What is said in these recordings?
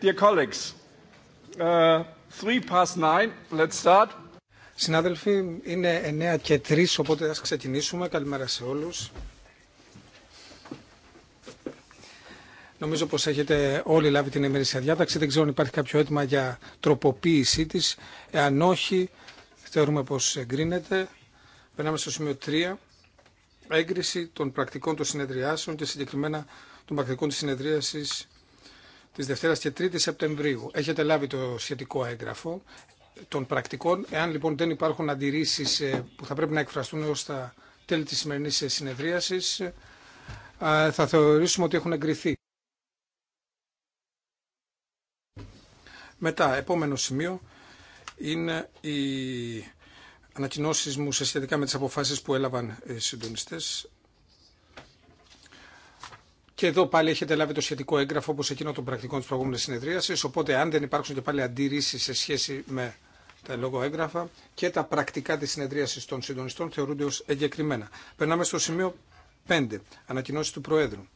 dear colleagues, uh, three past nine, let's start. Συνάδελφοι, είναι 9 και 3, οπότε ας ξεκινήσουμε. Καλημέρα σε όλους. Νομίζω πως έχετε όλοι λάβει την ημερήσια διάταξη. Δεν ξέρω αν υπάρχει κάποιο αίτημα για τροποποίησή της. Εάν όχι, θεωρούμε πως εγκρίνεται. Περνάμε στο σημείο 3. Έγκριση των πρακτικών των συνεδριάσεων και συγκεκριμένα των πρακτικών της συνεδρίασης Τη Δευτέρα και 3 Σεπτεμβρίου. Έχετε λάβει το σχετικό έγγραφο των πρακτικών. Εάν λοιπόν δεν υπάρχουν αντιρρήσει ε, που θα πρέπει να εκφραστούν έως τα τέλη της σημερινής ε, συνεδρίασης, ε, θα θεωρήσουμε ότι έχουν εγκριθεί. Μετά, επόμενο σημείο είναι οι ανακοινώσεις μου σχετικά με τις αποφάσεις που έλαβαν οι συντονιστές. Και εδώ πάλι έχετε λάβει το σχετικό έγγραφο όπω εκείνο των πρακτικών της προηγούμενη συνεδρίασης, οπότε αν δεν υπάρξουν και πάλι αντιρρήσει σε σχέση με τα λόγω έγγραφα και τα πρακτικά της συνεδρίασης των συντονιστών θεωρούνται ως εγκεκριμένα. Περνάμε στο σημείο 5, ανακοινώσει του Προέδρου.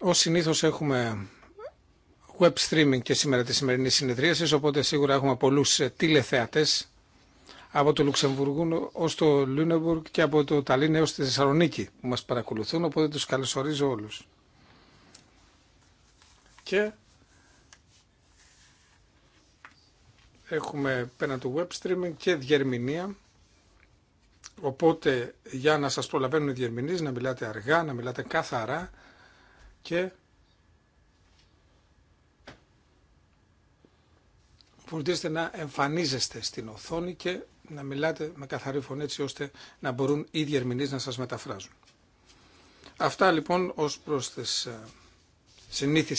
Ως συνήθως έχουμε web streaming και σήμερα τη σημερινή συνεδρίαση, οπότε σίγουρα έχουμε πολλούς τηλεθεατέ από το Λουξεμβουργό ως το Λούνεμπουργκ και από το Ταλίν έως τη Θεσσαλονίκη που μας παρακολουθούν, οπότε τους καλωσορίζω όλους. Και έχουμε πέραν του web streaming και διερμηνία, οπότε για να σας προλαβαίνουν οι διερμηνείς να μιλάτε αργά, να μιλάτε καθαρά και φροντίστε να εμφανίζεστε στην οθόνη και να μιλάτε με καθαρή φωνή έτσι ώστε να μπορούν οι διερμηνείς να σας μεταφράζουν. Αυτά λοιπόν ως προς τις ε,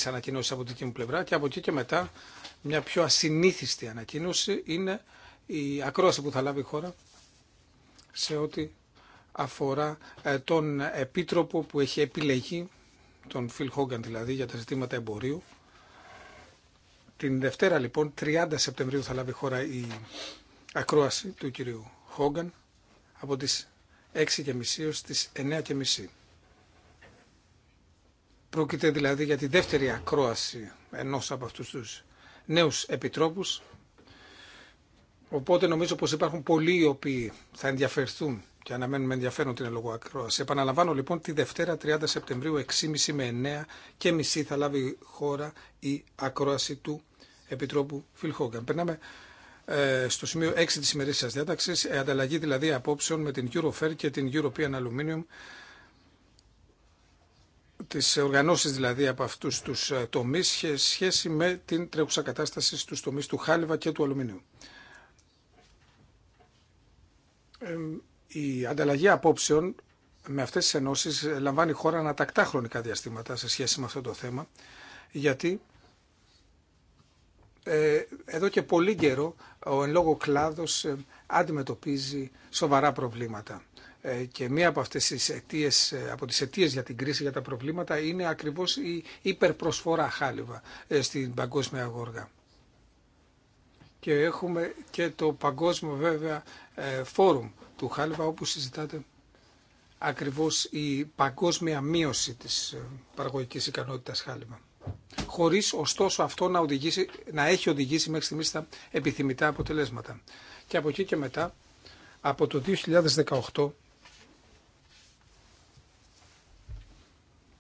ανακοινώσεις από την δική μου πλευρά και από εκεί και μετά μια πιο ασυνήθιστη ανακοίνωση είναι η ακρόαση που θα λάβει η χώρα σε ό,τι αφορά ε, τον επίτροπο που έχει επιλεγεί, τον Φιλ Χόγκαν δηλαδή, για τα ζητήματα εμπορίου. Την Δευτέρα λοιπόν, 30 Σεπτεμβρίου θα λάβει η χώρα η ακρόαση του κυρίου Χόγκαν από τις μισή ως τις μισή. Πρόκειται δηλαδή για τη δεύτερη ακρόαση ενός από αυτούς τους νέους επιτρόπους. Οπότε νομίζω πως υπάρχουν πολλοί οι οποίοι θα ενδιαφερθούν και αναμένουμε ενδιαφέρον την ελογό ακρόαση. Επαναλαμβάνω λοιπόν τη Δευτέρα 30 Σεπτεμβρίου 6.30 με 9 και μισή θα λάβει χώρα η ακρόαση του Επιτρόπου Φιλχόγκαν. Περνάμε ε, στο σημείο 6 της σας διάταξης, ε, ανταλλαγή δηλαδή απόψεων με την Eurofair και την European Aluminium, τις οργανώσεις δηλαδή από αυτούς τους ε, τομείς σε σχέση με την τρέχουσα κατάσταση στους τομείς του χάλιβα και του αλουμινίου. Η ανταλλαγή απόψεων με αυτές τις ενώσεις λαμβάνει η χώρα ανατακτά χρονικά διαστήματα σε σχέση με αυτό το θέμα, γιατί εδώ και πολύ καιρό ο εν λόγω κλάδος ε, αντιμετωπίζει σοβαρά προβλήματα. Ε, και μία από αυτές τις αιτίες, ε, από τις αιτίες για την κρίση, για τα προβλήματα, είναι ακριβώς η υπερπροσφορά χάλιβα στην παγκόσμια αγόργα. Και έχουμε και το παγκόσμιο βέβαια φόρουμ του χάλιβα, όπου συζητάτε ακριβώς η παγκόσμια μείωση της παραγωγικής ικανότητας χάλιβα χωρίς ωστόσο αυτό να, οδηγήσει, να έχει οδηγήσει μέχρι στιγμής στα επιθυμητά αποτελέσματα. Και από εκεί και μετά, από το 2018,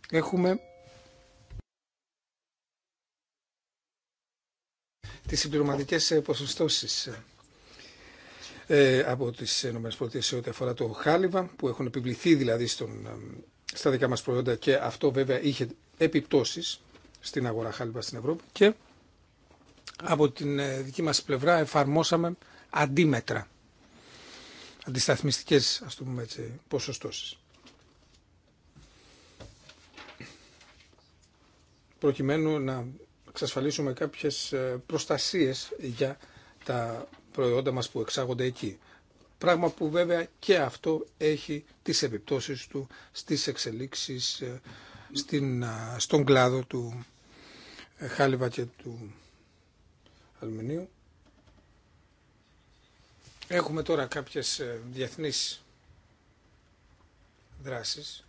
έχουμε τις συμπληρωματικές ποσοστώσεις ε, από τις ΗΠΑ σε ό,τι αφορά το χάλιβα, που έχουν επιβληθεί δηλαδή στον, ε, στα δικά μας προϊόντα και αυτό βέβαια είχε επιπτώσεις στην αγορά χάλιβα στην Ευρώπη και από την ε, δική μας πλευρά εφαρμόσαμε αντίμετρα, αντισταθμιστικές ας το πούμε έτσι, ποσοστώσεις. προκειμένου να εξασφαλίσουμε κάποιες ε, προστασίες για τα προϊόντα μας που εξάγονται εκεί. Πράγμα που βέβαια και αυτό έχει τις επιπτώσεις του στις εξελίξεις ε, στην, στον κλάδο του χάλιβα και του αλουμινίου. Έχουμε τώρα κάποιες ε, διεθνείς δράσεις.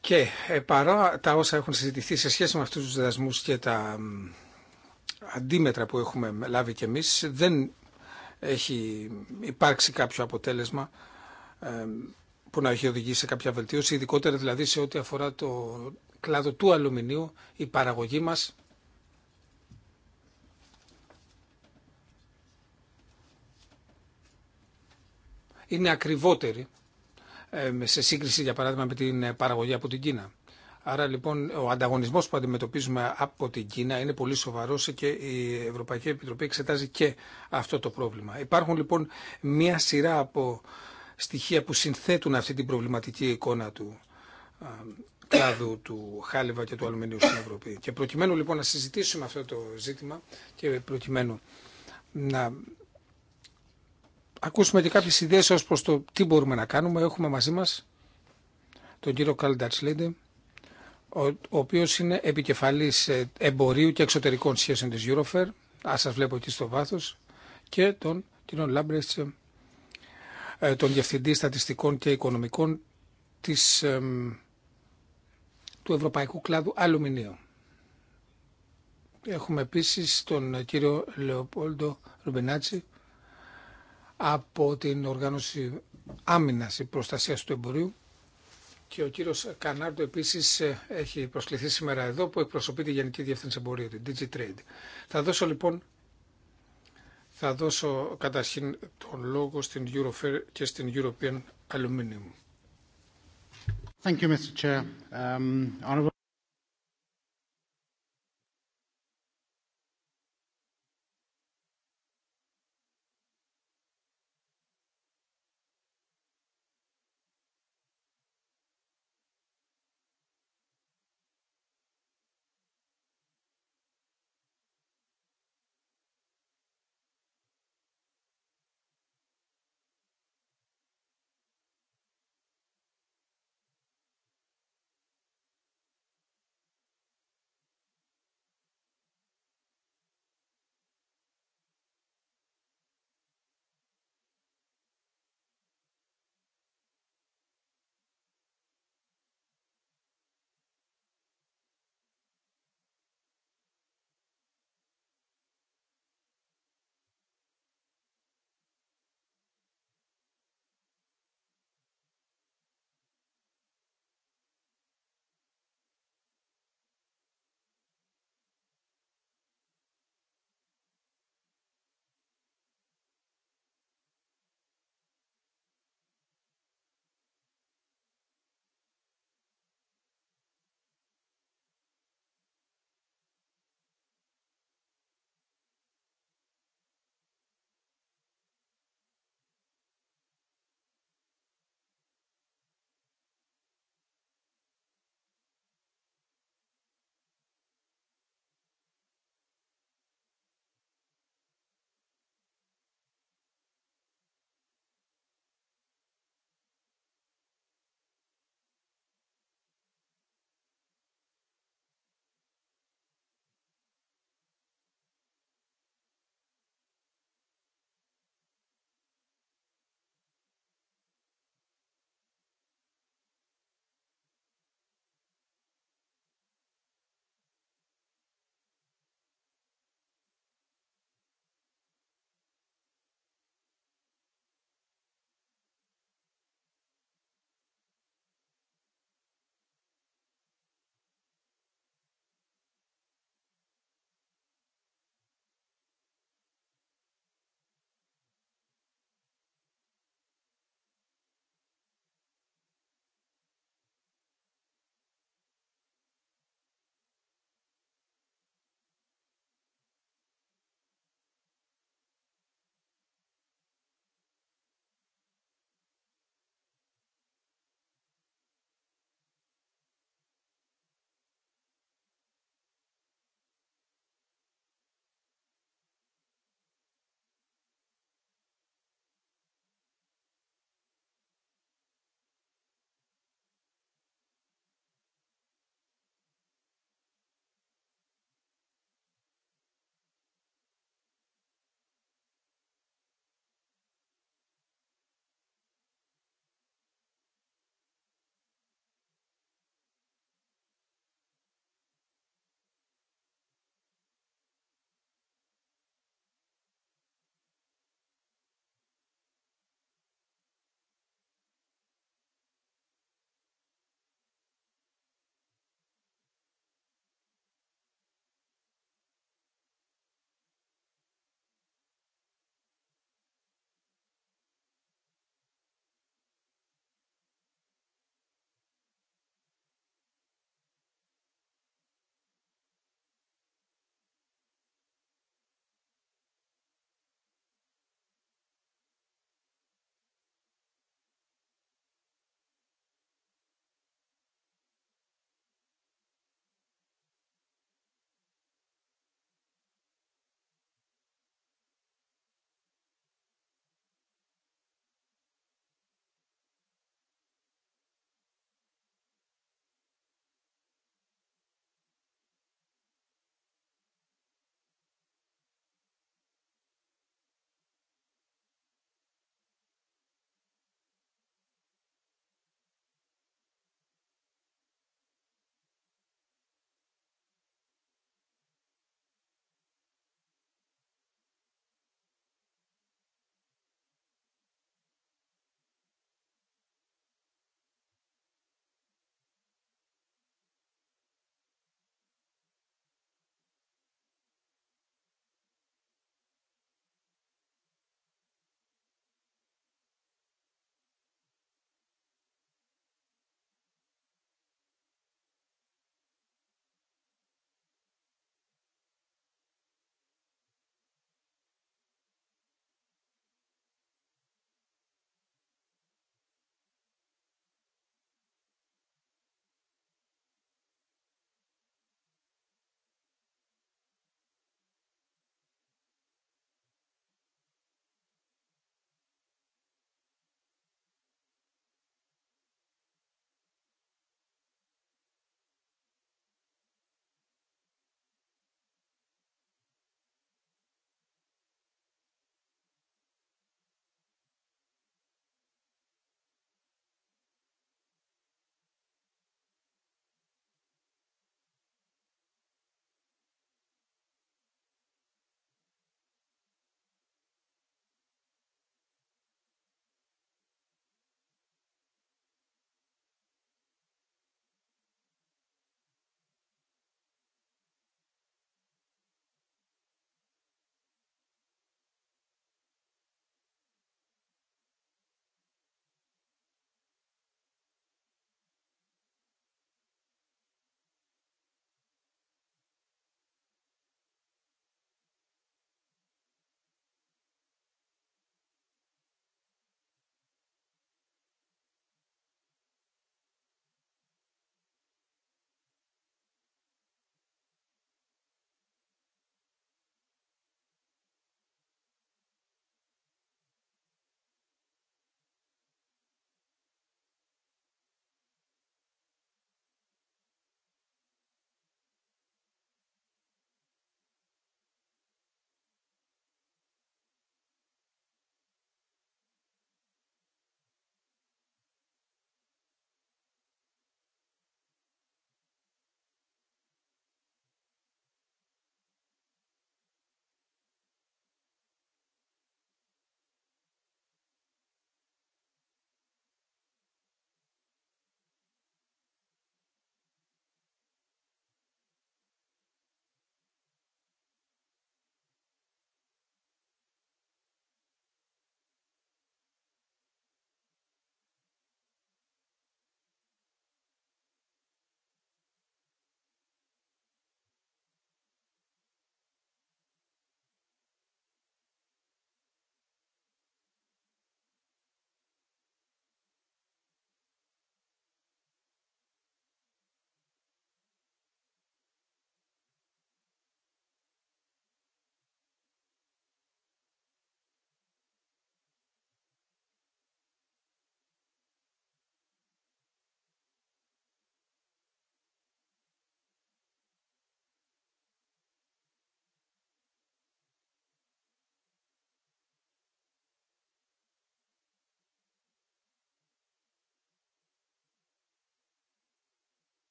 Και ε, παρά τα όσα έχουν συζητηθεί σε σχέση με αυτούς τους δασμούς και τα αντίμετρα που έχουμε λάβει και εμείς δεν έχει υπάρξει κάποιο αποτέλεσμα ε, που να έχει οδηγήσει σε κάποια βελτίωση, ειδικότερα δηλαδή σε ό,τι αφορά το κλάδο του αλουμινίου, η παραγωγή μας είναι ακριβότερη ε, σε σύγκριση για παράδειγμα με την παραγωγή από την Κίνα. Άρα λοιπόν ο ανταγωνισμό που αντιμετωπίζουμε από την Κίνα είναι πολύ σοβαρό και η Ευρωπαϊκή Επιτροπή εξετάζει και αυτό το πρόβλημα. Υπάρχουν λοιπόν μία σειρά από στοιχεία που συνθέτουν αυτή την προβληματική εικόνα του κλάδου του χάλιβα και του αλουμινίου στην Ευρώπη. Και προκειμένου λοιπόν να συζητήσουμε αυτό το ζήτημα και προκειμένου να ακούσουμε και κάποιες ιδέες ως προς το τι μπορούμε να κάνουμε, έχουμε μαζί μας τον κύριο Καλντάτς ο οποίος είναι επικεφαλής ε, εμπορίου και εξωτερικών σχέσεων της Eurofair, ας σας βλέπω εκεί στο βάθος, και τον Τινόν Λάμπρετς, ε, ε, τον Διευθυντή Στατιστικών και Οικονομικών της, του Ευρωπαϊκού Κλάδου Αλουμινίου. Έχουμε επίσης τον κύριο Λεοπόλντο Ρουμπενάτσι από την Οργάνωση Άμυνας και Προστασίας του Εμπορίου και ο κύριος Κανάρντο επίσης ε, έχει προσκληθεί σήμερα εδώ που εκπροσωπεί τη Γενική Διεύθυνση Εμπορίου, την DigiTrade. Θα δώσω λοιπόν, θα δώσω καταρχήν τον λόγο στην Eurofair και στην European Aluminium. Thank you, Mr. Chair. Um,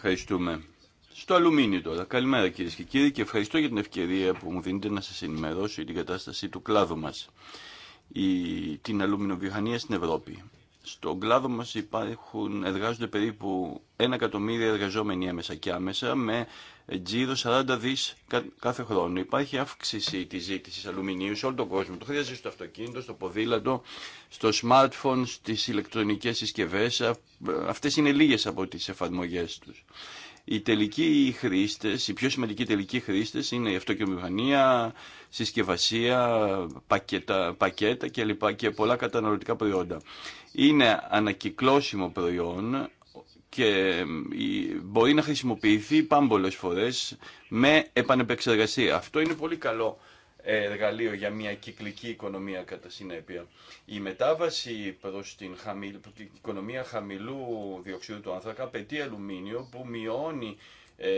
Ευχαριστούμε. Στο αλουμίνιο τώρα. Καλημέρα κυρίε και κύριοι και ευχαριστώ για την ευκαιρία που μου δίνετε να σα ενημερώσω για την κατάσταση του κλάδου μας. Η, την αλουμινοβιοχανία στην Ευρώπη. Στον κλάδο μας υπάρχουν, εργάζονται περίπου 1 εκατομμύριο εργαζόμενοι έμεσα και άμεσα με τζίρο 40 δις κάθε χρόνο. Υπάρχει αύξηση της ζήτησης αλουμινίου σε όλο τον κόσμο. Το χρειάζεται στο αυτοκίνητο, στο ποδήλατο, στο smartphone, στις ηλεκτρονικές συσκευές. Αυτές είναι λίγες από τις εφαρμογές τους οι τελικοί χρήστες, οι πιο σημαντικοί τελικοί χρήστες είναι η αυτοκιομηχανία, συσκευασία, πακέτα, πακέτα και, και πολλά καταναλωτικά προϊόντα. Είναι ανακυκλώσιμο προϊόν και ε, μπορεί να χρησιμοποιηθεί πάμπολες φορές με επανεπεξεργασία. Αυτό είναι πολύ καλό ε, εργαλείο για μια κυκλική οικονομία κατά συνέπεια. Η μετάβαση προς την, χαμηλ, οικονομία χαμηλού διοξιδίου του άνθρακα απαιτεί αλουμίνιο που μειώνει ε,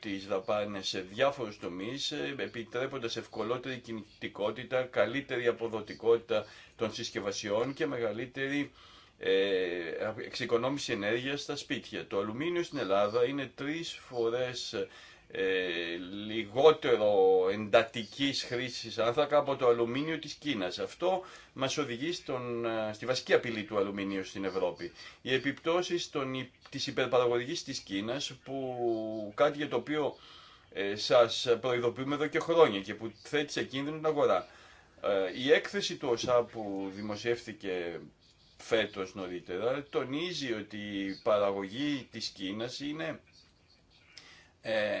τις δαπάνες σε διάφορους τομείς, ε, επιτρέποντας ευκολότερη κινητικότητα, καλύτερη αποδοτικότητα των συσκευασιών και μεγαλύτερη ε, εξοικονόμηση ενέργειας στα σπίτια. Το αλουμίνιο στην Ελλάδα είναι τρεις φορές ε, λιγότερο εντατικής χρήσης άνθρακα από το αλουμίνιο της Κίνας. Αυτό μας οδηγεί στον, ε, στη βασική απειλή του αλουμινίου στην Ευρώπη. Οι επιπτώσεις τη της υπερπαραγωγής της Κίνας που κάτι για το οποίο ε, σας προειδοποιούμε εδώ και χρόνια και που θέτει σε κίνδυνο την αγορά. η έκθεση του ΩΣΑ που δημοσιεύθηκε φέτος νωρίτερα τονίζει ότι η παραγωγή της Κίνας είναι ε,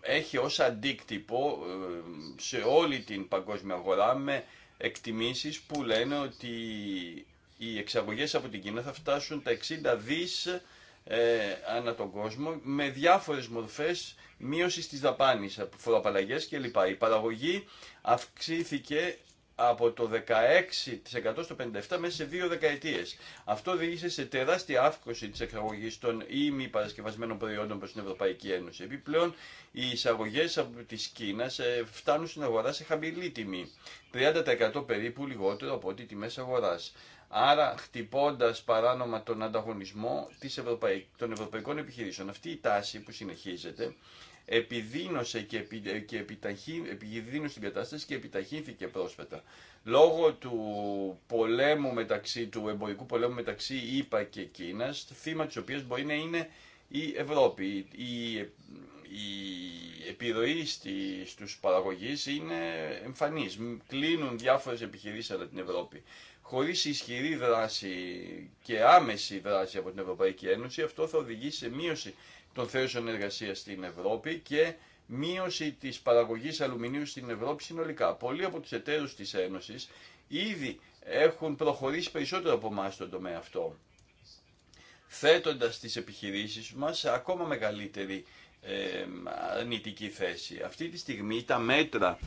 έχει ως αντίκτυπο ε, σε όλη την παγκόσμια αγορά με εκτιμήσεις που λένε ότι οι εξαγωγές από την Κίνα θα φτάσουν τα 60 δις ε, ανά τον κόσμο με διάφορες μορφές μείωσης της δαπάνης, φοροαπαλλαγές κλπ. Η παραγωγή αυξήθηκε από το 16% στο 57% μέσα σε δύο δεκαετίες. Αυτό οδήγησε σε τεράστια αύξηση της εξαγωγής των ή μη παρασκευασμένων προϊόντων προς την Ευρωπαϊκή Ένωση. Επιπλέον, οι εισαγωγές από της Κίνας ε, φτάνουν στην αγορά σε χαμηλή τιμή, 30% περίπου λιγότερο από ό,τι τιμές αγοράς. Άρα, χτυπώντας παράνομα τον ανταγωνισμό των ευρωπαϊκών επιχειρήσεων. Αυτή η τάση που συνεχίζεται επιδίνωσε και, επι, και την κατάσταση και επιταχύνθηκε πρόσφατα. Λόγω του πολέμου μεταξύ, του εμπορικού πολέμου μεταξύ ΙΠΑ και Κίνας, θύμα της οποίας μπορεί να είναι η Ευρώπη. Η, η επιρροή στους παραγωγείς είναι εμφανής. Κλείνουν διάφορες επιχειρήσεις από την Ευρώπη. Χωρίς ισχυρή δράση και άμεση δράση από την Ευρωπαϊκή Ένωση, αυτό θα οδηγήσει σε μείωση των θέσεων εργασία στην Ευρώπη και μείωση της παραγωγής αλουμινίου στην Ευρώπη συνολικά. Πολλοί από του εταίρου της Ένωσης ήδη έχουν προχωρήσει περισσότερο από εμά στον τομέα αυτό, θέτοντα τι επιχειρήσει μα σε ακόμα μεγαλύτερη ε, αρνητική θέση. Αυτή τη στιγμή τα μέτρα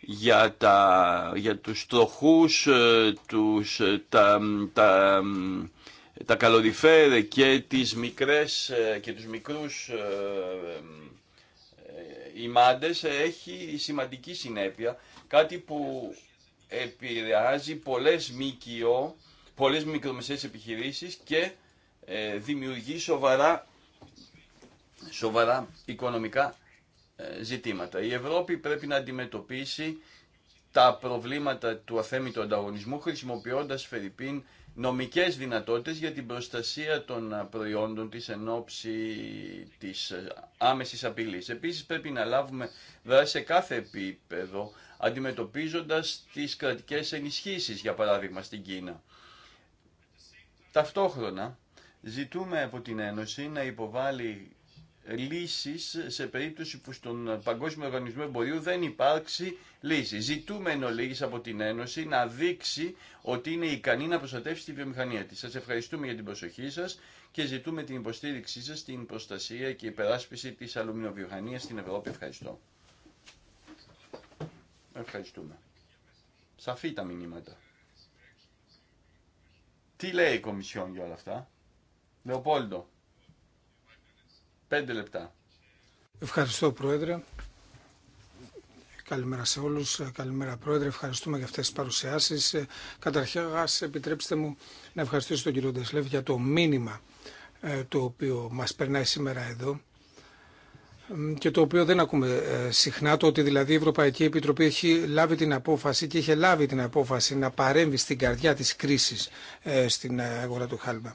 για, τα, για τους τροχούς, ε, τους, ε, τα τα καλωδιφέρε και, τις μικρές, ε, και τους μικρούς ημάντες ε, ε, έχει σημαντική συνέπεια, κάτι που επηρεάζει πολλές μικιο, πολλές μικρομεσαίες επιχειρήσεις και δημιουργεί σοβαρά, σοβαρά οικονομικά ζητήματα. Η Ευρώπη πρέπει να αντιμετωπίσει τα προβλήματα του αθέμητου ανταγωνισμού χρησιμοποιώντας φερρυπίν νομικές δυνατότητες για την προστασία των προϊόντων της εν ώψη της ε, άμεσης απειλής. Επίσης πρέπει να λάβουμε δράση σε κάθε επίπεδο αντιμετωπίζοντας τις κρατικές ενισχύσεις, για παράδειγμα στην Κίνα. Ταυτόχρονα ζητούμε από την Ένωση να υποβάλει λύσεις σε περίπτωση που στον Παγκόσμιο Οργανισμό Εμπορίου δεν υπάρξει λύση. Ζητούμε εν ολίγης από την Ένωση να δείξει ότι είναι ικανή να προστατεύσει τη βιομηχανία της. Σας ευχαριστούμε για την προσοχή σας και ζητούμε την υποστήριξή σας στην προστασία και υπεράσπιση της αλουμινοβιομηχανίας στην Ευρώπη. Ευχαριστώ. Ευχαριστούμε. Σαφή τα μηνύματα. Τι λέει η Κομισιόν για όλα αυτά. Λεοπόλτο. Πέντε λεπτά. Ευχαριστώ Πρόεδρε. Καλημέρα σε όλους. Καλημέρα Πρόεδρε. Ευχαριστούμε για αυτές τις παρουσιάσεις. Καταρχήν, επιτρέψτε μου να ευχαριστήσω τον κύριο Ντεσλεύ για το μήνυμα ε, το οποίο μας περνάει σήμερα εδώ και το οποίο δεν ακούμε ε, συχνά, το ότι δηλαδή η Ευρωπαϊκή Επιτροπή έχει λάβει την απόφαση και είχε λάβει την απόφαση να παρέμβει στην καρδιά της κρίσης ε, στην αγορά του Χάλμπα.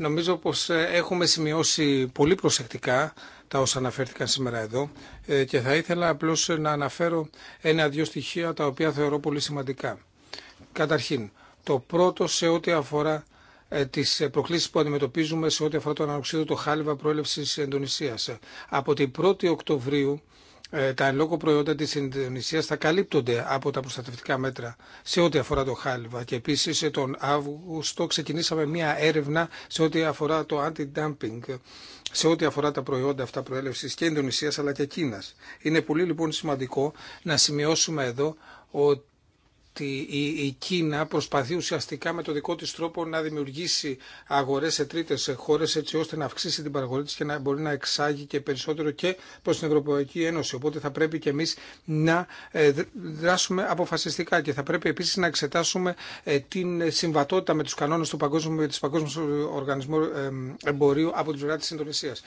Νομίζω πως ε, έχουμε σημειώσει πολύ προσεκτικά τα όσα αναφέρθηκαν σήμερα εδώ ε, και θα ήθελα απλώς ε, να αναφέρω ένα-δυο στοιχεία τα οποία θεωρώ πολύ σημαντικά. Καταρχήν, το πρώτο σε ό,τι αφορά τι προκλήσει που αντιμετωπίζουμε σε ό,τι αφορά το χάλυβα χάλιβα προέλευση εντονισίας. Από την 1η Οκτωβρίου ε, τα εν λόγω προϊόντα της Ινδονησίας θα καλύπτονται από τα προστατευτικά μέτρα σε ό,τι αφορά το χάλιβα. Και επίσης τον Αύγουστο ξεκινήσαμε μια έρευνα σε ό,τι αφορά το αντι dumping σε ό,τι αφορά τα προϊόντα αυτά προέλευσης και Ινδονησία αλλά και Κίνας. Είναι πολύ λοιπόν σημαντικό να σημειώσουμε εδώ ότι ότι η, Κίνα προσπαθεί ουσιαστικά με το δικό της τρόπο να δημιουργήσει αγορές σε τρίτες χώρες έτσι ώστε να αυξήσει την παραγωγή της και να μπορεί να εξάγει και περισσότερο και προς την Ευρωπαϊκή Ένωση. Οπότε θα πρέπει και εμείς να ε, δράσουμε αποφασιστικά και θα πρέπει επίσης να εξετάσουμε ε, την συμβατότητα με τους κανόνες του Παγκόσμιου, Παγκόσμιου Οργανισμού ε, Εμπορίου από την πλευρά της Ινδονησίας.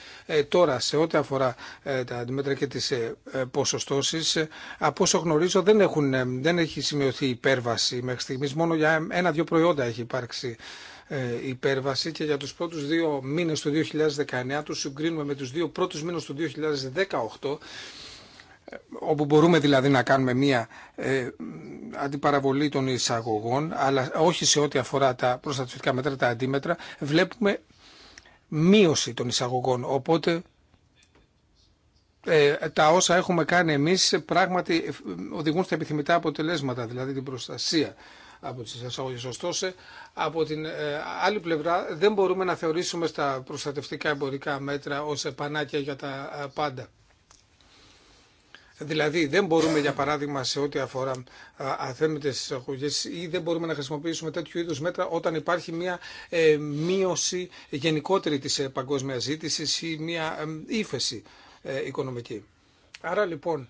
τώρα, σε ό,τι αφορά τα αντιμέτρα και τις ποσοστώσεις, από όσο γνωρίζω δεν, έχουν, δεν έχει σημειωθεί υπέρβαση μέχρι στιγμής. Μόνο για ένα-δύο προϊόντα έχει υπάρξει ε, υπέρβαση και για τους πρώτους δύο μήνες του 2019 τους συγκρίνουμε με τους δύο πρώτους μήνες του 2018 ε, όπου μπορούμε δηλαδή να κάνουμε μία ε, αντιπαραβολή των εισαγωγών, αλλά όχι σε ό,τι αφορά τα προστατευτικά μέτρα, τα αντίμετρα, βλέπουμε μείωση των εισαγωγών. Οπότε ε, τα όσα έχουμε κάνει εμείς πράγματι οδηγούν στα επιθυμητά αποτελέσματα, δηλαδή την προστασία από τις εισαγωγές. Ωστόσο, από την ε, άλλη πλευρά δεν μπορούμε να θεωρήσουμε στα προστατευτικά εμπορικά μέτρα ως επανάκια για τα ε, πάντα. Δηλαδή δεν μπορούμε για παράδειγμα σε ό,τι αφορά αθέμητες εισαγωγέ ή δεν μπορούμε να χρησιμοποιήσουμε τέτοιου είδους μέτρα όταν υπάρχει μια μείωση γενικότερη της παγκόσμιας ζήτησης ή μια ύφεση ε, οικονομική. Άρα λοιπόν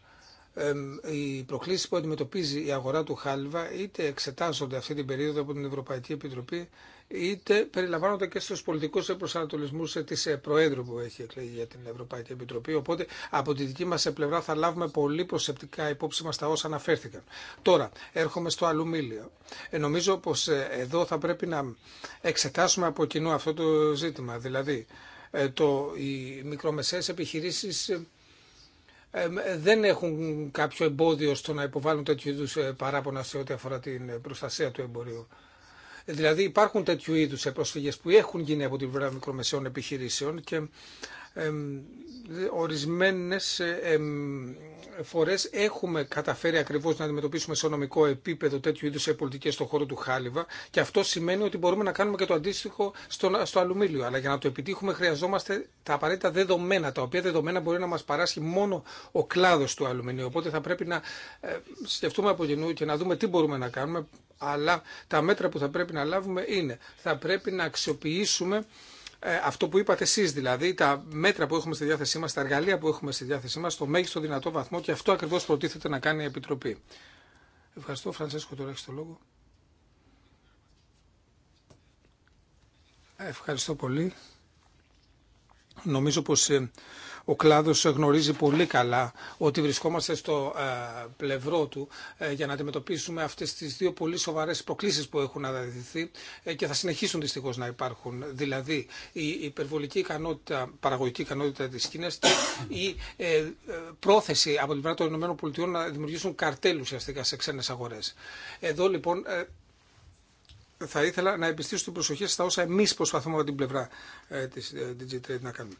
οι προκλήσεις που αντιμετωπίζει η αγορά του χάλιβα είτε εξετάζονται αυτή την περίοδο από την Ευρωπαϊκή Επιτροπή είτε περιλαμβάνονται και στους πολιτικούς προσανατολισμούς ε, της ε, Προέδρου που έχει εκλεγεί για την Ευρωπαϊκή Επιτροπή. Οπότε από τη δική μας πλευρά θα λάβουμε πολύ προσεπτικά υπόψη μας τα όσα αναφέρθηκαν. Τώρα έρχομαι στο αλουμίλιο. Ε, νομίζω πως εδώ θα πρέπει να εξετάσουμε από κοινού αυτό το ζήτημα. Δηλαδή ε, το, οι μικρομεσαίες επιχειρήσεις ε, ε, δεν έχουν κάποιο εμπόδιο στο να υποβάλουν τέτοιου είδου παράπονα σε ό,τι αφορά την προστασία του εμπορίου. Δηλαδή υπάρχουν τέτοιου είδου προσφυγές που έχουν γίνει από την πλευρά μικρομεσαίων επιχειρήσεων και ορισμένες φορές έχουμε καταφέρει ακριβώς να αντιμετωπίσουμε σε νομικό επίπεδο τέτοιου είδους πολιτικές στον χώρο του Χάλιβα και αυτό σημαίνει ότι μπορούμε να κάνουμε και το αντίστοιχο στο, στο αλουμίλιο. Αλλά για να το επιτύχουμε χρειαζόμαστε τα απαραίτητα δεδομένα, τα οποία δεδομένα μπορεί να μας παράσχει μόνο ο κλάδος του αλουμινίου. Οπότε θα πρέπει να ε, σκεφτούμε από γενού και να δούμε τι μπορούμε να κάνουμε, αλλά τα μέτρα που θα πρέπει να λάβουμε είναι θα πρέπει να αξιοποιήσουμε ε, αυτό που είπατε εσείς δηλαδή, τα μέτρα που έχουμε στη διάθεσή μας, τα εργαλεία που έχουμε στη διάθεσή μας, στο μέγιστο δυνατό βαθμό και αυτό ακριβώς προτίθεται να κάνει η Επιτροπή. Ευχαριστώ. Φρανσέσκο, τώρα έχει το λόγο. Ε, ευχαριστώ πολύ. Νομίζω πως ε, ο κλάδος γνωρίζει πολύ καλά ότι βρισκόμαστε στο ε, πλευρό του ε, για να αντιμετωπίσουμε αυτές τις δύο πολύ σοβαρές προκλήσεις που έχουν αναδειχθεί ε, και θα συνεχίσουν δυστυχώς να υπάρχουν. Δηλαδή η υπερβολική ικανότητα, παραγωγική ικανότητα της Κίνας και η πρόθεση από την πλευρά των ΗΠΑ να δημιουργήσουν καρτέλ ουσιαστικά σε ξένες αγορές. Εδώ λοιπόν θα ήθελα να επιστήσω την προσοχή στα όσα εμείς προσπαθούμε από την πλευρά της Digitrade να κάνουμε.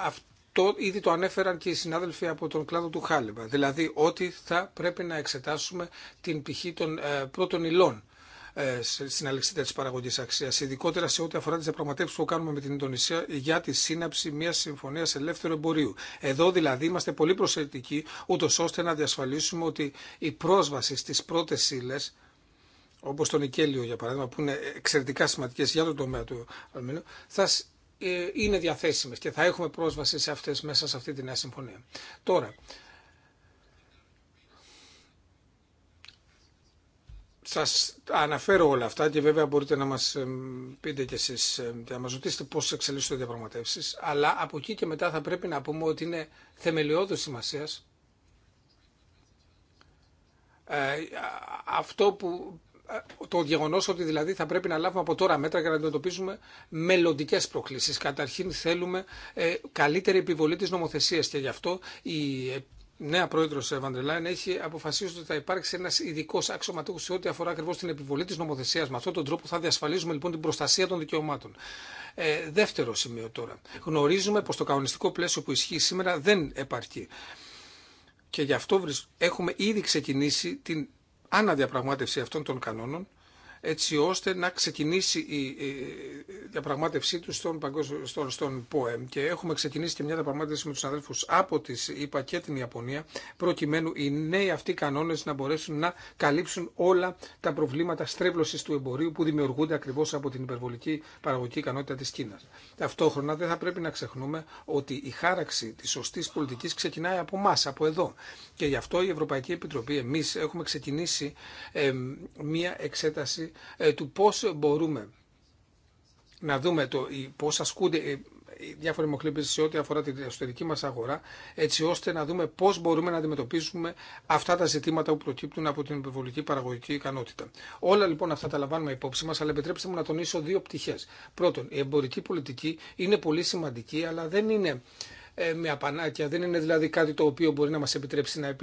Αυτό ήδη το ανέφεραν και οι συνάδελφοι από τον κλάδο του Χάλιβα. Δηλαδή ότι θα πρέπει να εξετάσουμε την πηχή των ε, πρώτων υλών ε, στην αλεξίδα τη παραγωγή αξία, ειδικότερα σε ό,τι αφορά τι διαπραγματεύσει που κάνουμε με την Ινδονησία για τη σύναψη μια συμφωνία ελεύθερου εμπορίου. Εδώ δηλαδή είμαστε πολύ προσεκτικοί, ούτω ώστε να διασφαλίσουμε ότι η πρόσβαση στι πρώτε ύλε, όπω το Νικέλιο για παράδειγμα, που είναι εξαιρετικά σημαντικέ για τον τομέα του αλουμίνου, ε, είναι διαθέσιμες και θα έχουμε πρόσβαση σε αυτές μέσα σε αυτή τη νέα συμφωνία. Τώρα, σας αναφέρω όλα αυτά και βέβαια μπορείτε να μας πείτε και εσείς και να μας ρωτήσετε πώς εξελίσσονται οι διαπραγματεύσεις, αλλά από εκεί και μετά θα πρέπει να πούμε ότι είναι θεμελιώδης σημασίας ε, αυτό που το γεγονό ότι δηλαδή θα πρέπει να λάβουμε από τώρα μέτρα για να αντιμετωπίσουμε μελλοντικέ προκλήσει. Καταρχήν θέλουμε ε, καλύτερη επιβολή τη νομοθεσία και γι' αυτό η ε, νέα πρόεδρο Βαντρελάιν έχει αποφασίσει ότι θα υπάρξει ένα ειδικό αξιωματούχο σε ό,τι αφορά ακριβώ την επιβολή τη νομοθεσία. Με αυτόν τον τρόπο θα διασφαλίζουμε λοιπόν την προστασία των δικαιωμάτων. Ε, δεύτερο σημείο τώρα. Γνωρίζουμε πω το κανονιστικό πλαίσιο που ισχύει σήμερα δεν επαρκεί. Και γι' αυτό έχουμε ήδη ξεκινήσει την αναδιαπραγμάτευση αυτών των κανόνων έτσι ώστε να ξεκινήσει η διαπραγμάτευσή του στον, στον, στον ΠΟΕΜ. Και έχουμε ξεκινήσει και μια διαπραγμάτευση με του αδέλφου από τι ΗΠΑ και την Ιαπωνία, προκειμένου οι νέοι αυτοί κανόνε να μπορέσουν να καλύψουν όλα τα προβλήματα στρέβλωση του εμπορίου που δημιουργούνται ακριβώ από την υπερβολική παραγωγική ικανότητα τη Κίνα. Ταυτόχρονα δεν θα πρέπει να ξεχνούμε ότι η χάραξη τη σωστή πολιτική ξεκινάει από εμά, από εδώ. Και γι' αυτό η Ευρωπαϊκή Επιτροπή, εμεί έχουμε ξεκινήσει μια εξέταση ε, του πώς μπορούμε να δούμε το, πώς ασκούνται ε, οι διάφοροι μοχλήπες σε ό,τι αφορά την εσωτερική μας αγορά, έτσι ώστε να δούμε πώς μπορούμε να αντιμετωπίσουμε αυτά τα ζητήματα που προκύπτουν από την υπερβολική παραγωγική ικανότητα. Όλα λοιπόν αυτά τα λαμβάνουμε υπόψη μας, αλλά επιτρέψτε μου να τονίσω δύο πτυχές. Πρώτον, η εμπορική πολιτική είναι πολύ σημαντική, αλλά δεν είναι ε, με απανάκια. Δεν είναι δηλαδή κάτι το οποίο μπορεί να μας επιτρέψει να,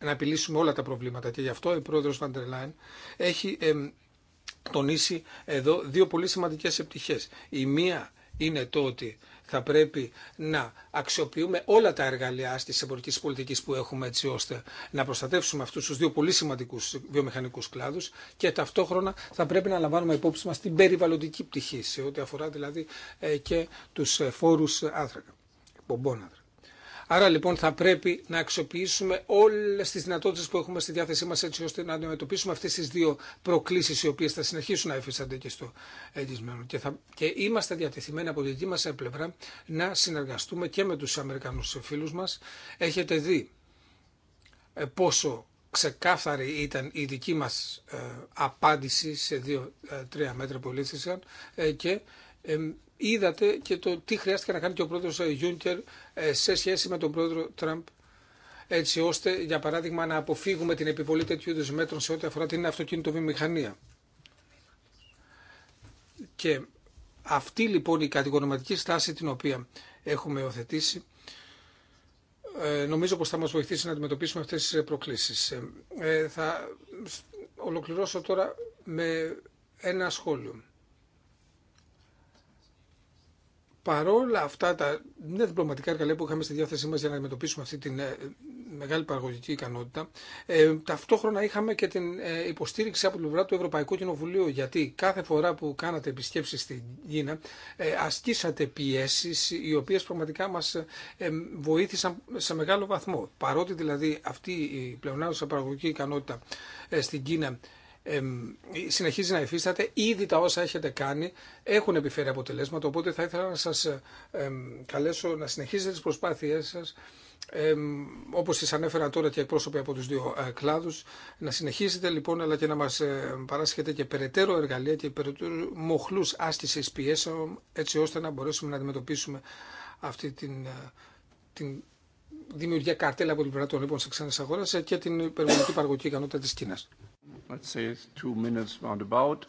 να επιλύσουμε όλα τα προβλήματα. Και γι' αυτό η πρόεδρο Βαντερ έχει τονίσει εδώ δύο πολύ σημαντικές επιτυχίες. Η μία είναι το ότι θα πρέπει να αξιοποιούμε όλα τα εργαλεία τη εμπορική πολιτική που έχουμε έτσι ώστε να προστατεύσουμε αυτού του δύο πολύ σημαντικού βιομηχανικού κλάδου και ταυτόχρονα θα πρέπει να λαμβάνουμε υπόψη μα την περιβαλλοντική πτυχή σε ό,τι αφορά δηλαδή ε, και του ε, φόρου ε, άνθρακα, πομπών Άρα λοιπόν θα πρέπει να αξιοποιήσουμε όλε τι δυνατότητε που έχουμε στη διάθεσή μα έτσι ώστε να αντιμετωπίσουμε αυτέ τι δύο προκλήσει οι οποίε θα συνεχίσουν να υφίστανται και στο εγγυσμένο. Και, θα... και είμαστε διατεθειμένοι από τη δική μα πλευρά να συνεργαστούμε και με του Αμερικανού φίλου μα. Έχετε δει ε, πόσο ξεκάθαρη ήταν η δική μας ε, απάντηση σε δύο-τρία ε, μέτρα που λύθησαν και είδατε και το τι χρειάστηκε να κάνει και ο πρόεδρος ε, Γιούνκερ ε, σε σχέση με τον πρόεδρο Τραμπ έτσι ώστε για παράδειγμα να αποφύγουμε την επιβολή τέτοιου είδου μέτρων σε ό,τι αφορά την αυτοκίνητο βιομηχανία. Και αυτή λοιπόν η κατηγορηματική στάση την οποία έχουμε οθετήσει ε, νομίζω πως θα μας βοηθήσει να αντιμετωπίσουμε αυτές τις προκλήσεις. θα ολοκληρώσω τώρα με ένα σχόλιο. παρόλα αυτά τα νέα διπλωματικά εργαλεία που είχαμε στη διάθεσή μα για να αντιμετωπίσουμε αυτή τη ε, μεγάλη παραγωγική ικανότητα, ε, ταυτόχρονα είχαμε και την ε, υποστήριξη από την πλευρά του Ευρωπαϊκού Κοινοβουλίου, γιατί κάθε φορά που κάνατε επισκέψει στην Κίνα, ε, ασκήσατε πιέσει, οι οποίε πραγματικά μα βοήθησαν σε μεγάλο βαθμό. Παρότι δηλαδή αυτή η πλεονάζουσα παραγωγική ικανότητα στην Κίνα συνεχίζει να υφίσταται. Ήδη τα όσα έχετε κάνει έχουν επιφέρει αποτελέσματα, οπότε θα ήθελα να σας καλέσω να συνεχίσετε τις προσπάθειές σας ε, όπως σας ανέφερα τώρα και εκπρόσωποι από τους δύο ε, κλάδους, να συνεχίσετε λοιπόν αλλά και να μας ε, παράσχετε και περαιτέρω εργαλεία και περαιτέρω μοχλούς άσκησης πιέσεων έτσι ώστε να μπορέσουμε να αντιμετωπίσουμε αυτή την, ε, την δημιουργία καρτέλα από την πλευρά των λοιπόν σε ξένες αγορές και την υπερβολική παραγωγική ικανότητα της Κίνας let's say two minutes roundabout.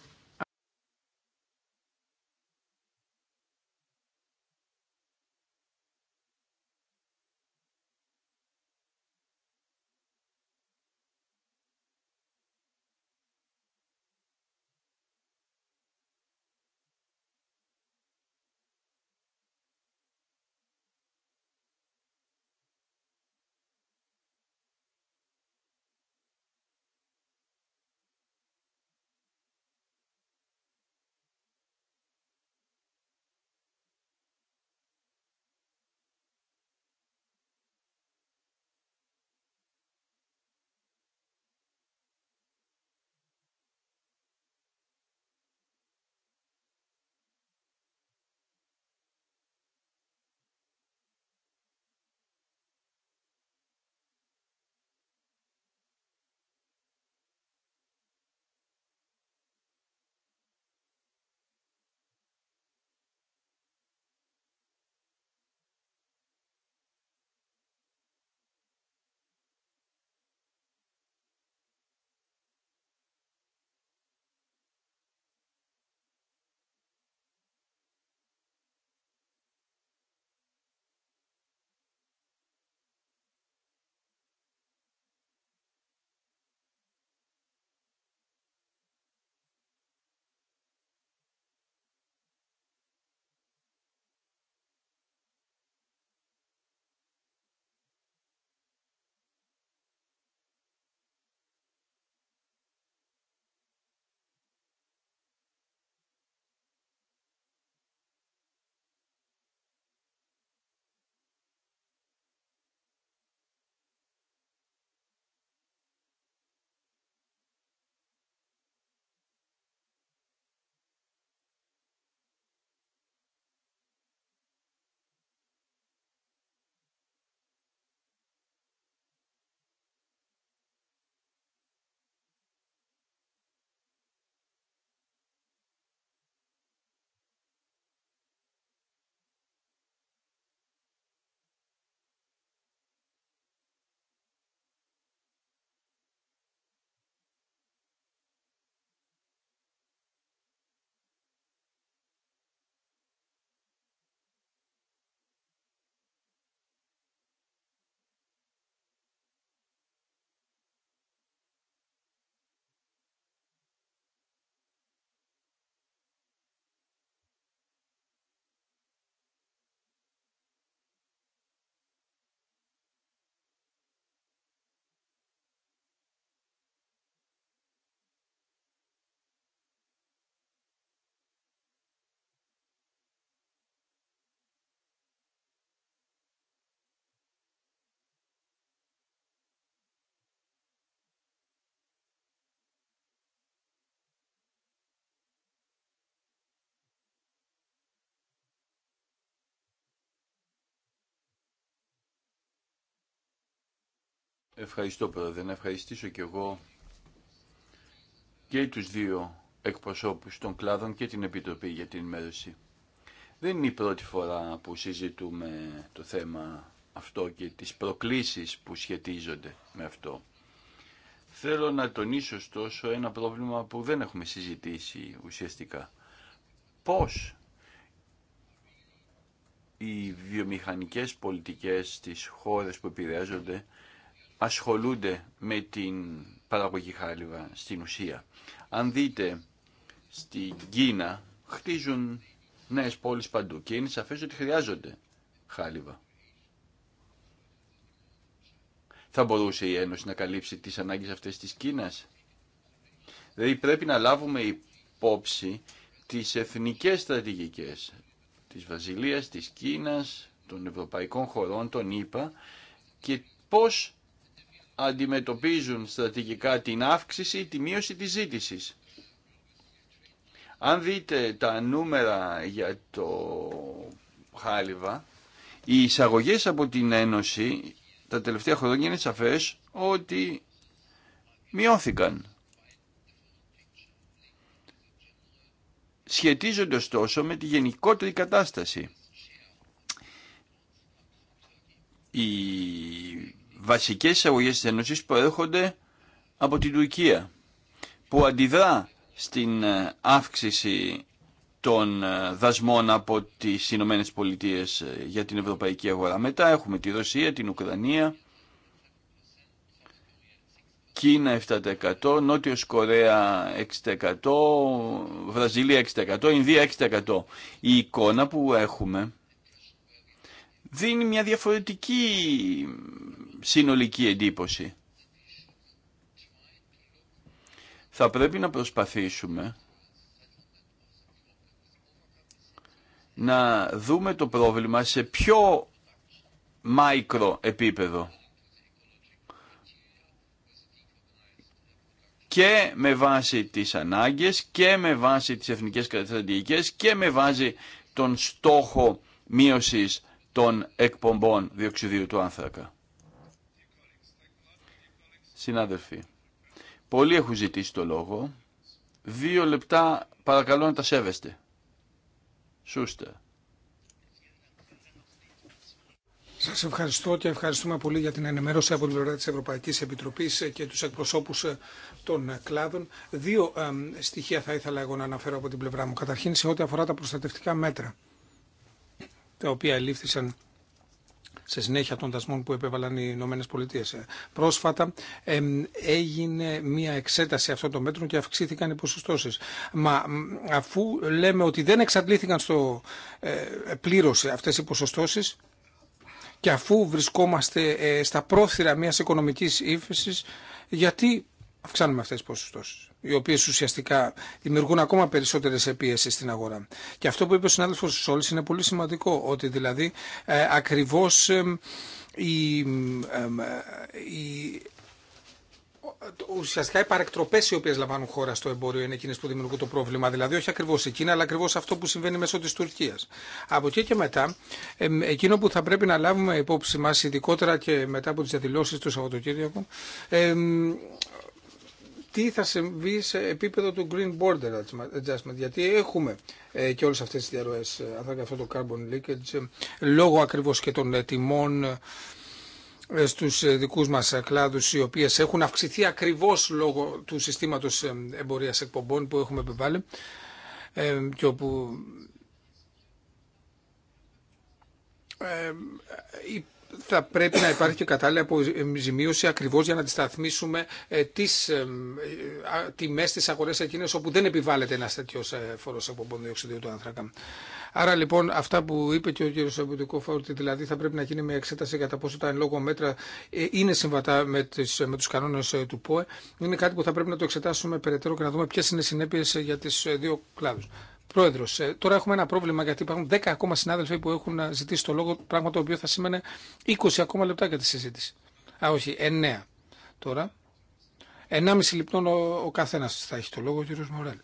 Ευχαριστώ πρόεδρε. Να ευχαριστήσω και εγώ και τους δύο εκπροσώπους των κλάδων και την Επιτροπή για την ενημέρωση. Δεν είναι η πρώτη φορά που συζητούμε το θέμα αυτό και τις προκλήσεις που σχετίζονται με αυτό. Θέλω να τονίσω ωστόσο ένα πρόβλημα που δεν έχουμε συζητήσει ουσιαστικά. Πώς οι βιομηχανικές πολιτικές στις χώρες που επηρεάζονται ασχολούνται με την παραγωγή χάλιβα στην ουσία. Αν δείτε στην Κίνα χτίζουν νέες πόλεις παντού και είναι σαφές ότι χρειάζονται χάλιβα. Θα μπορούσε η Ένωση να καλύψει τις ανάγκες αυτές της Κίνας. Δηλαδή πρέπει να λάβουμε υπόψη τις εθνικές στρατηγικές της Βραζιλίας, της Κίνας, των ευρωπαϊκών χωρών, των ΗΠΑ και πώς αντιμετωπίζουν στρατηγικά την αύξηση, τη μείωση της ζήτησης. Αν δείτε τα νούμερα για το χάλιβα, οι εισαγωγές από την Ένωση τα τελευταία χρόνια είναι σαφές ότι μειώθηκαν. Σχετίζονται ωστόσο με τη γενικότερη κατάσταση βασικές εισαγωγές της Ένωσης προέρχονται από την Τουρκία, που αντιδρά στην ε, αύξηση των ε, δασμών από τις Ηνωμένε Πολιτείε ε, για την ευρωπαϊκή αγορά. Μετά έχουμε τη Ρωσία, την Ουκρανία, Κίνα 7%, Νότιος Κορέα 6%, Βραζιλία 6%, Ινδία 6%. Η εικόνα που έχουμε δίνει μια διαφορετική συνολική εντύπωση. Θα πρέπει να προσπαθήσουμε να δούμε το πρόβλημα σε πιο μάικρο επίπεδο και με βάση τις ανάγκες και με βάση τις εθνικές στρατηγικές και με βάση τον στόχο μείωσης των εκπομπών διοξιδίου του άνθρακα. Συνάδελφοι, πολλοί έχουν ζητήσει το λόγο. Δύο λεπτά παρακαλώ να τα σέβεστε. Σούστε. Σα ευχαριστώ και ευχαριστούμε πολύ για την ενημέρωση από την πλευρά τη Ευρωπαϊκή Επιτροπή και του εκπροσώπου ε, των ε, κλάδων. Δύο ε, στοιχεία θα ήθελα εγώ να αναφέρω από την πλευρά μου. Καταρχήν, σε ό,τι αφορά τα προστατευτικά μέτρα, τα οποία λήφθησαν σε συνέχεια των δασμών που επέβαλαν οι Ηνωμένε Πολιτείε. Ε, πρόσφατα έγινε μια εξέταση αυτών των μέτρων και αυξήθηκαν οι ποσοστώσει. Μα αφού λέμε ότι δεν εξαντλήθηκαν στο ε, πλήρωση αυτέ οι ποσοστώσει, και αφού βρισκόμαστε ε, στα πρόθυρα μιας οικονομικής ύφεσης, γιατί αυξάνουμε αυτές τις ποσοστώσεις οι οποίε ουσιαστικά δημιουργούν ακόμα περισσότερε επιέσει στην αγορά. Και αυτό που είπε ο συνάδελφο Σόλη είναι πολύ σημαντικό, ότι δηλαδή ε, ακριβώ ε, η, η ουσιαστικά οι παρεκτροπέ οι οποίε λαμβάνουν χώρα στο εμπόριο είναι εκείνε που δημιουργούν το πρόβλημα. Δηλαδή, όχι ακριβώ η αλλά ακριβώ αυτό που συμβαίνει μέσω τη Τουρκία. Από εκεί και μετά, εκείνο που θα πρέπει να λάβουμε υπόψη μα, ειδικότερα και μετά από τι διαδηλώσει του Σαββατοκύριακου, τι θα συμβεί σε επίπεδο του Green Border Adjustment, γιατί έχουμε ε, και όλες αυτές τις διαρροές, ε, αν θα αυτό το carbon leakage, λόγω ακριβώς και των ε, τιμών στους δικούς μας κλάδους οι οποίες έχουν αυξηθεί ακριβώς λόγω του συστήματος εμπορίας εκπομπών που έχουμε επιβάλει και όπου θα πρέπει να υπάρχει και κατάλληλη αποζημίωση ακριβώς για να αντισταθμίσουμε ε, τις ε, ε, τιμές στις αγορές εκείνες όπου δεν επιβάλλεται ένας τέτοιος φόρος από διοξιδίου του άνθρακα. Άρα λοιπόν αυτά που είπε και ο κ. Αμπουδικόφα ότι δηλαδή θα πρέπει να γίνει μια εξέταση κατά πόσο τα εν λόγω μέτρα είναι συμβατά με, τις, με τους κανόνες του ΠΟΕ είναι κάτι που θα πρέπει να το εξετάσουμε περαιτέρω και να δούμε ποιες είναι οι συνέπειες για τις δύο κλάδους. Πρόεδρο, ε, τώρα έχουμε ένα πρόβλημα γιατί υπάρχουν 10 ακόμα συνάδελφοι που έχουν ε, ζητήσει το λόγο, πράγμα το οποίο θα σήμαινε 20 ακόμα λεπτά για τη συζήτηση. Α, όχι, 9 τώρα. 1,5 λεπτό ο, ο καθένα θα έχει το λόγο, ο κ. Μορέλ.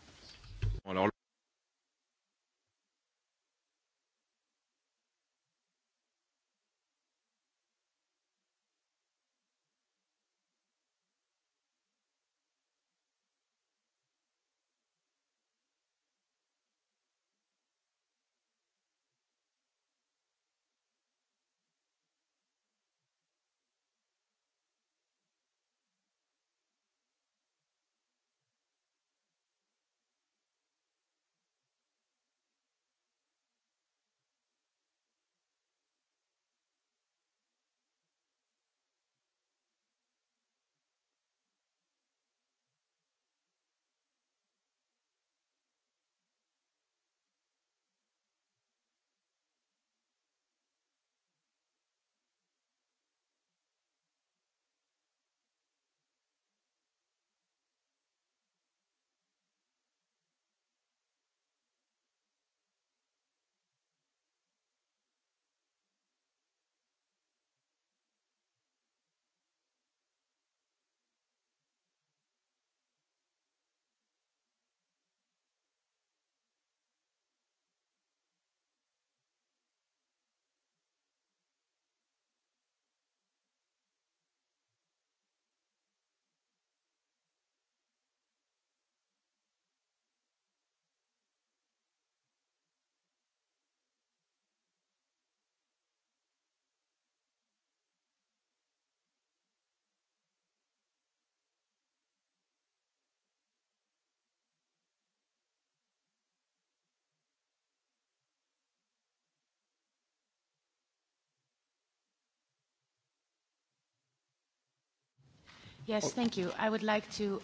Yes, thank you. I would like to...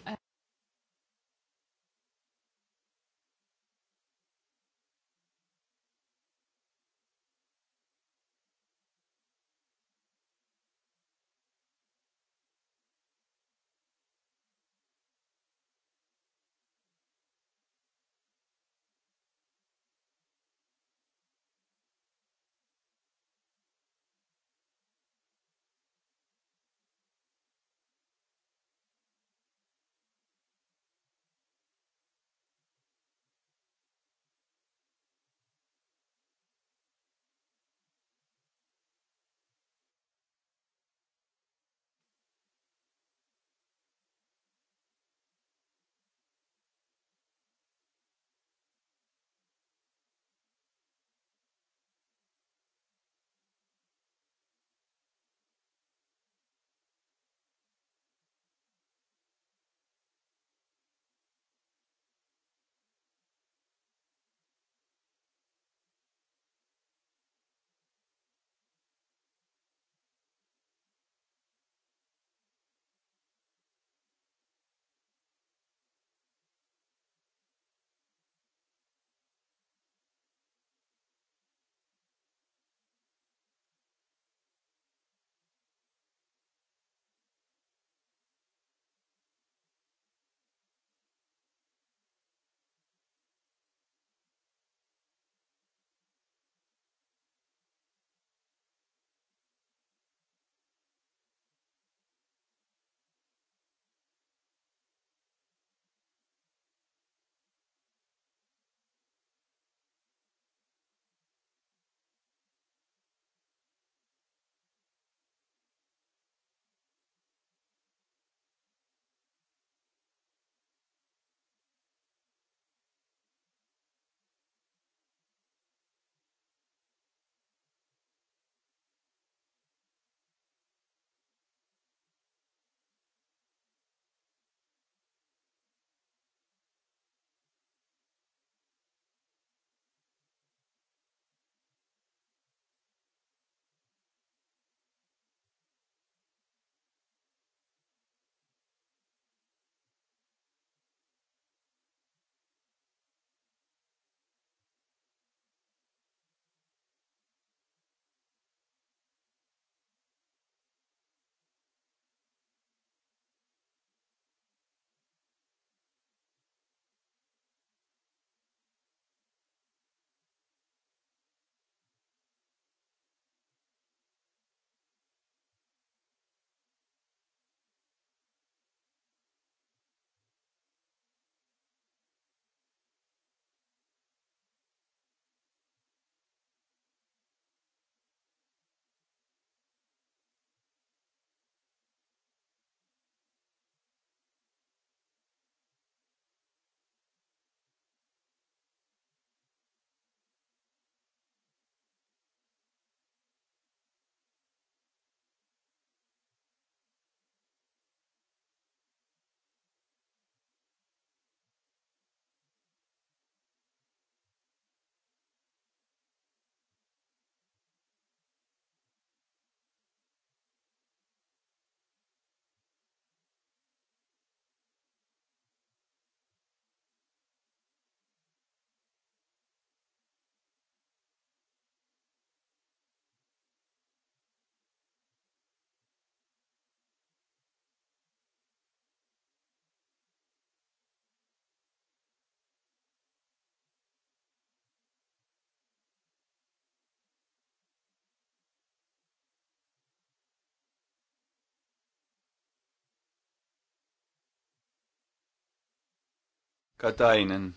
Κατάινεν.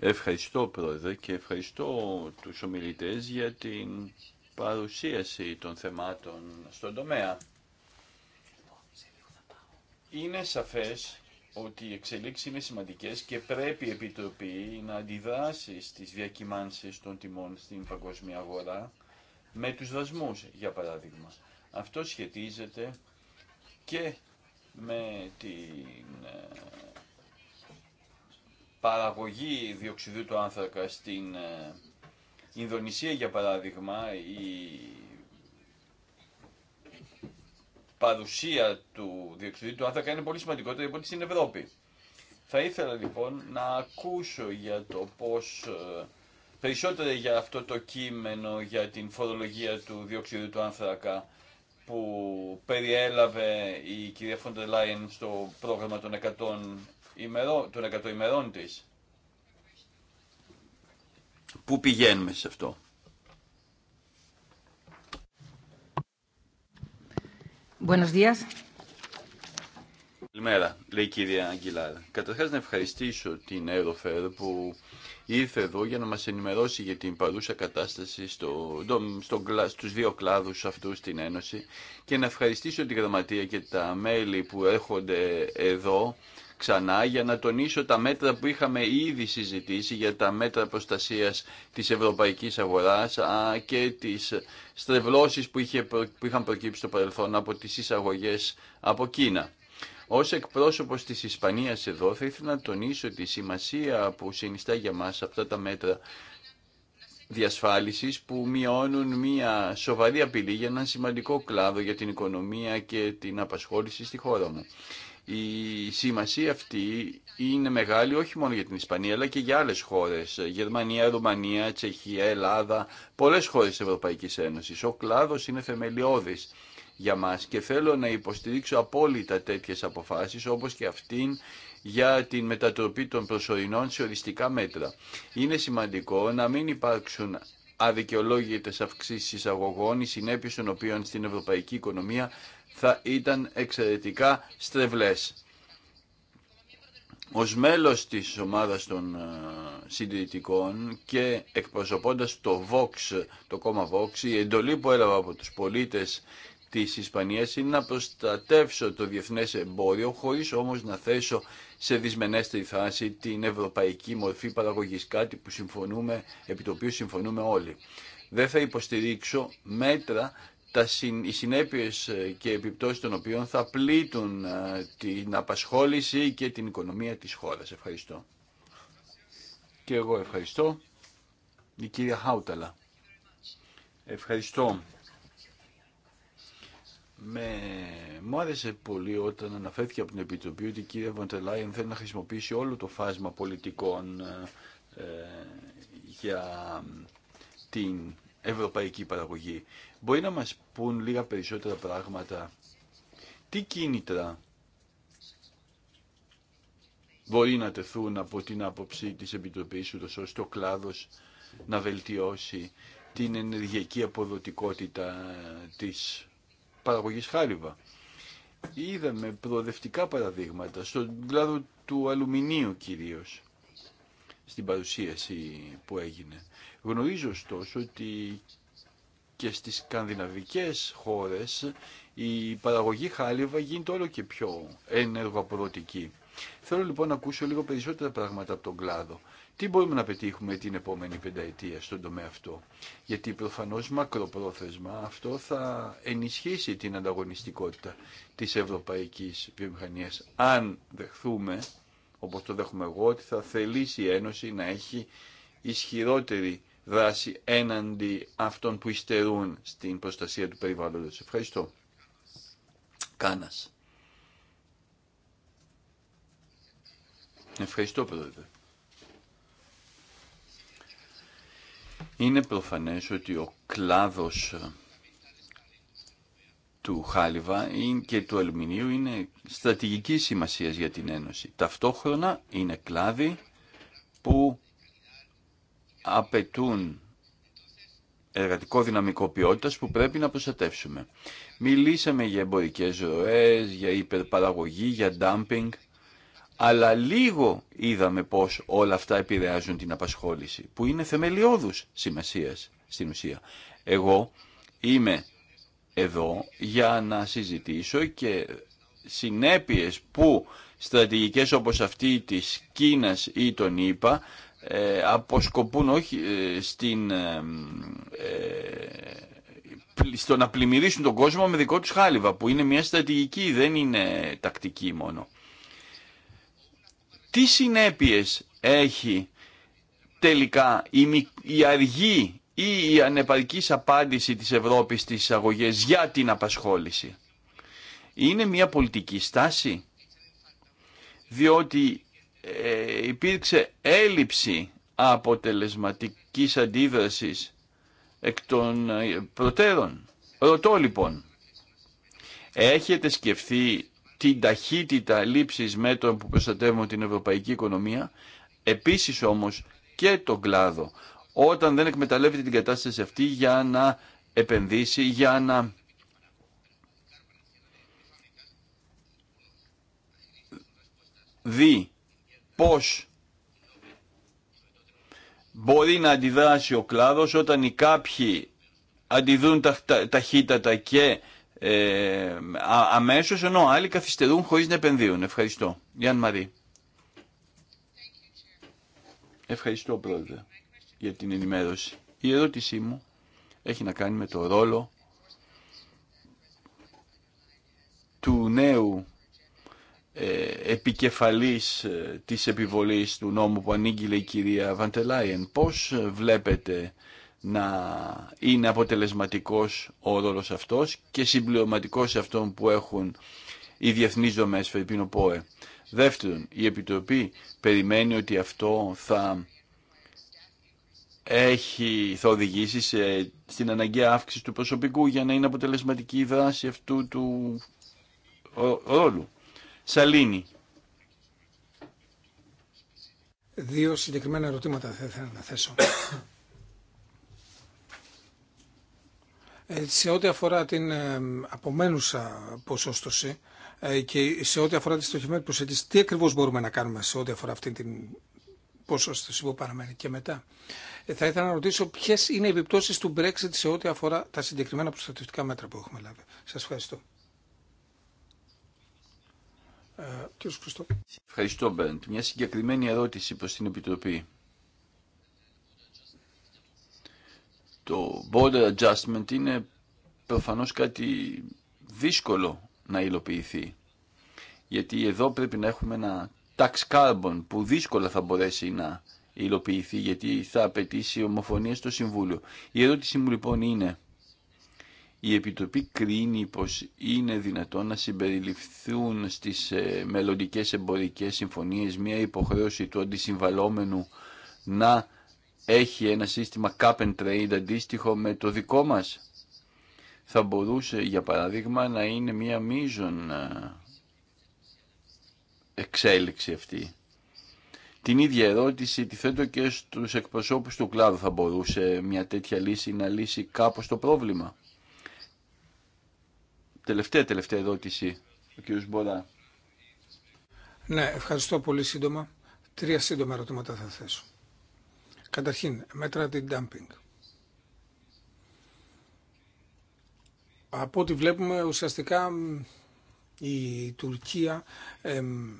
Ευχαριστώ πρόεδρε και ευχαριστώ τους ομιλητές για την παρουσίαση των θεμάτων στον τομέα. Είναι σαφές ότι οι εξελίξεις είναι σημαντικές και πρέπει η Επιτροπή να αντιδράσει στις διακυμάνσεις των τιμών στην παγκόσμια αγορά με τους δασμούς, για παράδειγμα. Αυτό σχετίζεται και με την ε, παραγωγή διοξιδίου του άνθρακα στην ε, Ινδονησία για παράδειγμα η παρουσία του διοξιδίου του άνθρακα είναι πολύ σημαντικότερη από ό,τι στην Ευρώπη. Θα ήθελα λοιπόν να ακούσω για το πώς ε, περισσότερο για αυτό το κείμενο για την φορολογία του διοξιδίου του άνθρακα που περιέλαβε η κυρία Φοντελάιν στο πρόγραμμα των 100 ημερών, των 100 ημερών της. Πού πηγαίνουμε σε αυτό. Καλημέρα, λέει η κυρία Αγγιλάρα. Καταρχάς, να ευχαριστήσω την ΕΡΟΦΕΡ που ήρθε εδώ για να μας ενημερώσει για την παρούσα κατάσταση στο, στο, στους δύο κλάδους αυτού στην Ένωση και να ευχαριστήσω την Γραμματεία και τα μέλη που έρχονται εδώ ξανά για να τονίσω τα μέτρα που είχαμε ήδη συζητήσει για τα μέτρα προστασίας της ευρωπαϊκής αγοράς και τις στρεβλώσεις που, που είχαν προκύψει στο παρελθόν από τις εισαγωγές από Κίνα. Ω εκπρόσωπο τη Ισπανία εδώ θα ήθελα να τονίσω τη σημασία που συνιστά για μα αυτά τα μέτρα διασφάλισης που μειώνουν μια σοβαρή απειλή για ένα σημαντικό κλάδο για την οικονομία και την απασχόληση στη χώρα μου. Η σημασία αυτή είναι μεγάλη όχι μόνο για την Ισπανία αλλά και για άλλες χώρες. Γερμανία, Ρουμανία, Τσεχία, Ελλάδα, πολλές χώρες της Ευρωπαϊκής Ένωσης. Ο κλάδος είναι θεμελιώδης για μας και θέλω να υποστηρίξω απόλυτα τέτοιες αποφάσεις όπως και αυτήν για την μετατροπή των προσωρινών σε οριστικά μέτρα. Είναι σημαντικό να μην υπάρξουν αδικαιολόγητες αυξήσεις εισαγωγών, οι συνέπειες των οποίων στην ευρωπαϊκή οικονομία θα ήταν εξαιρετικά στρεβλές. Ω μέλο της ομάδας των ε, συντηρητικών και εκπροσωπώντα το Vox, το κόμμα Vox, η εντολή που έλαβα από τους πολίτε της Ισπανίας είναι να προστατεύσω το διεθνές εμπόριο χωρίς όμως να θέσω σε δυσμενέστερη φάση την ευρωπαϊκή μορφή παραγωγής, κάτι που συμφωνούμε, επί το οποίο συμφωνούμε όλοι. Δεν θα υποστηρίξω μέτρα τα συν, οι συνέπειες ε, και επιπτώσεις των οποίων θα πλήττουν ε, την απασχόληση και την οικονομία της χώρας. Ευχαριστώ. Και εγώ ευχαριστώ. Η κυρία Χάουταλα. Ευχαριστώ με... Μου άρεσε πολύ όταν αναφέρθηκε από την Επιτροπή ότι η κυρία Βοντελάιεν θέλει να χρησιμοποιήσει όλο το φάσμα πολιτικών ε, ε, για την ευρωπαϊκή παραγωγή. Μπορεί να μας πούν λίγα περισσότερα πράγματα. Τι κίνητρα μπορεί να τεθούν από την άποψη της Επιτροπής ούτως ώστε ο κλάδος να βελτιώσει την ενεργειακή αποδοτικότητα ε, της παραγωγής χάλιβα. Είδαμε προοδευτικά παραδείγματα στον κλάδο του αλουμινίου κυρίως στην παρουσίαση που έγινε. Γνωρίζω ωστόσο ότι και στις σκανδιναβικές χώρες η παραγωγή χάλιβα γίνεται όλο και πιο ενεργοαποδοτική. Θέλω λοιπόν να ακούσω λίγο περισσότερα πράγματα από τον κλάδο. Τι μπορούμε να πετύχουμε την επόμενη πενταετία στον τομέα αυτό. Γιατί προφανώς μακροπρόθεσμα αυτό θα ενισχύσει την ανταγωνιστικότητα της ευρωπαϊκής βιομηχανίας. Αν δεχθούμε, όπως το δέχομαι εγώ, ότι θα θελήσει η Ένωση να έχει ισχυρότερη δράση έναντι αυτών που υστερούν στην προστασία του περιβάλλοντος. Ευχαριστώ. Κάνας. Ευχαριστώ, Πρόεδρε. Είναι προφανές ότι ο κλάδος ε, του Χάλιβα και του αλουμινίου είναι στρατηγική σημασίας για την Ένωση. Ταυτόχρονα είναι κλάδοι που απαιτούν εργατικό δυναμικό ποιότητας που πρέπει να προστατεύσουμε. Μιλήσαμε για εμπορικές ροές, για υπερπαραγωγή, για dumping, αλλά λίγο είδαμε πώς όλα αυτά επηρεάζουν την απασχόληση, που είναι θεμελιώδους σημασίας στην ουσία. Εγώ είμαι εδώ για να συζητήσω και συνέπειες που στρατηγικές όπως αυτή της Κίνας ή των ΗΠΑ ε, αποσκοπούν όχι ε, στην, ε, στο να πλημμυρίσουν τον κόσμο με δικό τους χάλιβα, που είναι μια στρατηγική, δεν είναι τακτική μόνο. Τι συνέπειες έχει τελικά η, η αργή ή η ανεπαρκής απάντηση της Ευρώπης στις εισαγωγέ για την απασχόληση. Είναι μια πολιτική στάση, διότι ε, υπήρξε έλλειψη αποτελεσματικής αντίδρασης εκ των ε, προτέρων. Ρωτώ λοιπόν, έχετε σκεφτεί την ταχύτητα λήψης μέτρων που προστατεύουν την ευρωπαϊκή οικονομία, επίσης όμως και τον κλάδο, όταν δεν εκμεταλλεύεται την κατάσταση αυτή για να επενδύσει, για να δει πώς μπορεί να αντιδράσει ο κλάδος όταν οι κάποιοι αντιδρούν ταχύτατα και ε, α, αμέσως ενώ άλλοι καθυστερούν χωρίς να επενδύουν. Ευχαριστώ. Γιάννη Μαρή. Ευχαριστώ πρόεδρε για την ενημέρωση. Η ερώτησή μου έχει να κάνει με το ρόλο του νέου ε, επικεφαλής ε, της επιβολής του νόμου που ανήγγειλε η κυρία Βαντελάιεν. Πώς ε, βλέπετε να είναι αποτελεσματικός ο ρόλος αυτός και συμπληρωματικός σε αυτόν που έχουν οι διεθνείς δομές Φερπίνο ΠΟΕ. Δεύτερον, η Επιτροπή περιμένει ότι αυτό θα έχει, θα οδηγήσει στην αναγκαία αύξηση του προσωπικού για να είναι αποτελεσματική η δράση αυτού του ρόλου. Σαλίνη. Δύο συγκεκριμένα ερωτήματα θα ήθελα να θέσω. Ε, σε ό,τι αφορά την ε, απομένουσα ποσόστοση ε, και σε ό,τι αφορά τη στοχευμένη προσέγγιση, τι ακριβώς μπορούμε να κάνουμε σε ό,τι αφορά αυτή την ποσόστοση που παραμένει και μετά. Θα ήθελα να ρωτήσω ποιε είναι οι επιπτώσει του Brexit σε ό,τι αφορά τα συγκεκριμένα προστατευτικά μέτρα που έχουμε λάβει. Σα ευχαριστώ. Ευχαριστώ, Μπέντ. Μια συγκεκριμένη ερώτηση προς την Επιτροπή. Το border adjustment είναι προφανώς κάτι δύσκολο να υλοποιηθεί. Γιατί εδώ πρέπει να έχουμε ένα tax carbon που δύσκολα θα μπορέσει να υλοποιηθεί γιατί θα απαιτήσει ομοφωνία στο Συμβούλιο. Η ερώτηση μου λοιπόν είναι η Επιτροπή κρίνει πως είναι δυνατόν να συμπεριληφθούν στις ε, μελλοντικές εμπορικές συμφωνίες μια υποχρέωση του αντισυμβαλόμενου να έχει ένα σύστημα cap and trade αντίστοιχο με το δικό μας. Θα μπορούσε για παράδειγμα να είναι μια μείζον ε, εξέλιξη αυτή. Την ίδια ερώτηση τη θέτω και στους εκπροσώπους του κλάδου. Θα μπορούσε μια τέτοια λύση να λύσει κάπως το πρόβλημα. Τελευταία, τελευταία ερώτηση, ο κύριος Μπορά. Ναι, ευχαριστώ πολύ σύντομα. Τρία σύντομα ερωτήματα θα θέσω. Καταρχήν, μέτρα την dumping. Από ό,τι βλέπουμε, ουσιαστικά η Τουρκία εμ,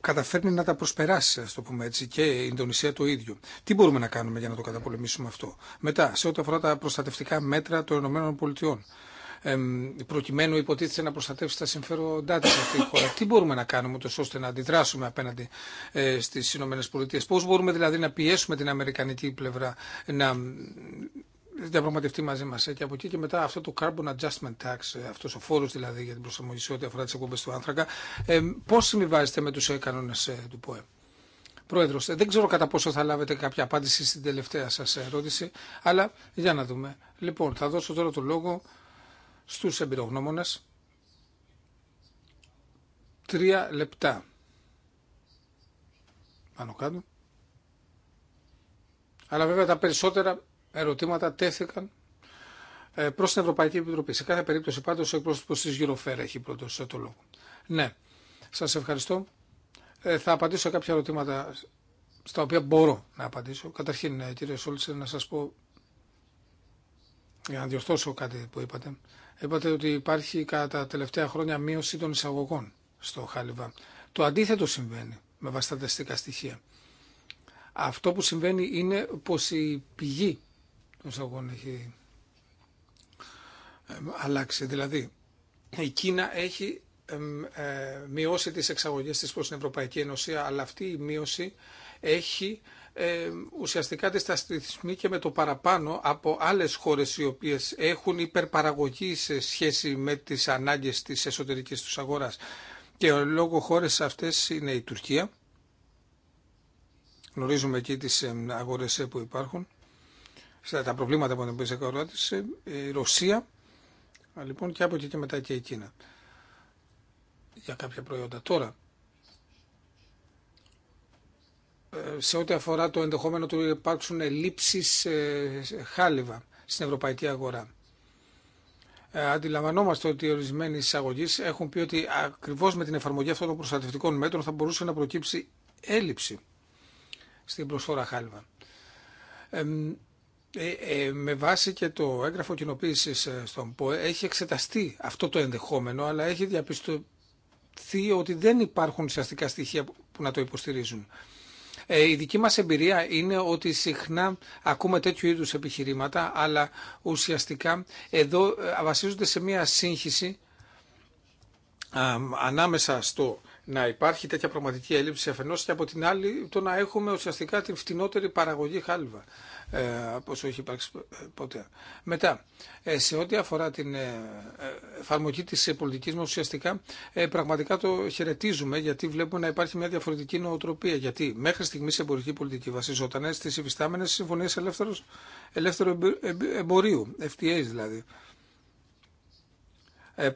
καταφέρνει να τα προσπεράσει, α το πούμε έτσι, και η Ινδονησία το ίδιο. Τι μπορούμε να κάνουμε για να το καταπολεμήσουμε αυτό. Μετά, σε ό,τι αφορά τα προστατευτικά μέτρα των ΗΠΑ προκειμένου υποτίθεται να προστατεύσει τα συμφέροντά τη αυτή η χώρα. Τι μπορούμε να κάνουμε τόσο ώστε να αντιδράσουμε απέναντι στι ΗΠΑ, πώ μπορούμε δηλαδή να πιέσουμε την Αμερικανική πλευρά να διαπραγματευτεί μαζί μα. Ε, και από εκεί και μετά αυτό το Carbon Adjustment Tax, ε, αυτό ο φόρο δηλαδή για την προσαρμογή σε ό,τι αφορά τι εκπομπέ του άνθρακα, πώ συμβιβάζεται με του κανόνε ε, του ΠΟΕ. Πρόεδρο, δεν ξέρω κατά πόσο θα λάβετε κάποια απάντηση στην τελευταία σα ερώτηση, αλλά για να δούμε. Λοιπόν, θα δώσω τώρα το λόγο στους εμπειρογνώμονες τρία λεπτά. Πάνω κάτω. Αλλά βέβαια τα περισσότερα ερωτήματα τέθηκαν ε, προς την Ευρωπαϊκή Επιτροπή. Σε κάθε περίπτωση πάντως ο εκπρόσωπος της Eurofair έχει πρώτος ε, το λόγο. Ναι, σας ευχαριστώ. Ε, θα απαντήσω κάποια ερωτήματα στα οποία μπορώ να απαντήσω. Καταρχήν, κύριε Σόλτσε, να σας πω, για να διορθώσω κάτι που είπατε, είπατε ότι υπάρχει κατά τα τελευταία χρόνια μείωση των εισαγωγών στο χάλιβα. Το αντίθετο συμβαίνει με βαστατεστικά στοιχεία. Αυτό που συμβαίνει είναι πως η πηγή των εισαγωγών έχει ε, αλλάξει. Δηλαδή, η Κίνα έχει ε, μειώσει τις εξαγωγές της προς την Ευρωπαϊκή Ένωση, αλλά αυτή η μείωση έχει ε, ουσιαστικά τη σταθμεί και με το παραπάνω από άλλες χώρες οι οποίες έχουν υπερπαραγωγή σε σχέση με τις ανάγκες της εσωτερικής τους αγοράς. Και ο λόγο χώρες αυτές είναι η Τουρκία. Γνωρίζουμε εκεί τις αγορές ε, που υπάρχουν, τα προβλήματα που αντιμετωπίζει ε, η Ρωσία, λοιπόν και από εκεί και μετά και η Κίνα για κάποια προϊόντα. Τώρα, σε ό,τι αφορά το ενδεχόμενο του υπάρξουν λήψεις ε, χάλιβα στην ευρωπαϊκή αγορά. Ε, αντιλαμβανόμαστε ότι ορισμένοι εισαγωγεί έχουν πει ότι ακριβώ με την εφαρμογή αυτών των προστατευτικών μέτρων θα μπορούσε να προκύψει έλλειψη στην προσφορά χάλιβα. Ε, ε, ε με βάση και το έγγραφο κοινοποίηση στον ΠΟΕ έχει εξεταστεί αυτό το ενδεχόμενο, αλλά έχει διαπιστωθεί ότι δεν υπάρχουν ουσιαστικά στοιχεία που να το υποστηρίζουν. Ε, η δική μας εμπειρία είναι ότι συχνά ακούμε τέτοιου είδους επιχειρήματα, αλλά ουσιαστικά εδώ ε, βασίζονται σε μια σύγχυση ανάμεσα στο να υπάρχει τέτοια πραγματική έλλειψη αφενός και από την άλλη το να έχουμε ουσιαστικά την φτηνότερη παραγωγή χάλιβα. Ε, από όσο έχει υπάρξει ε, ποτέ. Μετά, ε, σε ό,τι αφορά την εφαρμογή της πολιτικής μας ουσιαστικά, πραγματικά το χαιρετίζουμε γιατί βλέπουμε να υπάρχει μια διαφορετική νοοτροπία. Γιατί μέχρι στιγμής η εμπορική πολιτική βασιζόταν στις υφιστάμενες συμφωνίες ελεύθερου εμπορίου, FTA δηλαδή. Ε,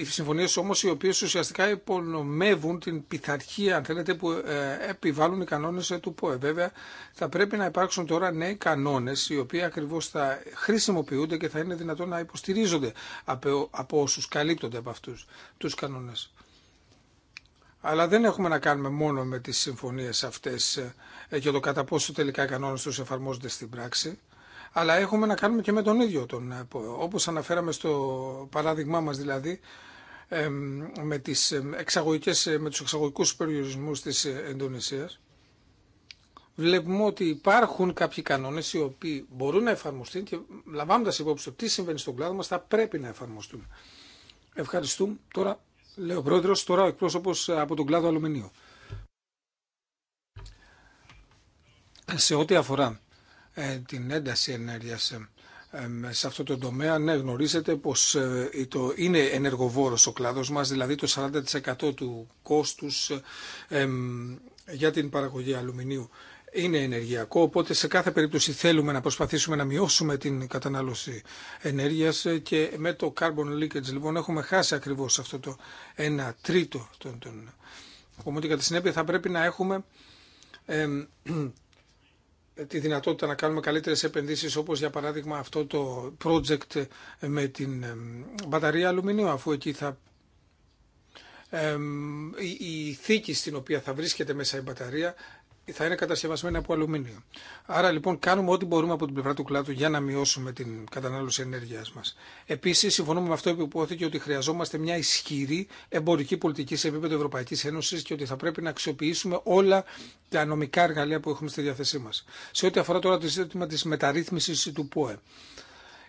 οι συμφωνίε όμω οι οποίε ουσιαστικά υπονομεύουν την πειθαρχία, αν θέλετε, που ε, επιβάλλουν οι κανόνε του ΠΟΕ. Βέβαια, θα πρέπει να υπάρξουν τώρα νέοι κανόνε, οι οποίοι ακριβώ θα χρησιμοποιούνται και θα είναι δυνατόν να υποστηρίζονται από όσου καλύπτονται από αυτού του κανόνε. Αλλά δεν έχουμε να κάνουμε μόνο με τις συμφωνίες αυτές και ε, το κατά πόσο τελικά οι κανόνε του εφαρμόζονται στην πράξη αλλά έχουμε να κάνουμε και με τον ίδιο τον ε, Όπως αναφέραμε στο παράδειγμά μας δηλαδή, με, τις εξαγωγικές, ε, με τους εξαγωγικούς περιορισμούς της ε, Ινδονησίας, βλέπουμε ότι υπάρχουν κάποιοι κανόνες οι οποίοι μπορούν να εφαρμοστούν και λαμβάνοντας υπόψη το τι συμβαίνει στον κλάδο μας θα πρέπει να εφαρμοστούν. Ευχαριστούμε. Τώρα, λέει ο πρόεδρος, τώρα ο εκπρόσωπος από τον κλάδο αλουμινίου. Σε ό,τι αφορά ε, την ένταση ενέργειας ε, ε, σε αυτό το τομέα, ναι, γνωρίζετε πως το είναι ενεργοβόρος ο κλάδος μας, δηλαδή το 40% του κόστους για την παραγωγή αλουμινίου είναι ενεργειακό, οπότε σε κάθε περίπτωση θέλουμε να προσπαθήσουμε να μειώσουμε την κατανάλωση ενέργειας και με το carbon leakage λοιπόν έχουμε χάσει ακριβώς αυτό το 1 τρίτο Οπότε κατά συνέπεια θα πρέπει να έχουμε τη δυνατότητα να κάνουμε καλύτερες επενδύσεις όπως για παράδειγμα αυτό το project με την ε, μπαταρία αλουμινίου αφού εκεί θα ε, η θήκη στην οποία θα βρίσκεται μέσα η μπαταρία θα είναι κατασκευασμένα από αλουμίνιο. Άρα λοιπόν κάνουμε ό,τι μπορούμε από την πλευρά του κλάδου για να μειώσουμε την κατανάλωση ενέργεια μα. Επίση, συμφωνούμε με αυτό που υπόθηκε ότι χρειαζόμαστε μια ισχυρή εμπορική πολιτική σε επίπεδο Ευρωπαϊκή Ένωση και ότι θα πρέπει να αξιοποιήσουμε όλα τα νομικά εργαλεία που έχουμε στη διάθεσή μα. Σε ό,τι αφορά τώρα το ζήτημα τη μεταρρύθμιση του ΠΟΕ.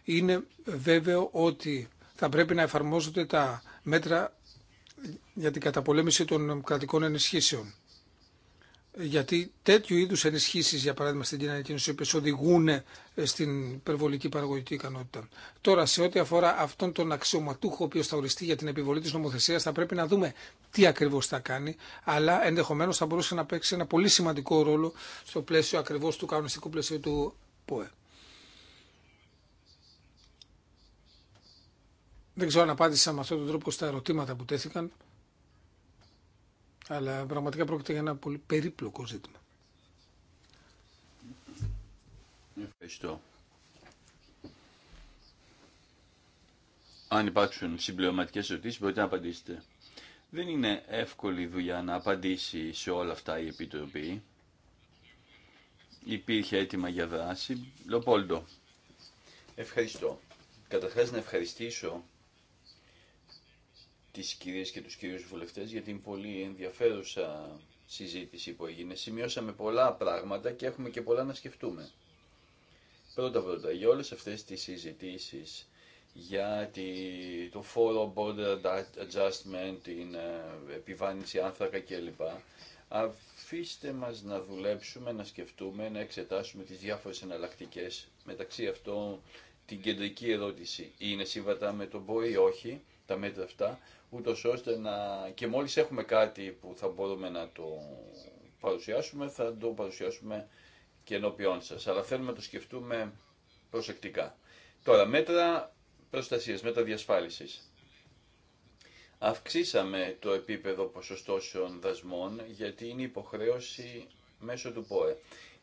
Είναι βέβαιο ότι θα πρέπει να εφαρμόζονται τα μέτρα για την καταπολέμηση των κρατικών ενισχύσεων. Γιατί τέτοιου είδου ενισχύσει, για παράδειγμα στην κοινωνική νοσοποίηση, οι οδηγούν ε, στην υπερβολική παραγωγική ικανότητα. Τώρα, σε ό,τι αφορά αυτόν τον αξιωματούχο, ο οποίο θα οριστεί για την επιβολή τη νομοθεσία, θα πρέπει να δούμε τι ακριβώ θα κάνει, αλλά ενδεχομένω θα μπορούσε να παίξει ένα πολύ σημαντικό ρόλο στο πλαίσιο ακριβώ του κανονιστικού πλαίσιου του ΠΟΕ. Δεν ξέρω αν απάντησα με αυτόν τον τρόπο στα ερωτήματα που τέθηκαν αλλά πραγματικά πρόκειται για ένα πολύ περίπλοκο ζήτημα. Ευχαριστώ. Αν υπάρξουν συμπληρωματικές ερωτήσεις μπορείτε να απαντήσετε. Δεν είναι εύκολη δουλειά να απαντήσει σε όλα αυτά η Επιτροπή. Υπήρχε έτοιμα για δράση. Λοπόλτο. Ευχαριστώ. Καταρχάς να ευχαριστήσω τις κυρίες και τους κυρίους βουλευτές για την πολύ ενδιαφέρουσα συζήτηση που έγινε. Σημειώσαμε πολλά πράγματα και έχουμε και πολλά να σκεφτούμε. Πρώτα πρώτα, για όλες αυτές τις συζητήσεις για το φόρο border adjustment, την ε, επιβάνηση άνθρακα κλπ. Αφήστε μας να δουλέψουμε, να σκεφτούμε, να εξετάσουμε τις διάφορες εναλλακτικέ. Μεταξύ αυτών την κεντρική ερώτηση είναι σύμβατα με τον μπορεί όχι τα μέτρα αυτά, ούτω ώστε να... και μόλις έχουμε κάτι που θα μπορούμε να το παρουσιάσουμε, θα το παρουσιάσουμε και ενώπιόν σας. Αλλά θέλουμε να το σκεφτούμε προσεκτικά. Τώρα, μέτρα προστασία, μέτρα διασφάλισης. Αυξήσαμε το επίπεδο ποσοστώσεων δασμών γιατί είναι υποχρέωση μέσω του ΠΟΕ.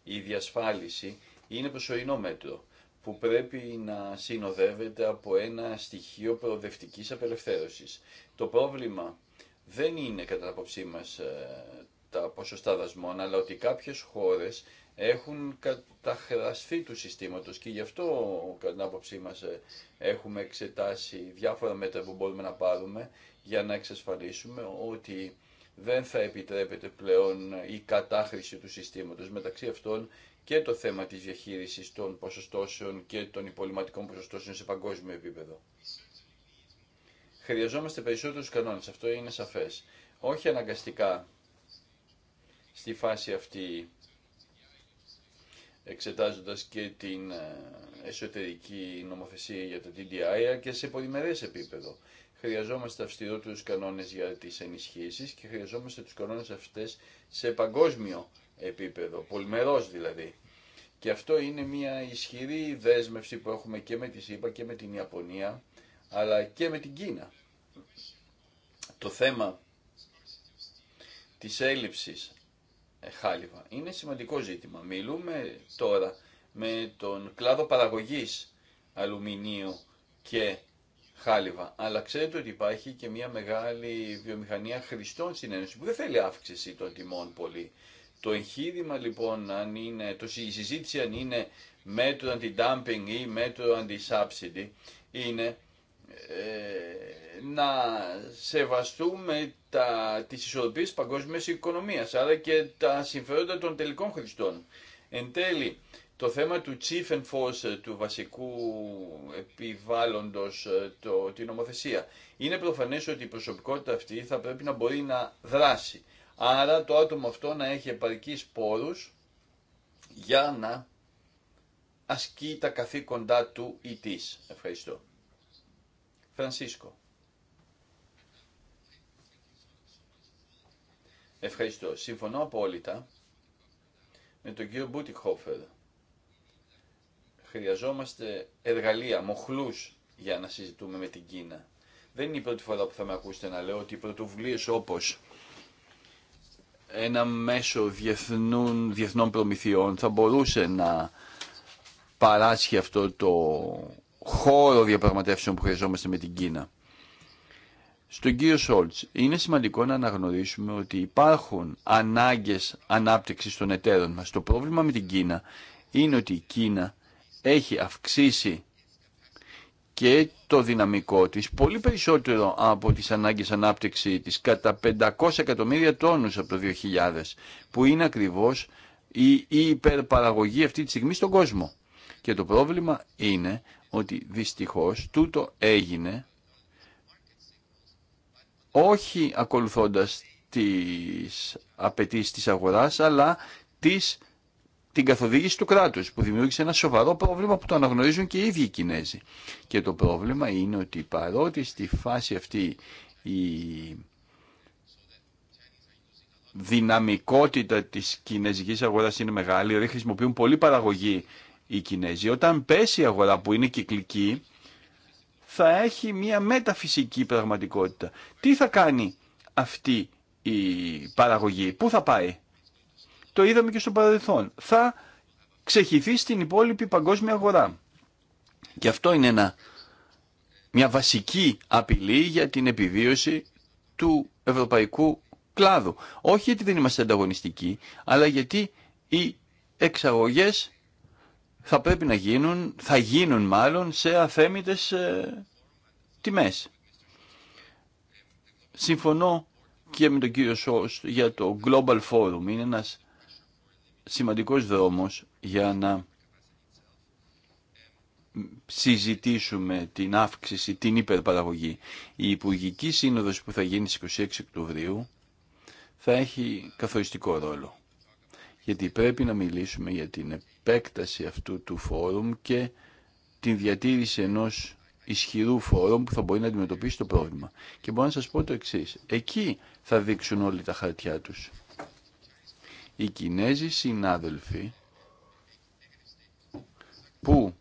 Η διασφάλιση είναι προσωρινό μέτρο που πρέπει να συνοδεύεται από ένα στοιχείο προοδευτικής απελευθέρωσης. Το πρόβλημα δεν είναι κατά την απόψή μας ε, τα ποσοστά δασμών, αλλά ότι κάποιες χώρες έχουν καταχραστεί του συστήματος και γι' αυτό κατά την άποψή μας ε, έχουμε εξετάσει διάφορα μέτρα που μπορούμε να πάρουμε για να εξασφαλίσουμε ότι δεν θα επιτρέπεται πλέον η κατάχρηση του συστήματος μεταξύ αυτών και το θέμα της διαχείρισης των ποσοστώσεων και των υπολοιματικών ποσοστώσεων σε παγκόσμιο επίπεδο. Χρειαζόμαστε περισσότερους κανόνες, αυτό είναι σαφές. Όχι αναγκαστικά στη φάση αυτή εξετάζοντας και την ε, εσωτερική νομοθεσία για τα DDI και σε πολυμερές επίπεδο. Χρειαζόμαστε αυστηρότερους κανόνες για τις ενισχύσεις και χρειαζόμαστε τους κανόνες αυτές σε παγκόσμιο επίπεδο, πολυμερός δηλαδή. Και αυτό είναι μια ισχυρή δέσμευση που έχουμε και με τη ΣΥΠΑ και με την Ιαπωνία, αλλά και με την Κίνα. Το θέμα της έλλειψης ε, χάλιβα είναι σημαντικό ζήτημα. Μιλούμε τώρα με τον κλάδο παραγωγής αλουμινίου και χάλιβα. Αλλά ξέρετε ότι υπάρχει και μια μεγάλη βιομηχανία χρηστών στην που δεν θέλει αύξηση των τιμών πολύ. Το εγχείρημα λοιπόν, αν είναι, το, η συζήτηση αν είναι μέτρο αντι-dumping ή μέτρο αντι-subsidy, είναι ε, να σεβαστούμε τα, τις ισορροπίες παγκόσμιας οικονομίας, άρα και τα συμφέροντα των τελικών χρηστών. Εν τέλει, το θέμα του chief enforcer, του βασικού επιβάλλοντος ε, την νομοθεσία. Είναι προφανές ότι η προσωπικότητα αυτή θα πρέπει να μπορεί να δράσει. Άρα το άτομο αυτό να έχει επαρκείς πόρους για να ασκεί τα καθήκοντά του ή της. Ευχαριστώ. Φρανσίσκο. Ευχαριστώ. Συμφωνώ απόλυτα με τον κύριο Μπούτιχόφερ. Χρειαζόμαστε εργαλεία, μοχλούς για να συζητούμε με την Κίνα. Δεν είναι η πρώτη φορά που θα με ακούσετε να λέω ότι οι πρωτοβουλίες όπως ένα μέσο διεθνών, διεθνών προμηθειών θα μπορούσε να παράσχει αυτό το χώρο διαπραγματεύσεων που χρειαζόμαστε με την Κίνα. Στον κύριο Σόλτς, είναι σημαντικό να αναγνωρίσουμε ότι υπάρχουν ανάγκες ανάπτυξης των εταίρων μας. Το πρόβλημα με την Κίνα είναι ότι η Κίνα έχει αυξήσει και το δυναμικό της πολύ περισσότερο από τις ανάγκες ανάπτυξη της κατά 500 εκατομμύρια τόνους από το 2000 που είναι ακριβώς η, η υπερπαραγωγή αυτή τη στιγμή στον κόσμο. Και το πρόβλημα είναι ότι δυστυχώς τούτο έγινε όχι ακολουθώντας τις απαιτήσεις της αγοράς αλλά τις την καθοδήγηση του κράτους που δημιούργησε ένα σοβαρό πρόβλημα που το αναγνωρίζουν και οι ίδιοι οι Κινέζοι. Και το πρόβλημα είναι ότι παρότι στη φάση αυτή η δυναμικότητα της κινέζικης αγοράς είναι μεγάλη, δηλαδή χρησιμοποιούν πολύ παραγωγή οι Κινέζοι. Όταν πέσει η αγορά που είναι κυκλική, θα έχει μια μεταφυσική πραγματικότητα. Τι θα κάνει αυτή η παραγωγή, πού θα πάει. Το είδαμε και στο παρελθόν. Θα ξεχυθεί στην υπόλοιπη παγκόσμια αγορά. Και αυτό είναι ένα, μια βασική απειλή για την επιβίωση του ευρωπαϊκού κλάδου. Όχι γιατί δεν είμαστε ανταγωνιστικοί, αλλά γιατί οι εξαγωγές θα πρέπει να γίνουν, θα γίνουν μάλλον σε αθέμητες ε, τιμές. Συμφωνώ και με τον κύριο Σόστ για το Global Forum. Είναι ένας σημαντικός δρόμος για να συζητήσουμε την αύξηση, την υπερπαραγωγή. Η Υπουργική Σύνοδος που θα γίνει στις 26 Οκτωβρίου θα έχει καθοριστικό ρόλο. Γιατί πρέπει να μιλήσουμε για την επέκταση αυτού του φόρουμ και την διατήρηση ενός ισχυρού φόρουμ που θα μπορεί να αντιμετωπίσει το πρόβλημα. Και μπορώ να σας πω το εξής. Εκεί θα δείξουν όλοι τα χαρτιά τους οι Κινέζοι συνάδελφοι που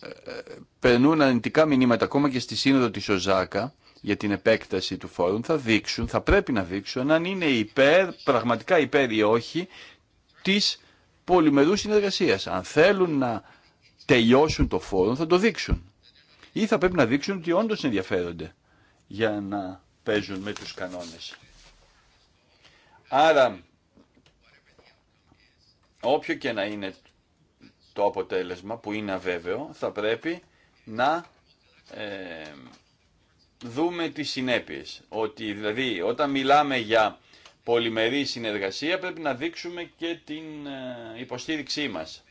ε, ε, περνούν αρνητικά μηνύματα ακόμα και στη σύνοδο της Οζάκα για την επέκταση του φόρου θα δείξουν, θα πρέπει να δείξουν αν είναι υπέρ, πραγματικά υπέρ ή όχι της πολυμερούς συνεργασίας. Αν θέλουν να τελειώσουν το φόρο θα το δείξουν. Ή θα πρέπει να δείξουν ότι όντως ενδιαφέρονται για να παίζουν με τους κανόνες. Άρα, όποιο και να είναι το αποτέλεσμα που είναι αβέβαιο, θα πρέπει να ε, δούμε τις συνέπειες. Ότι δηλαδή όταν μιλάμε για πολυμερή συνεργασία πρέπει να δείξουμε και την ε, υποστήριξή μας.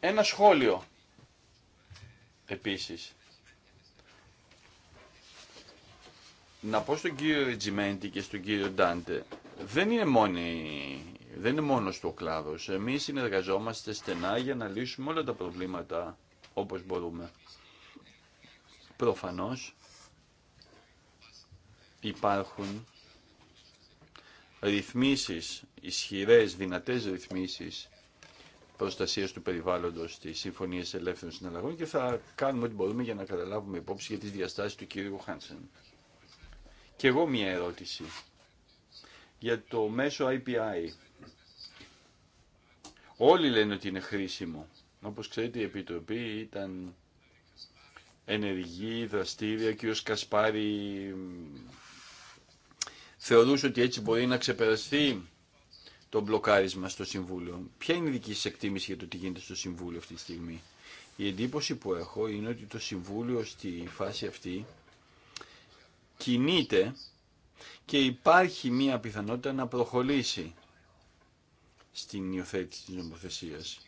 Ένα σχόλιο επίσης. να πω στον κύριο Ριτζιμέντη και στον κύριο Ντάντε, δεν είναι, μόνοι, δεν είναι μόνος του ο κλάδος. Εμείς συνεργαζόμαστε στενά για να λύσουμε όλα τα προβλήματα όπως μπορούμε. Προφανώς υπάρχουν ρυθμίσεις, ισχυρές, δυνατές ρυθμίσεις προστασία του περιβάλλοντο στι συμφωνίε ελεύθερων συναλλαγών και θα κάνουμε ό,τι μπορούμε για να καταλάβουμε υπόψη για τι διαστάσει του κύριου Χάνσεν. Και εγώ μία ερώτηση για το μέσο IPI. Όλοι λένε ότι είναι χρήσιμο. Όπως ξέρετε η Επιτροπή ήταν ενεργή, δραστήρια, και ο Σκασπάρη Κασπάρη θεωρούσε ότι έτσι μπορεί να ξεπεραστεί το μπλοκάρισμα στο Συμβούλιο. Ποια είναι η δική σας εκτίμηση για το τι γίνεται στο Συμβούλιο αυτή τη στιγμή. Η εντύπωση που έχω είναι ότι το Συμβούλιο στη φάση αυτή κινείται και υπάρχει μία πιθανότητα να προχωρήσει στην υιοθέτηση της νομοθεσίας.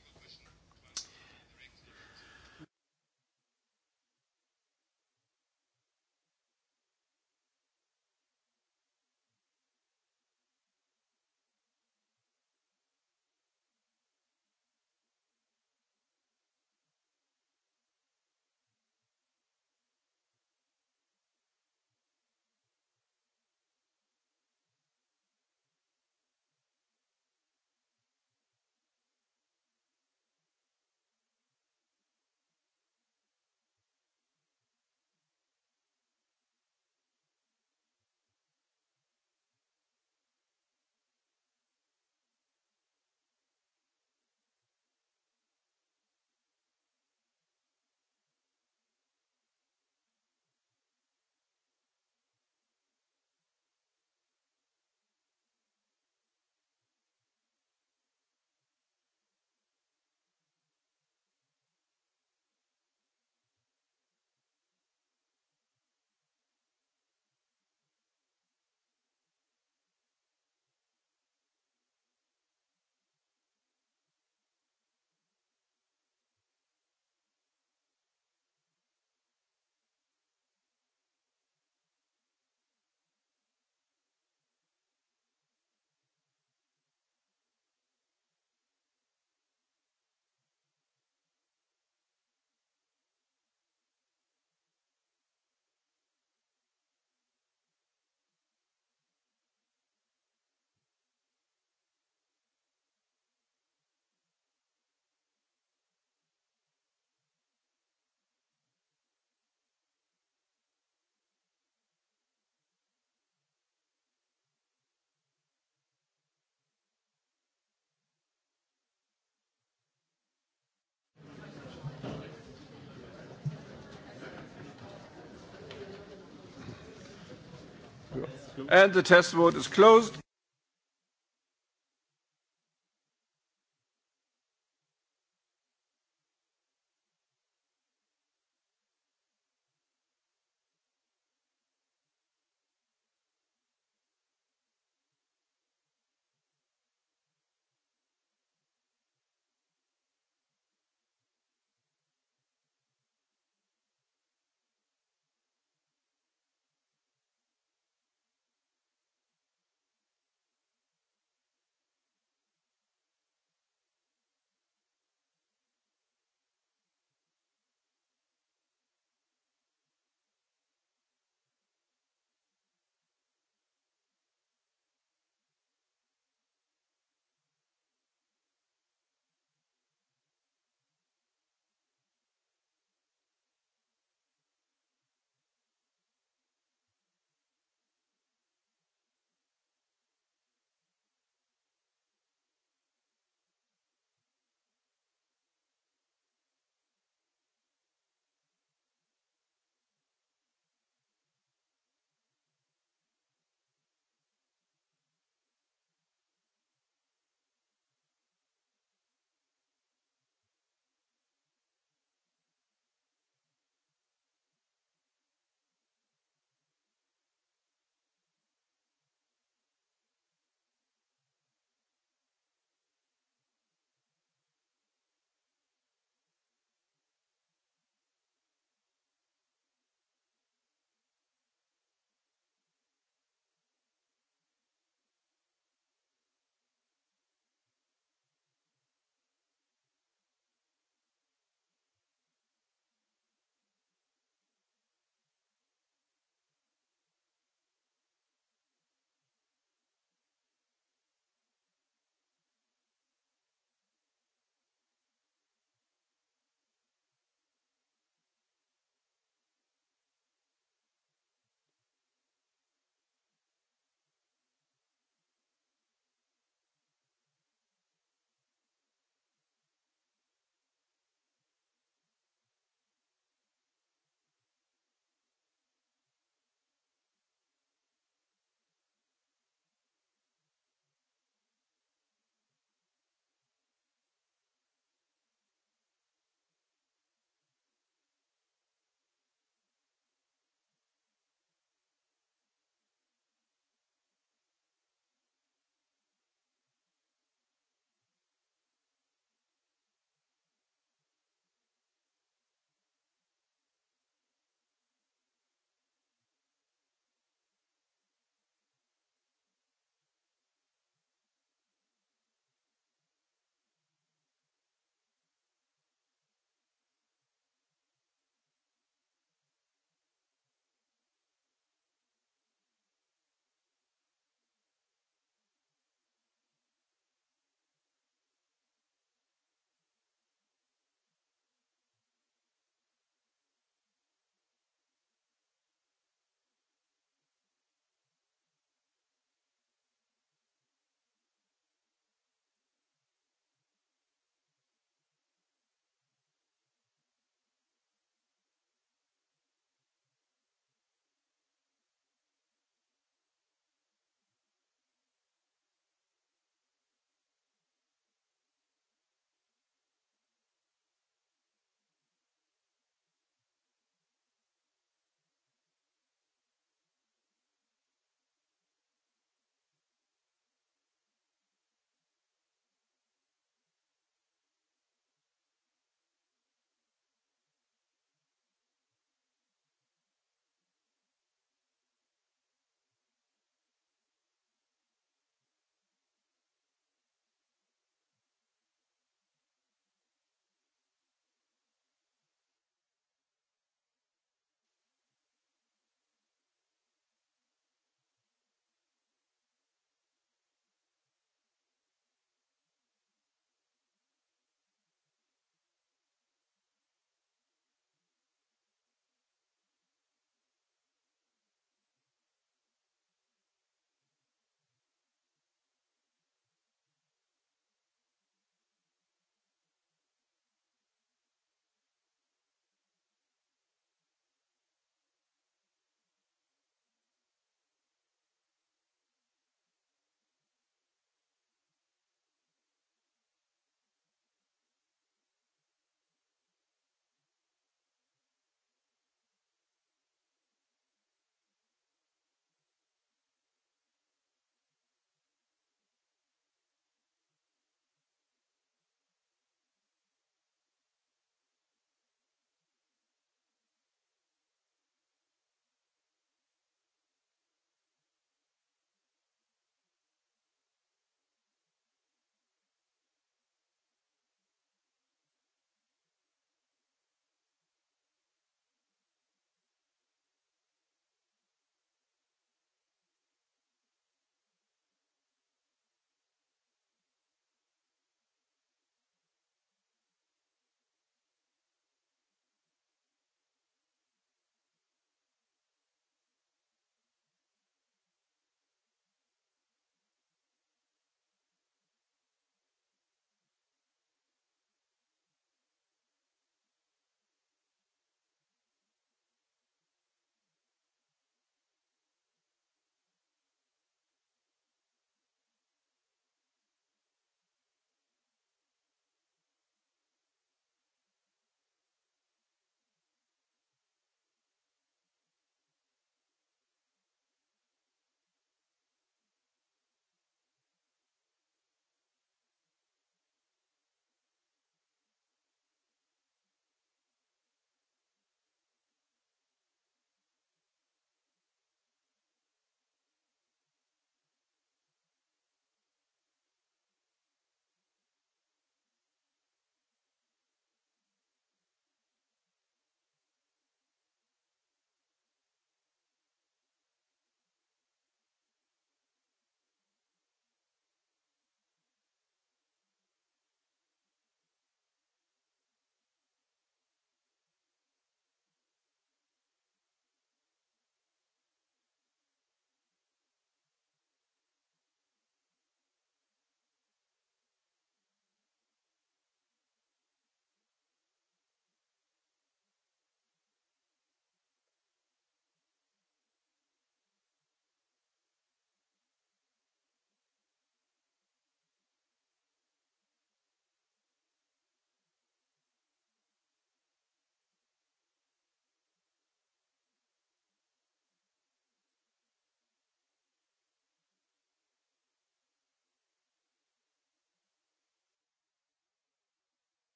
And the test vote is closed.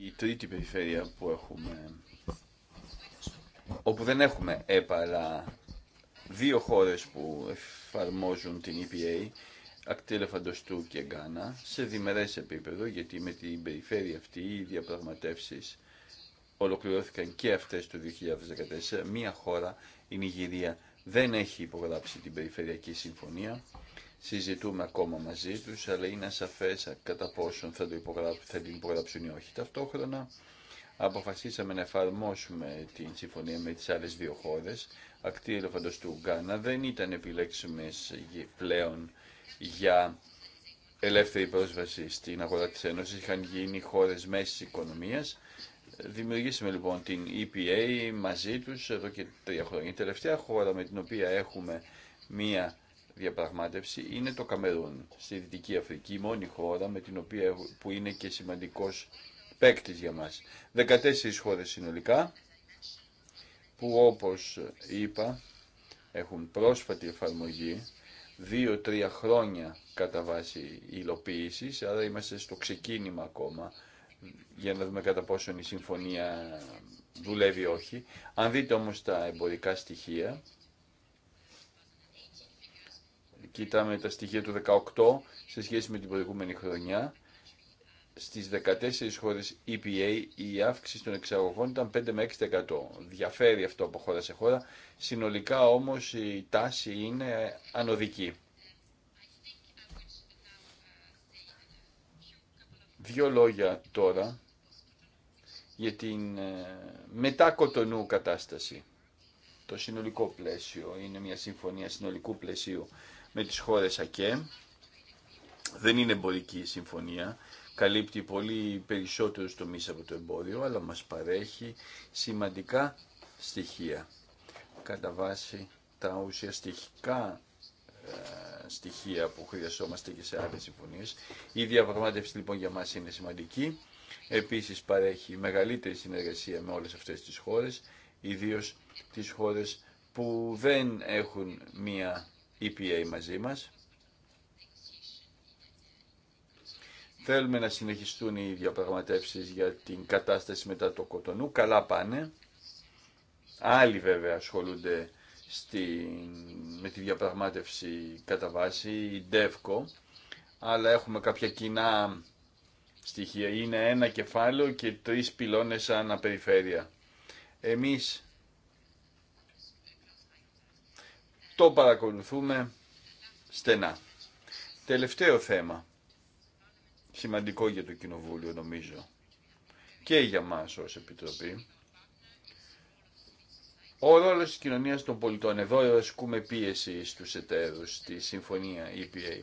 Η τρίτη περιφέρεια που έχουμε, όπου δεν έχουμε επάλα, δύο χώρες που εφαρμόζουν την EPA, Ακτήλεφαντοστού και Γκάνα, σε διμερές επίπεδο, γιατί με την περιφέρεια αυτή οι διαπραγματεύσεις ολοκληρώθηκαν και αυτές το 2014. Μία χώρα, η Νιγηρία, δεν έχει υπογράψει την Περιφερειακή Συμφωνία συζητούμε ακόμα μαζί του, αλλά είναι ασαφέ κατά πόσον θα, το θα την υπογράψουν ή όχι. Ταυτόχρονα αποφασίσαμε να εφαρμόσουμε την συμφωνία με τι άλλε δύο χώρε. Ακτή ελεφαντό του Γκάνα δεν ήταν επιλέξιμε πλέον για ελεύθερη πρόσβαση στην αγορά τη Ένωση. Είχαν γίνει χώρε μέση οικονομία. Δημιουργήσαμε λοιπόν την EPA μαζί τους εδώ και τρία χρόνια. Η τελευταία χώρα με την οποία έχουμε μία διαπραγμάτευση είναι το Καμερούν στη Δυτική Αφρική, η μόνη χώρα με την οποία, που είναι και σημαντικός παίκτη για μας. 14 χώρες συνολικά που όπως είπα έχουν πρόσφατη εφαρμογή, 2-3 χρόνια κατά βάση υλοποίηση, άρα είμαστε στο ξεκίνημα ακόμα για να δούμε κατά πόσον η συμφωνία δουλεύει ή όχι. Αν δείτε όμως τα εμπορικά στοιχεία, κοιτάμε τα στοιχεία του 18 σε σχέση με την προηγούμενη χρονιά, στις 14 χώρες EPA η αύξηση των εξαγωγών ήταν 5 με 6%. Διαφέρει αυτό από χώρα σε χώρα. Συνολικά όμως η τάση είναι ανωδική. Δύο λόγια τώρα για την ε, μετά κοτονού κατάσταση. Το συνολικό πλαίσιο είναι μια συμφωνία συνολικού πλαισίου με τις χώρες ΑΚΕ. Δεν είναι εμπορική συμφωνία. Καλύπτει πολύ περισσότερους τομείς από το εμπόριο, αλλά μας παρέχει σημαντικά στοιχεία. Κατά βάση τα ουσιαστικά ε, στοιχεία που χρειαζόμαστε και σε άλλες συμφωνίες. Η διαπραγμάτευση λοιπόν για μας είναι σημαντική. Επίσης παρέχει μεγαλύτερη συνεργασία με όλες αυτές τις χώρες, ιδίως τις χώρες που δεν έχουν μία EPA μαζί μας. Θέλουμε να συνεχιστούν οι διαπραγματεύσεις για την κατάσταση μετά το Κοτονού. Καλά πάνε. Άλλοι βέβαια ασχολούνται με τη διαπραγμάτευση κατά βάση, η DEVCO, αλλά έχουμε κάποια κοινά στοιχεία. Είναι ένα κεφάλαιο και τρεις πυλώνες αναπεριφέρεια. Εμείς Το παρακολουθούμε στενά. Τελευταίο θέμα, σημαντικό για το Κοινοβούλιο νομίζω και για μας ως Επιτροπή, ο ρόλο τη κοινωνία των πολιτών. Εδώ ασκούμε πίεση στου εταίρου στη συμφωνία EPA.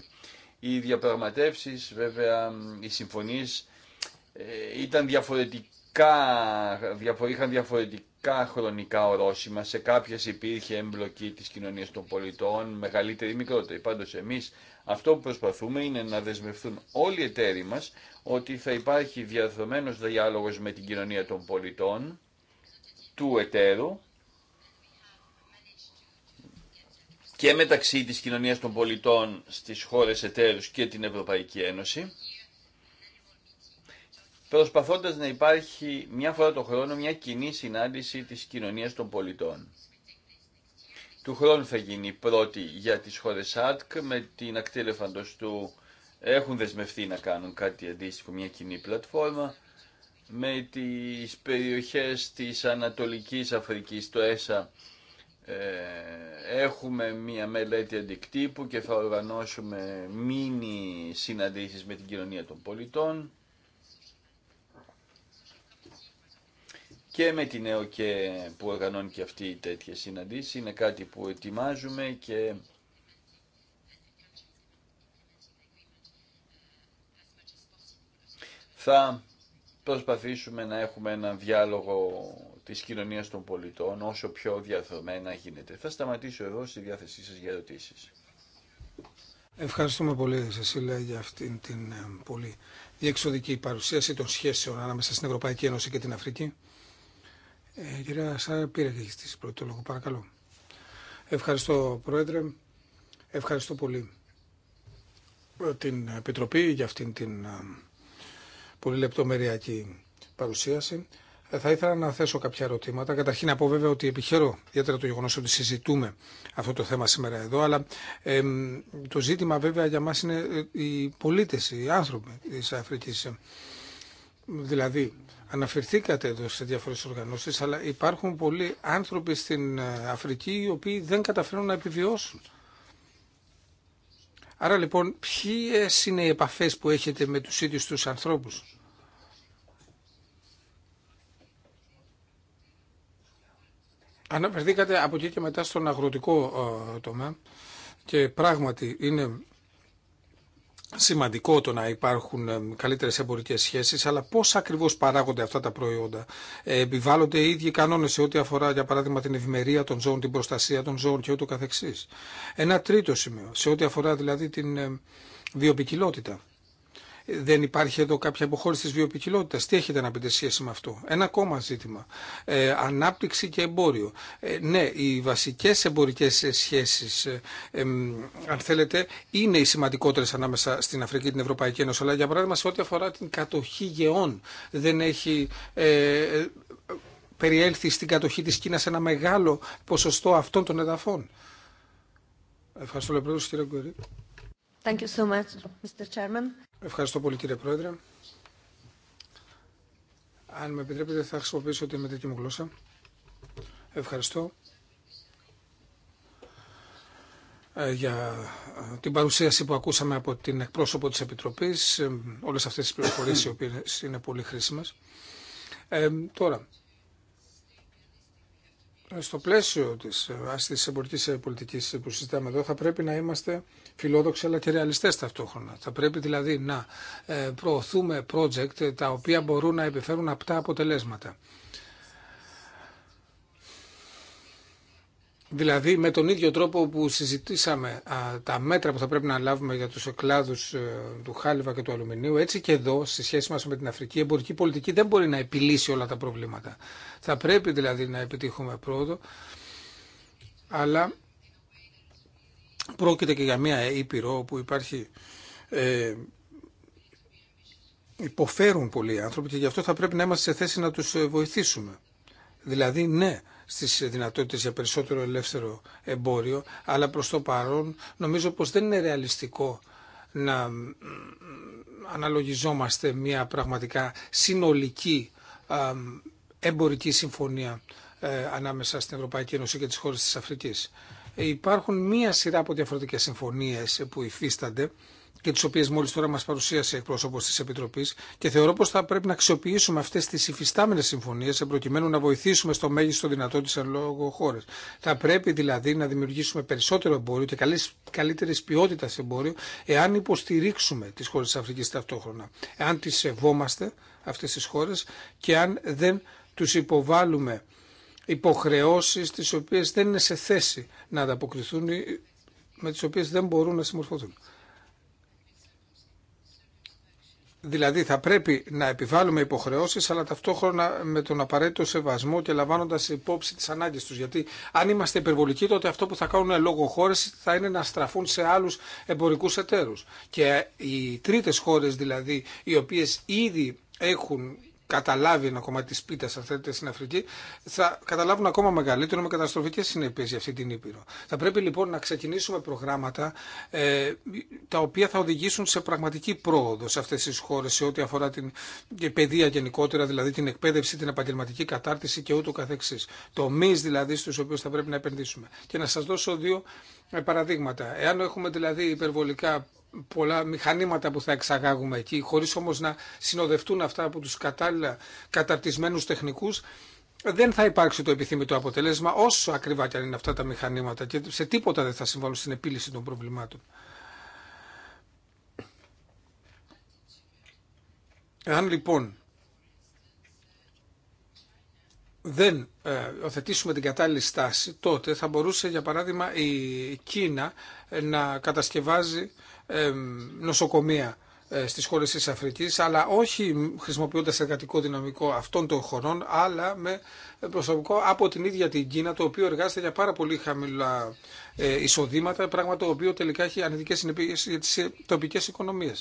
Οι διαπραγματεύσει, βέβαια, οι συμφωνίε ε, ήταν διαφορετικά, είχαν διαφορετικά χρονικά ορόσημα. Σε κάποιε υπήρχε εμπλοκή της κοινωνίας των πολιτών, μεγαλύτερη ή μικρότερη. Πάντω, εμεί αυτό που προσπαθούμε είναι να δεσμευτούν όλοι οι εταίροι μας ότι θα υπάρχει διαδρομένος διάλογος με την κοινωνία των πολιτών, του εταίρου και μεταξύ της κοινωνίας των πολιτών στις χώρες εταίρους και την Ευρωπαϊκή Ένωση προσπαθώντας να υπάρχει μια φορά το χρόνο μια κοινή συνάντηση της κοινωνίας των πολιτών. Του χρόνου θα γίνει πρώτη για τις χώρες ΑΤΚ με την ακτή του έχουν δεσμευτεί να κάνουν κάτι αντίστοιχο, μια κοινή πλατφόρμα με τις περιοχές της Ανατολικής Αφρικής, το ΕΣΑ, ε, έχουμε μια μελέτη αντικτύπου και θα οργανώσουμε μίνι συναντήσεις με την κοινωνία των πολιτών. και με την ΕΟΚΕ που οργανώνει και αυτή η τέτοια συναντήση Είναι κάτι που ετοιμάζουμε και θα προσπαθήσουμε να έχουμε ένα διάλογο της κοινωνίας των πολιτών όσο πιο διαδρομένα γίνεται. Θα σταματήσω εδώ στη διάθεσή σας για ερωτήσεις. Ευχαριστούμε πολύ, Σεσίλα, για αυτήν την ε, πολύ διεξοδική παρουσίαση των σχέσεων ανάμεσα στην Ευρωπαϊκή Ένωση και την Αφρική. Ε, κυρία Σάρα, πήρε και εσείς πρώτο λόγο. Παρακαλώ. Ευχαριστώ, Πρόεδρε. Ευχαριστώ πολύ ε, την Επιτροπή για αυτήν την ε, πολύ λεπτομεριακή παρουσίαση. Ε, θα ήθελα να θέσω κάποια ερωτήματα. Καταρχήν να πω βέβαια ότι επιχαίρω ιδιαίτερα το γεγονό ότι συζητούμε αυτό το θέμα σήμερα εδώ, αλλά το ζήτημα βέβαια για μα είναι οι πολίτε, οι άνθρωποι τη Αφρική. Δηλαδή, Αναφερθήκατε εδώ σε διάφορες οργανώσεις, αλλά υπάρχουν πολλοί άνθρωποι στην ε, Αφρική οι οποίοι δεν καταφέρουν να επιβιώσουν. Άρα λοιπόν, ποιε είναι οι επαφές που έχετε με τους ίδιους τους ανθρώπους. Αναφερθήκατε από εκεί και μετά στον αγροτικό ε, τομέα και πράγματι είναι σημαντικό το να υπάρχουν ε, καλύτερες εμπορικές σχέσεις, αλλά πώ ακριβώς παράγονται αυτά τα προϊόντα. Ε, επιβάλλονται οι ίδιοι κανόνες σε ό,τι αφορά, για παράδειγμα, την ευημερία των ζώων, την προστασία των ζώων και ούτω καθεξής. Ένα τρίτο σημείο, σε ό,τι αφορά δηλαδή την ε, βιοπικιλότητα δεν υπάρχει εδώ κάποια αποχώρηση τη βιοποικιλότητα. Τι έχετε να πείτε σχέση με αυτό. Ένα ακόμα ζήτημα. Ε, ανάπτυξη και εμπόριο. Ε, ναι, οι βασικέ εμπορικέ σχέσει, ε, αν θέλετε, είναι οι σημαντικότερε ανάμεσα στην Αφρική και την Ευρωπαϊκή Ένωση. Αλλά για παράδειγμα σε ό,τι αφορά την κατοχή γεών δεν έχει ε, ε, περιέλθει στην κατοχή της Κίνας ένα μεγάλο ποσοστό αυτών των εδαφών. Ευχαριστώ, Λεπρόεδρος, κύριε Γκουρή. Thank you so much, Ευχαριστώ πολύ κύριε Πρόεδρε. Αν με επιτρέπετε θα χρησιμοποιήσω τη μετρική μου γλώσσα. Ευχαριστώ ε, για ε, την παρουσίαση που ακούσαμε από την εκπρόσωπο της Επιτροπής. Ε, όλες αυτές τις πληροφορίες οι οποίες είναι πολύ χρήσιμες. τώρα, στο πλαίσιο της άσκησης εμπορικής πολιτικής που συζητάμε εδώ θα πρέπει να είμαστε φιλόδοξοι αλλά και ρεαλιστέ ταυτόχρονα. Θα πρέπει δηλαδή να ε, προωθούμε project ε, τα οποία μπορούν να επιφέρουν απτά αποτελέσματα. Δηλαδή με τον ίδιο τρόπο που συζητήσαμε τα μέτρα που θα πρέπει να λάβουμε για τους κλάδους ε, του χάλιβα και του αλουμινίου, έτσι και εδώ στη σχέση μας με την Αφρική η εμπορική πολιτική δεν μπορεί να επιλύσει όλα τα προβλήματα. Θα πρέπει δηλαδή να επιτύχουμε πρόοδο, αλλά πρόκειται και για μια ήπειρο όπου υπάρχει ε, υποφέρουν πολλοί άνθρωποι και γι' αυτό θα πρέπει να είμαστε σε θέση να τους ε, βοηθήσουμε. Δηλαδή ναι, στις δυνατότητες για περισσότερο ελεύθερο εμπόριο, αλλά προς το παρόν νομίζω πως δεν είναι ρεαλιστικό να αναλογιζόμαστε μια πραγματικά συνολική εμπορική συμφωνία ε, ανάμεσα στην Ευρωπαϊκή Ένωση και τις χώρες της Αφρικής. Υπάρχουν μία σειρά από διαφορετικές συμφωνίες που υφίστανται και τις οποίες μόλις τώρα μας παρουσίασε εκπρόσωπος της Επιτροπής και θεωρώ πως θα πρέπει να αξιοποιήσουμε αυτές τις υφιστάμενες συμφωνίες προκειμένου να βοηθήσουμε στο μέγιστο δυνατό της εν λόγω χώρες. Θα πρέπει δηλαδή να δημιουργήσουμε περισσότερο εμπόριο και καλύτερης ποιότητας εμπόριο εάν υποστηρίξουμε τις χώρες της Αφρικής ταυτόχρονα, εάν τις σεβόμαστε αυτές τις χώρες και αν δεν τους υποβάλλουμε υποχρεώσεις τις οποίες δεν είναι σε θέση να ανταποκριθούν ή με τις οποίες δεν μπορούν να συμμορφωθούν. Δηλαδή θα πρέπει να επιβάλλουμε υποχρεώσεις αλλά ταυτόχρονα με τον απαραίτητο σεβασμό και λαμβάνοντας υπόψη τις ανάγκες τους. Γιατί αν είμαστε υπερβολικοί τότε αυτό που θα κάνουν λόγω χώρες θα είναι να στραφούν σε άλλους εμπορικούς εταίρους. Και οι τρίτες χώρες δηλαδή οι οποίες ήδη έχουν καταλάβει ένα κομμάτι τη πίτα, αν θέλετε, στην Αφρική, θα καταλάβουν ακόμα μεγαλύτερο με καταστροφικέ συνέπειε για αυτή την Ήπειρο. Θα πρέπει λοιπόν να ξεκινήσουμε προγράμματα ε, τα οποία θα οδηγήσουν σε πραγματική πρόοδο σε αυτέ τι χώρε σε ό,τι αφορά την παιδεία γενικότερα, δηλαδή την εκπαίδευση, την επαγγελματική κατάρτιση και ούτω καθεξή. Τομεί δηλαδή στου οποίου θα πρέπει να επενδύσουμε. Και να σα δώσω δύο παραδείγματα. Εάν έχουμε δηλαδή υπερβολικά πολλά μηχανήματα που θα εξαγάγουμε εκεί, χωρίς όμως να συνοδευτούν αυτά από τους κατάλληλα καταρτισμένους τεχνικούς, δεν θα υπάρξει το επιθυμητό αποτέλεσμα όσο ακριβά και αν είναι αυτά τα μηχανήματα και σε τίποτα δεν θα συμβάλλουν στην επίλυση των προβλημάτων. Εάν λοιπόν δεν ε, οθετήσουμε την κατάλληλη στάση, τότε θα μπορούσε για παράδειγμα η Κίνα να κατασκευάζει νοσοκομεία ε, στι χώρε τη Αφρική, αλλά όχι χρησιμοποιώντας εργατικό δυναμικό αυτών των χωρών, αλλά με προσωπικό από την ίδια την Κίνα, το οποίο εργάζεται για πάρα πολύ χαμηλά ε, εισοδήματα, πράγμα το οποίο τελικά έχει ανεδικές συνεπίες για τι τοπικέ οικονομίε.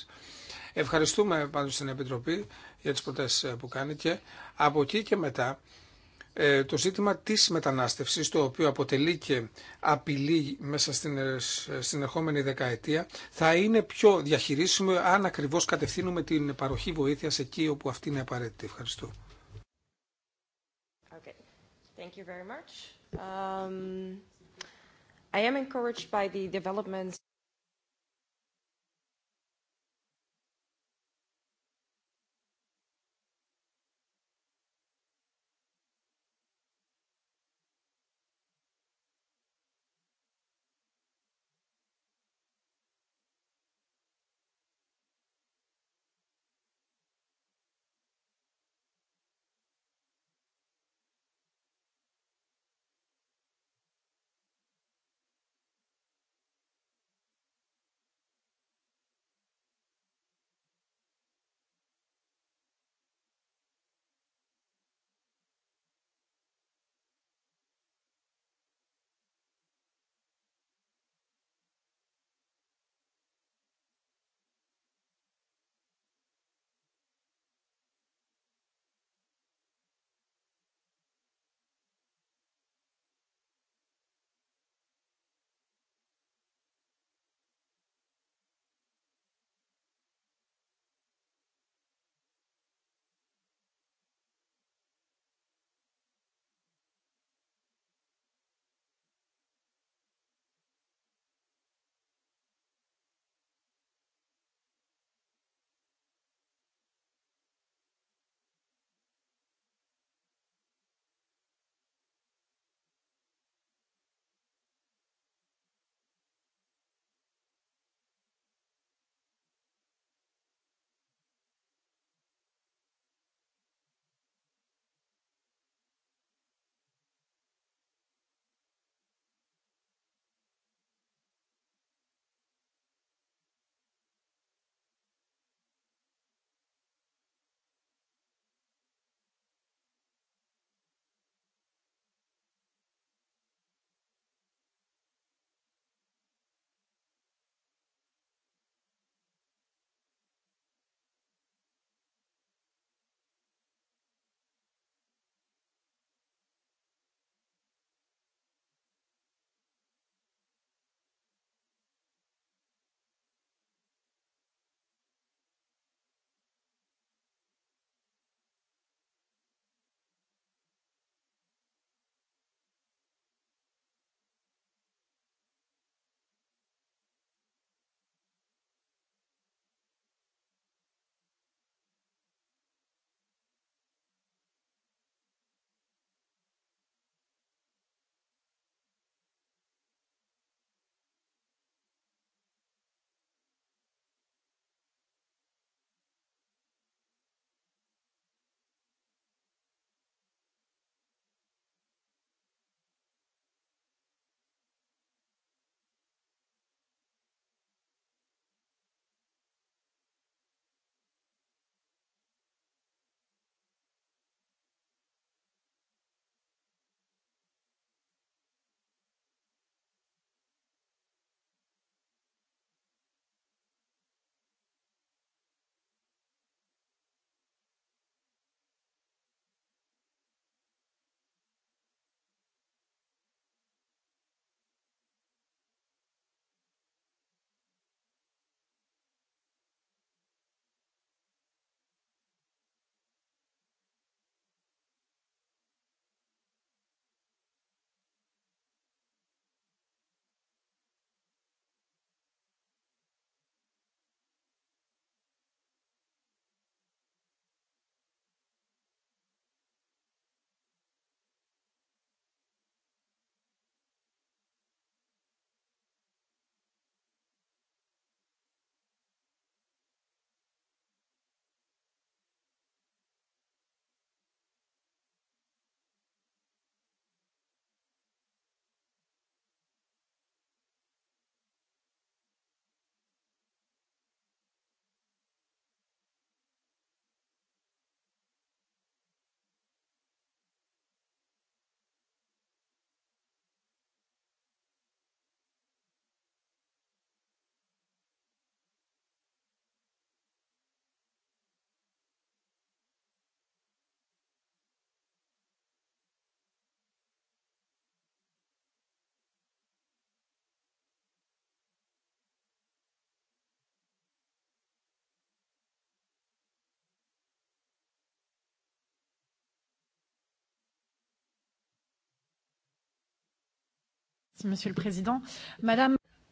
Ευχαριστούμε πάντως την Επιτροπή για τις προτάσεις που κάνει και από εκεί και μετά ε, το ζήτημα της μετανάστευσης, το οποίο αποτελεί και απειλή μέσα στην, ε, ε, στην ερχόμενη δεκαετία, θα είναι πιο διαχειρίσιμο αν ακριβώς κατευθύνουμε την παροχή βοήθειας εκεί όπου αυτή είναι απαραίτητη. Ευχαριστώ. Okay. Thank you very much. Um, I am encouraged by the developments...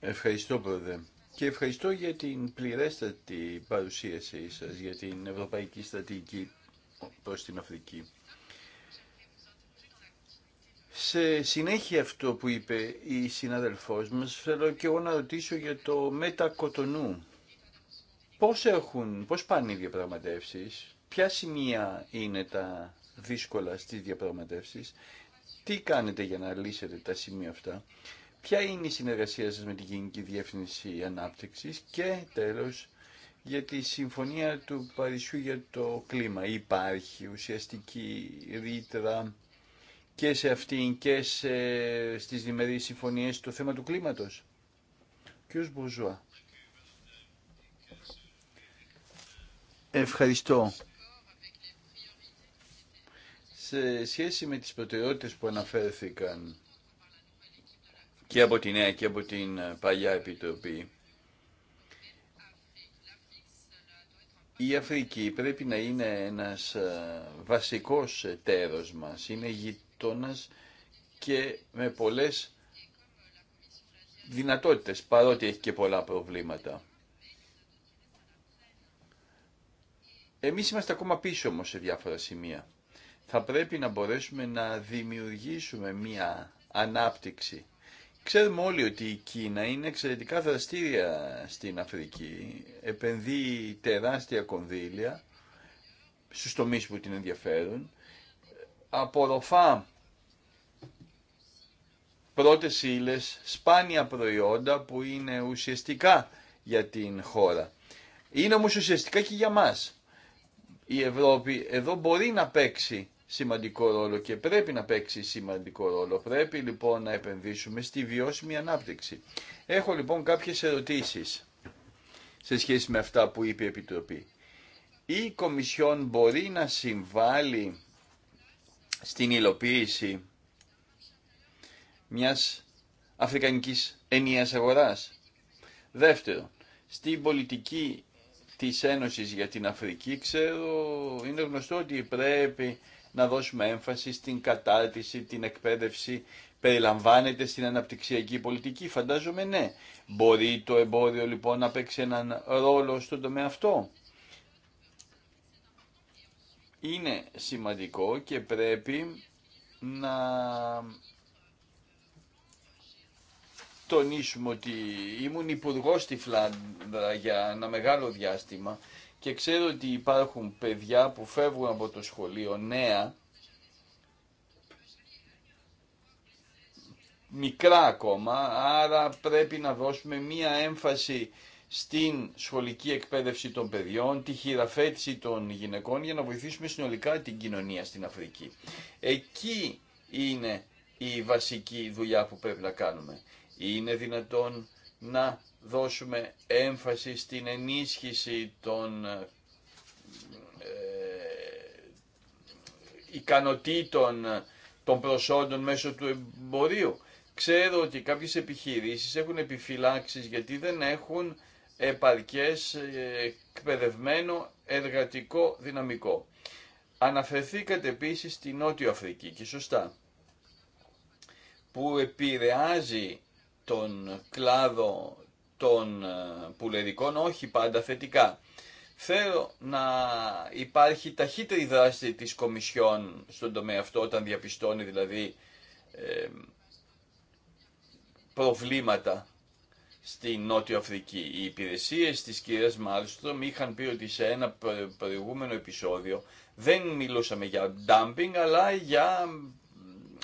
Ευχαριστώ, Πρόεδρε. Και ευχαριστώ για την πληρέστατη παρουσίασή σας για την Ευρωπαϊκή Στρατηγική προς την Αφρική. Σε συνέχεια αυτό που είπε η συναδελφός μας, θέλω και εγώ να ρωτήσω για το μετακοτονού. Πώς έχουν, πώς πάνε οι διαπραγματεύσεις, ποια σημεία είναι τα δύσκολα στις διαπραγματεύσεις τι κάνετε για να λύσετε τα σημεία αυτά, ποια είναι η συνεργασία σας με την Γενική Διεύθυνση Ανάπτυξης και τέλος για τη Συμφωνία του Παρισιού για το κλίμα. Υπάρχει ουσιαστική ρήτρα και σε αυτήν και σε, στις διμερείς συμφωνίες το θέμα του κλίματος. Κύριος Μπουζουά. Ευχαριστώ σε σχέση με τις προτεραιότητες που αναφέρθηκαν και από τη νέα και από την παλιά επιτροπή, η Αφρική πρέπει να είναι ένας ε, βασικός τέρος μας, είναι γειτόνας και με πολλές δυνατότητες, παρότι έχει και πολλά προβλήματα. Εμείς είμαστε ακόμα πίσω όμως σε διάφορα σημεία θα πρέπει να μπορέσουμε να δημιουργήσουμε μία ανάπτυξη. Ξέρουμε όλοι ότι η Κίνα είναι εξαιρετικά δραστήρια στην Αφρική, επενδύει τεράστια κονδύλια στους τομείς που την ενδιαφέρουν, απορροφά πρώτες ύλε, σπάνια προϊόντα που είναι ουσιαστικά για την χώρα. Είναι όμως ουσιαστικά και για μας. Η Ευρώπη εδώ μπορεί να παίξει σημαντικό ρόλο και πρέπει να παίξει σημαντικό ρόλο. Πρέπει λοιπόν να επενδύσουμε στη βιώσιμη ανάπτυξη. Έχω λοιπόν κάποιες ερωτήσεις σε σχέση με αυτά που είπε η Επιτροπή. Η Κομισιόν μπορεί να συμβάλλει στην υλοποίηση μιας αφρικανικής ενίας αγοράς. Δεύτερο. στην πολιτική της Ένωσης για την Αφρική, ξέρω, είναι γνωστό ότι πρέπει να δώσουμε έμφαση στην κατάρτιση, την εκπαίδευση. Περιλαμβάνεται στην αναπτυξιακή πολιτική, φαντάζομαι ναι. Μπορεί το εμπόριο λοιπόν να παίξει έναν ρόλο στον τομέα αυτό. Είναι σημαντικό και πρέπει να τονίσουμε ότι ήμουν υπουργό στη Φλάνδρα για ένα μεγάλο διάστημα και ξέρω ότι υπάρχουν παιδιά που φεύγουν από το σχολείο νέα, μικρά ακόμα, άρα πρέπει να δώσουμε μία έμφαση στην σχολική εκπαίδευση των παιδιών, τη χειραφέτηση των γυναικών για να βοηθήσουμε συνολικά την κοινωνία στην Αφρική. Εκεί είναι η βασική δουλειά που πρέπει να κάνουμε. Είναι δυνατόν να δώσουμε έμφαση στην ενίσχυση των ε, ικανοτήτων των προσόντων μέσω του εμπορίου. Ξέρω ότι κάποιες επιχειρήσεις έχουν επιφυλάξεις γιατί δεν έχουν επαρκές ε, εκπαιδευμένο εργατικό δυναμικό. Αναφερθήκατε επίσης στη Νότιο Αφρική και σωστά που επηρεάζει τον κλάδο των ε, πουλερικών όχι πάντα θετικά. Θέλω να υπάρχει ταχύτερη δράση της Κομισιόν στον τομέα αυτό όταν διαπιστώνει δηλαδή ε, προβλήματα στη Νότια Αφρική. Οι υπηρεσίες της κυρίας Μάλστρομ είχαν πει ότι σε ένα προηγούμενο επεισόδιο δεν μιλούσαμε για dumping αλλά για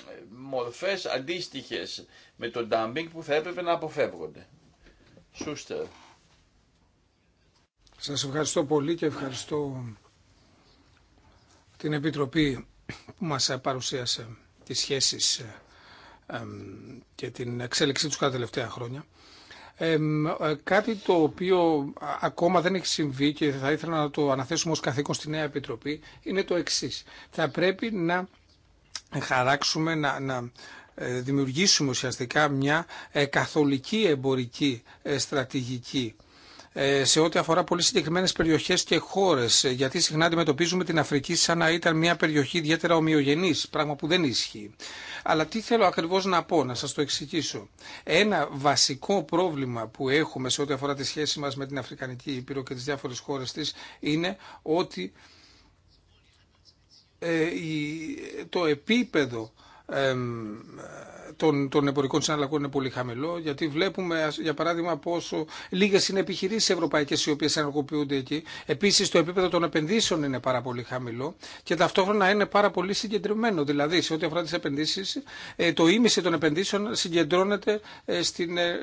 ε, μορφές αντίστοιχες με το dumping που θα έπρεπε να αποφεύγονται. Σα Σας ευχαριστώ πολύ και ευχαριστώ την Επιτροπή που μας παρουσίασε τις σχέσεις ε, και την εξέλιξή τους κατά τελευταία χρόνια. Ε, κάτι το οποίο ακόμα δεν έχει συμβεί και θα ήθελα να το αναθέσουμε ως καθήκον στη Νέα Επιτροπή είναι το εξής. Θα πρέπει να χαράξουμε, να ε, δημιουργήσουμε ουσιαστικά μια ε, καθολική εμπορική ε, στρατηγική σε ό,τι αφορά πολύ συγκεκριμένες περιοχές και χώρες, Γιατί συχνά αντιμετωπίζουμε την Αφρική σαν να ήταν μια περιοχή ιδιαίτερα ομοιογενής, πράγμα που δεν ισχύει. Αλλά τι θέλω ακριβώς να πω, να σας το εξηγήσω. Ένα βασικό πρόβλημα που έχουμε σε ό,τι αφορά τη σχέση μας με την Αφρικανική Ήπειρο και τι διάφορε χώρε τη είναι ότι το επίπεδο των, των εμπορικών συναλλαγών είναι πολύ χαμηλό, γιατί βλέπουμε, για παράδειγμα, πόσο λίγε είναι επιχειρήσει ευρωπαϊκέ οι οποίε ενεργοποιούνται εκεί. Επίση, το επίπεδο των επενδύσεων είναι πάρα πολύ χαμηλό και ταυτόχρονα είναι πάρα πολύ συγκεντρωμένο. Δηλαδή, σε ό,τι αφορά τι επενδύσει, ε, το ίμιση των επενδύσεων συγκεντρώνεται ε, στην ε,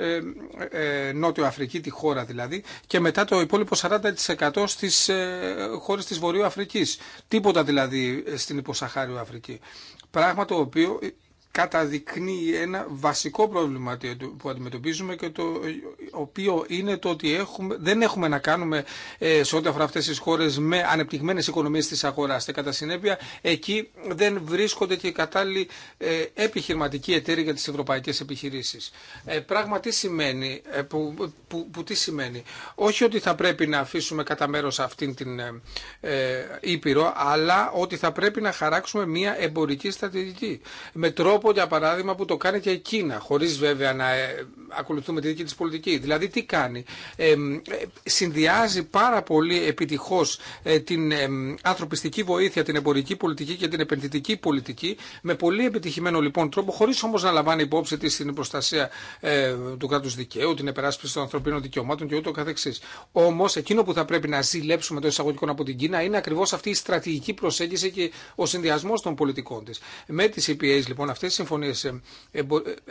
Νότιο Αφρική, τη χώρα δηλαδή, και μετά το υπόλοιπο 40% στι χώρε τη Βορείου Αφρική. Τίποτα δηλαδή στην υποσαχάριο Αφρική. Πράγμα το οποίο καταδεικνύει ένα βασικό πρόβλημα που αντιμετωπίζουμε και το οποίο είναι το ότι έχουμε, δεν έχουμε να κάνουμε ε, σε ό,τι αφορά αυτές τις χώρες με ανεπτυγμένες οικονομίες της αγοράς και κατά συνέπεια εκεί δεν βρίσκονται και κατάλληλοι ε, επιχειρηματικοί εταίροι για τις ευρωπαϊκές επιχειρήσεις. Ε, πράγμα τι σημαίνει, που, που, τι σημαίνει. Όχι ότι θα πρέπει να αφήσουμε κατά μέρο αυτήν την ε, Ήπειρο, αλλά ότι θα πρέπει να χαράξουμε μια εμπορική στρατηγική με τρόπο για παράδειγμα, που το κάνει και η Κίνα, χωρίς βέβαια να ε, ακολουθούμε τη δική της πολιτική. Δηλαδή τι κάνει. Ε, ε, συνδυάζει πάρα πολύ επιτυχώς την ανθρωπιστική βοήθεια, την εμπορική πολιτική και την επενδυτική πολιτική με πολύ επιτυχημένο λοιπόν τρόπο, χωρίς όμως να λαμβάνει υπόψη της την προστασία του κράτους δικαίου, την επεράσπιση των ανθρωπίνων δικαιωμάτων και ούτω καθεξής. Όμως εκείνο που θα πρέπει να ζηλέψουμε το εισαγωγικό από την Κίνα είναι ακριβώς αυτή η στρατηγική προσέγγιση και ο συνδυασμός των πολιτικών Με τις EPAs λοιπόν αυτές συμφωνίε ε, ε,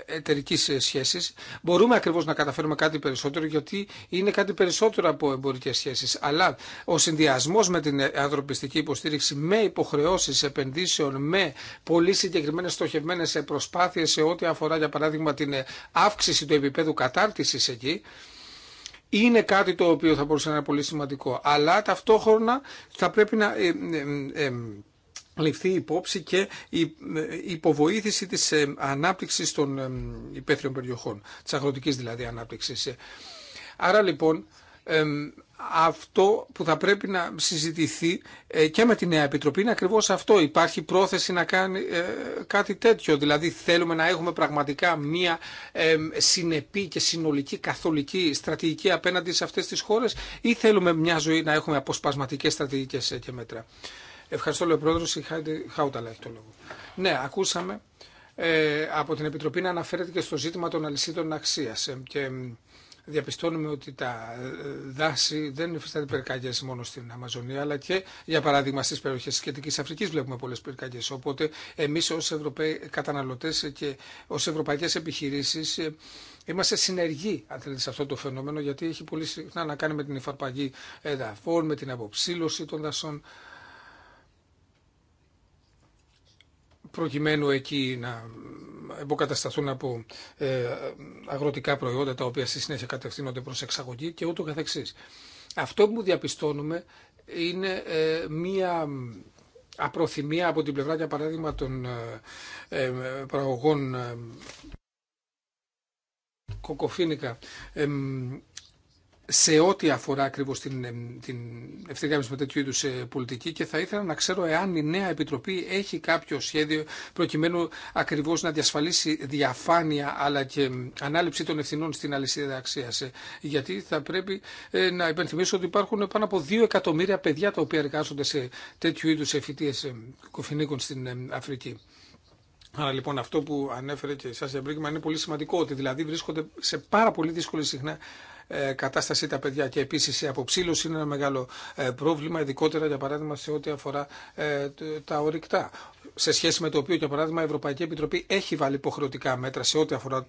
εταιρική ε, σχέση μπορούμε ακριβώ να καταφέρουμε κάτι περισσότερο, γιατί είναι κάτι περισσότερο από εμπορικέ σχέσει. Αλλά ο συνδυασμό με την ανθρωπιστική υποστήριξη, με υποχρεώσει επενδύσεων, με πολύ συγκεκριμένε στοχευμένε προσπάθειε σε ό,τι αφορά, για παράδειγμα, την αύξηση του επίπεδου κατάρτιση εκεί, είναι κάτι το οποίο θα μπορούσε να είναι πολύ σημαντικό. Αλλά ταυτόχρονα θα πρέπει να ληφθεί υπόψη και η ε, υποβοήθηση της ε, ανάπτυξης των ε, υπαίθριων περιοχών, της αγροτικής δηλαδή ανάπτυξης. Άρα λοιπόν αυτό που θα πρέπει να συζητηθεί και με τη Νέα Επιτροπή είναι ακριβώς αυτό. Υπάρχει πρόθεση να κάνει κάτι τέτοιο. Δηλαδή θέλουμε να έχουμε πραγματικά μία συνεπή και συνολική καθολική στρατηγική απέναντι σε αυτές τις χώρες ή θέλουμε μια ζωή να έχουμε αποσπασματικές στρατηγικές και μέτρα. Ευχαριστώ, λέει ο πρόεδρο. Η Χάιντι Χάουταλα έχει το λόγο. Ναι, ακούσαμε ε, από την Επιτροπή να αναφέρεται και στο ζήτημα των αλυσίδων αξία. Ε, και διαπιστώνουμε ότι τα ε, δάση δεν υφίστανται πυρκαγιέ μόνο στην Αμαζονία, αλλά και για παράδειγμα στι περιοχέ τη Κεντρική Αφρική βλέπουμε πολλέ πυρκαγιέ. Οπότε εμεί ω Ευρωπαίοι καταναλωτέ και ω ευρωπαϊκέ επιχειρήσει ε, είμαστε συνεργοί αν θέλετε, σε αυτό το φαινόμενο, γιατί έχει πολύ συχνά να κάνει με την υφαρπαγή εδαφών, με την αποψήλωση των δασών προκειμένου εκεί να εμποκατασταθούν από ε, αγροτικά προϊόντα τα οποία στη συνέχεια κατευθύνονται προς εξαγωγή και ούτω καθεξής. Αυτό που διαπιστώνουμε είναι ε, μία απροθυμία από την πλευρά για παράδειγμα των ε, παραγωγών κοκοφίνικα σε ό,τι αφορά ακριβώ την, την ευθυγράμμιση με τέτοιου είδου ε, πολιτική και θα ήθελα να ξέρω εάν η νέα Επιτροπή έχει κάποιο σχέδιο προκειμένου ακριβώ να διασφαλίσει διαφάνεια αλλά και ανάληψη των ευθυνών στην αλυσίδα αξία. Ε, γιατί θα πρέπει ε, να υπενθυμίσω ότι υπάρχουν πάνω από 2 εκατομμύρια παιδιά τα οποία εργάζονται σε τέτοιου είδου εφητείε κοφινίκων στην Αφρική. Άρα λοιπόν αυτό που ανέφερε και η για πρίγμα είναι πολύ σημαντικό ότι δηλαδή βρίσκονται σε πάρα πολύ δύσκολη συχνά ε, κατάσταση τα παιδιά. Και επίση η αποψήλωση είναι ένα μεγάλο ε, πρόβλημα, ειδικότερα για παράδειγμα σε ό,τι αφορά ε, τα ορυκτά. Σε σχέση με το οποίο, για παράδειγμα, η Ευρωπαϊκή Επιτροπή έχει βάλει υποχρεωτικά μέτρα σε ό,τι αφορά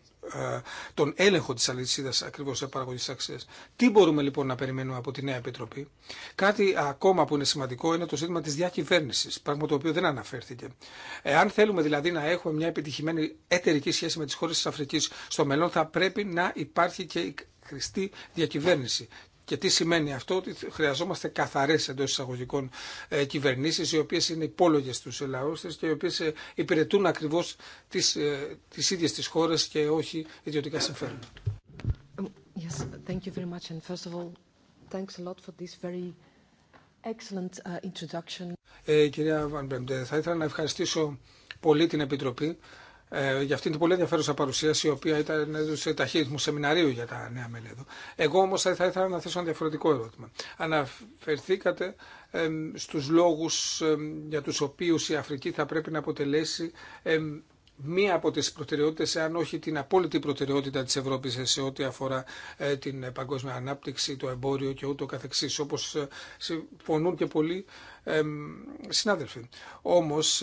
τον έλεγχο τη αλυσίδα ακριβώ παραγωγή αξία. Τι μπορούμε λοιπόν να περιμένουμε από τη νέα Επιτροπή. Κάτι ακόμα που είναι σημαντικό είναι το ζήτημα τη διακυβέρνηση, πράγμα το οποίο δεν αναφέρθηκε. Εάν θέλουμε δηλαδή να έχουμε μια επιτυχημένη εταιρική σχέση με τι χώρε τη Αφρική στο μέλλον, θα πρέπει να υπάρχει και χρηστή διακυβέρνηση. Και τι σημαίνει αυτό, ότι χρειαζόμαστε καθαρέ εντό εισαγωγικών ε, οι οποίε είναι υπόλογε στους λαού τη και οι οποίες ε, υπηρετούν ακριβώ τι ε, τις ίδιες τις χώρες και όχι ιδιωτικά συμφέροντα. Yes, thank you very much. And first of all, thanks a lot for this very excellent uh, introduction. Ε, κυρία Βαν θα ήθελα να ευχαριστήσω πολύ την Επιτροπή ε, για αυτήν την πολύ ενδιαφέρουσα παρουσίαση, η οποία ήταν έδωσε ταχύτητου σεμιναρίου για τα νέα μέλη εδώ. Εγώ όμω θα ήθελα να θέσω ένα διαφορετικό ερώτημα. Αναφερθήκατε ε, στου λόγου για του οποίου η Αφρική θα πρέπει να αποτελέσει μία από τις προτεραιότητες, αν όχι την απόλυτη προτεραιότητα της Ευρώπης σε ό,τι αφορά ε, την ε, παγκόσμια ανάπτυξη, το εμπόριο και ούτω καθεξής, όπως ε, συμφωνούν και πολλοί συνάδελφοι. Όμως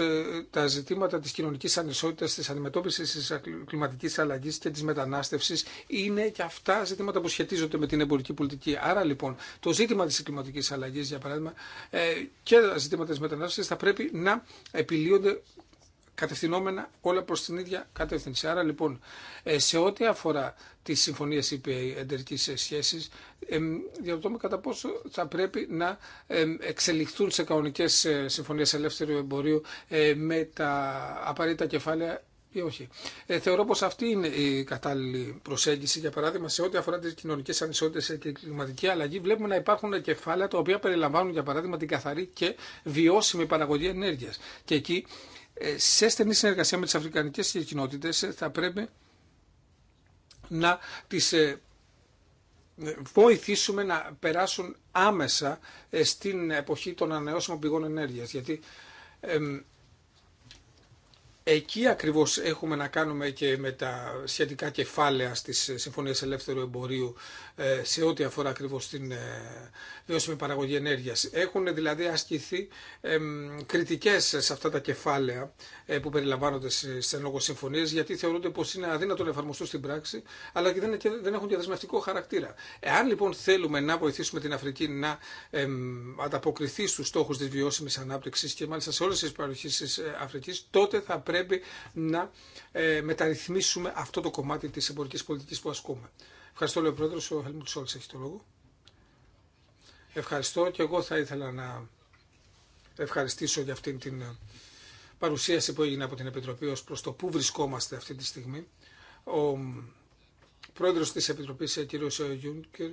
τα ζητήματα της κοινωνικής ανισότητας, της αντιμετώπισης της κλιματικής αλλαγής και της μετανάστευσης είναι και αυτά ζητήματα που σχετίζονται με την εμπορική πολιτική. Άρα λοιπόν το ζήτημα της κλιματικής αλλαγής για παράδειγμα και τα ζητήματα της μετανάστευσης θα πρέπει να επιλύονται κατευθυνόμενα όλα προς την ίδια κατεύθυνση. Άρα λοιπόν, ε, σε ό,τι αφορά τις συμφωνίες εντερική εταιρικής σχέσης, με κατά πόσο θα πρέπει να εξελιχθούν σε κανονικές ε, συμφωνίες ελεύθερου εμπορίου ε, με τα απαραίτητα κεφάλαια ή όχι. Ε, θεωρώ πως αυτή είναι η οχι θεωρω πως αυτη προσέγγιση, για παράδειγμα, σε ό,τι αφορά τις κοινωνικές ανισότητες και κλιματική αλλαγή. Βλέπουμε να υπάρχουν κεφάλαια τα οποία περιλαμβάνουν, για παράδειγμα, την καθαρή και βιώσιμη παραγωγή ενέργειας. Και εκεί σε στενή συνεργασία με τις αφρικανικές κοινότητες ε, θα πρέπει να τις ε, βοηθήσουμε να περάσουν άμεσα ε, στην εποχή των ανανεώσιμων πηγών ενέργειας. Γιατί Εκεί ακριβώς έχουμε να κάνουμε και με τα σχετικά κεφάλαια στις ε, Συμφωνίες Ελεύθερου Εμπορίου ε, σε ό,τι αφορά ακριβώς την ε, βιώσιμη παραγωγή ενέργειας. Έχουν δηλαδή ασκηθεί κριτικές σε αυτά τα κεφάλαια που περιλαμβάνονται σε λόγω συμφωνίες γιατί θεωρούνται πως είναι αδύνατο να εφαρμοστούν στην πράξη αλλά και δεν έχουν διαδεσμευτικό χαρακτήρα. Εάν λοιπόν θέλουμε να βοηθήσουμε την Αφρική να ανταποκριθεί στους στόχους της βιώσιμης ανάπτυξης και μάλιστα σε όλες τις παροχές της Αφρικής τότε θα πρέπει πρέπει να ε, μεταρρυθμίσουμε αυτό το κομμάτι της εμπορικής πολιτικής που ασκούμε. Ευχαριστώ, λέει ο Πρόεδρος, ο Χαλμούτ έχει το λόγο. Ευχαριστώ και εγώ θα ήθελα να ευχαριστήσω για αυτήν την ε, παρουσίαση που έγινε από την Επιτροπή ως προς το πού βρισκόμαστε αυτή τη στιγμή. Ο πρόεδρος της Επιτροπής, ε, κ. Γιούνκερ,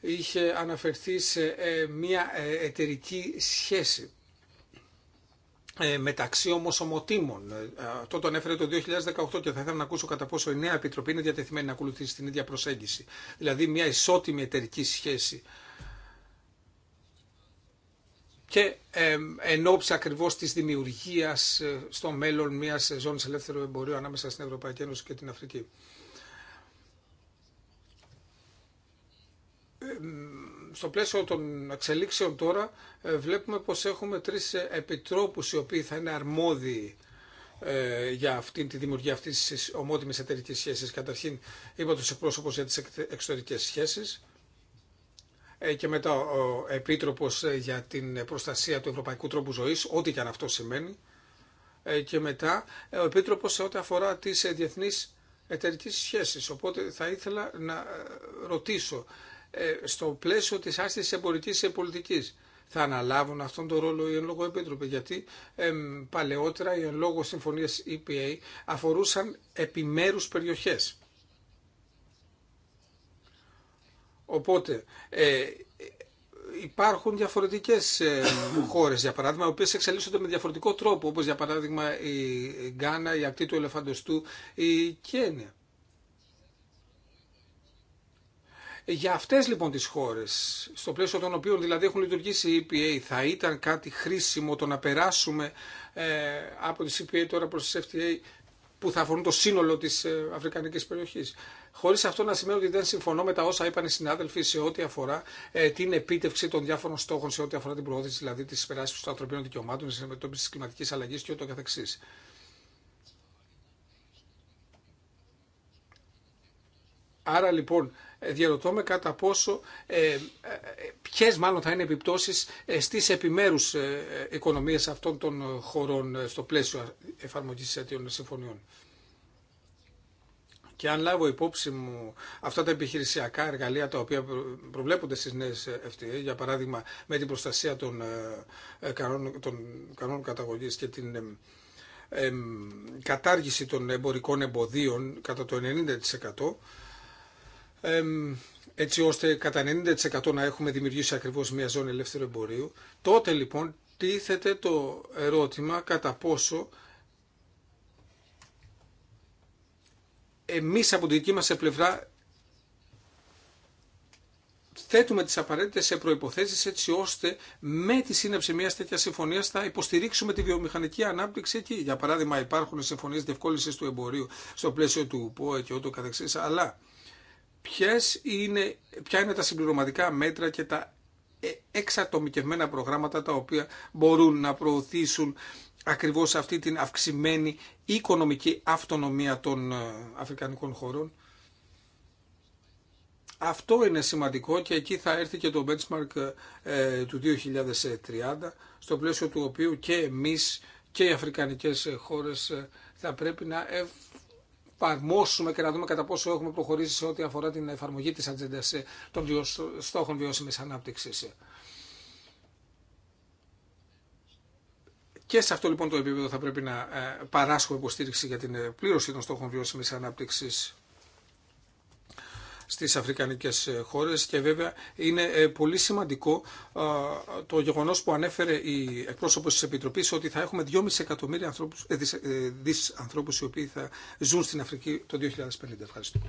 είχε αναφερθεί σε μια εταιρική σχέση ε, μεταξύ όμω ομοτήμων. Ε, αυτό τον έφερε το 2018 και θα ήθελα να ακούσω κατά πόσο η νέα επιτροπή είναι διατεθειμένη να ακολουθήσει την ίδια προσέγγιση. Δηλαδή μια ισότιμη εταιρική σχέση. Και ε, εν ώψη ακριβώς της δημιουργίας ε, στο μέλλον μιας ζώνη ελεύθερου εμπορίου ανάμεσα στην Ευρωπαϊκή Ένωση και την Αφρική στο πλαίσιο των εξελίξεων τώρα ε, βλέπουμε πως έχουμε τρεις επιτρόπους οι οποίοι θα είναι αρμόδιοι ε, για αυτή, τη δημιουργία αυτή τη ομότιμη εταιρική σχέση. Καταρχήν, είπα του εκπρόσωπο για τι εξωτερικέ σχέσει ε, και μετά ο Επίτροπο για την προστασία του ευρωπαϊκού τρόπου ζωή, ό,τι και αν αυτό σημαίνει. Και μετά ο Επίτροπο σε ό,τι αφορά τι διεθνεί εταιρικέ σχέσει. Οπότε θα ήθελα να ρωτήσω ε, στο πλαίσιο της άσκησης εμπορικής πολιτικής θα αναλάβουν αυτόν τον ρόλο οι εν λόγω επίτροποι. Γιατί παλαιότερα οι εν λόγω συμφωνίες EPA αφορούσαν επιμέρους περιοχές. Οπότε ε, υπάρχουν διαφορετικές ε, χώρες για παράδειγμα οι οποίες εξελίσσονται με διαφορετικό τρόπο όπως για παράδειγμα η Γκάνα, η Ακτή του Ελεφαντοστού, η Κένια. Για αυτέ λοιπόν τις χώρες, στο πλαίσιο των οποίων δηλαδή έχουν λειτουργήσει οι EPA, θα ήταν κάτι χρήσιμο το να περάσουμε ε, από τι EPA τώρα προ τι FTA που θα αφορούν το σύνολο τη ε, Αφρικανική περιοχή. Χωρί αυτό να σημαίνει ότι δεν συμφωνώ με τα όσα είπαν οι συνάδελφοι σε ό,τι αφορά ε, την επίτευξη των διάφορων στόχων, σε ό,τι αφορά την προώθηση δηλαδή τη υπεράσπιση των ανθρωπίνων δικαιωμάτων, τη αντιμετώπιση τη κλιματική αλλαγή και ούτω καθεξής. Άρα λοιπόν ε, διαρωτώ κατά πόσο, ε, ε, ποιες μάλλον θα είναι επιπτώσεις ε, στις επιμέρους οικονομίες αυτών των χωρών στο πλαίσιο εφαρμογής αιτίων συμφωνιών. Και αν λάβω υπόψη μου αυτά τα επιχειρησιακά εργαλεία τα οποία προβλέπονται στις νέες FTA, για παράδειγμα με την προστασία των κανόνων, των κανόνων καταγωγής και την κατάργηση των εμπορικών εμποδίων κατά το 90%, έτσι ώστε κατά 90% να έχουμε δημιουργήσει ακριβώς μια ζώνη ελεύθερου εμπορίου, τότε λοιπόν τίθεται το ερώτημα κατά πόσο εμείς από την δική μας πλευρά θέτουμε τις απαραίτητες προϋποθέσεις έτσι ώστε με τη σύναψη μιας τέτοιας συμφωνίας θα υποστηρίξουμε τη βιομηχανική ανάπτυξη εκεί. Για παράδειγμα υπάρχουν συμφωνίες διευκόλυνσης του εμπορίου στο πλαίσιο του ΠΟΕ και ούτω καθεξής, αλλά ποιες είναι, ποια είναι τα συμπληρωματικά μέτρα και τα ε, εξατομικευμένα προγράμματα τα οποία μπορούν να προωθήσουν ακριβώς αυτή την αυξημένη οικονομική αυτονομία των ε, αφρικανικών χωρών. Αυτό είναι σημαντικό και εκεί θα έρθει και το benchmark ε, του 2030, στο πλαίσιο του οποίου και εμείς και οι αφρικανικές χώρες θα πρέπει να και να δούμε κατά πόσο έχουμε προχωρήσει σε ό,τι αφορά την εφαρμογή της ατζέντα ε, των στόχων βιώσιμης ανάπτυξης. Και σε αυτό λοιπόν το επίπεδο θα πρέπει να ε, παράσχω υποστήριξη για την ε, πλήρωση των στόχων βιώσιμης ανάπτυξης στις αφρικανικές ε, χώρες και βέβαια είναι ε, πολύ σημαντικό το γεγονός που ανέφερε η εκπρόσωπος της Επιτροπής ότι θα έχουμε 2,5 εκατομμύρια ανθρώπους, ε, δις, ανθρώπους οι οποίοι θα ζουν στην Αφρική το 2050. Ευχαριστώ.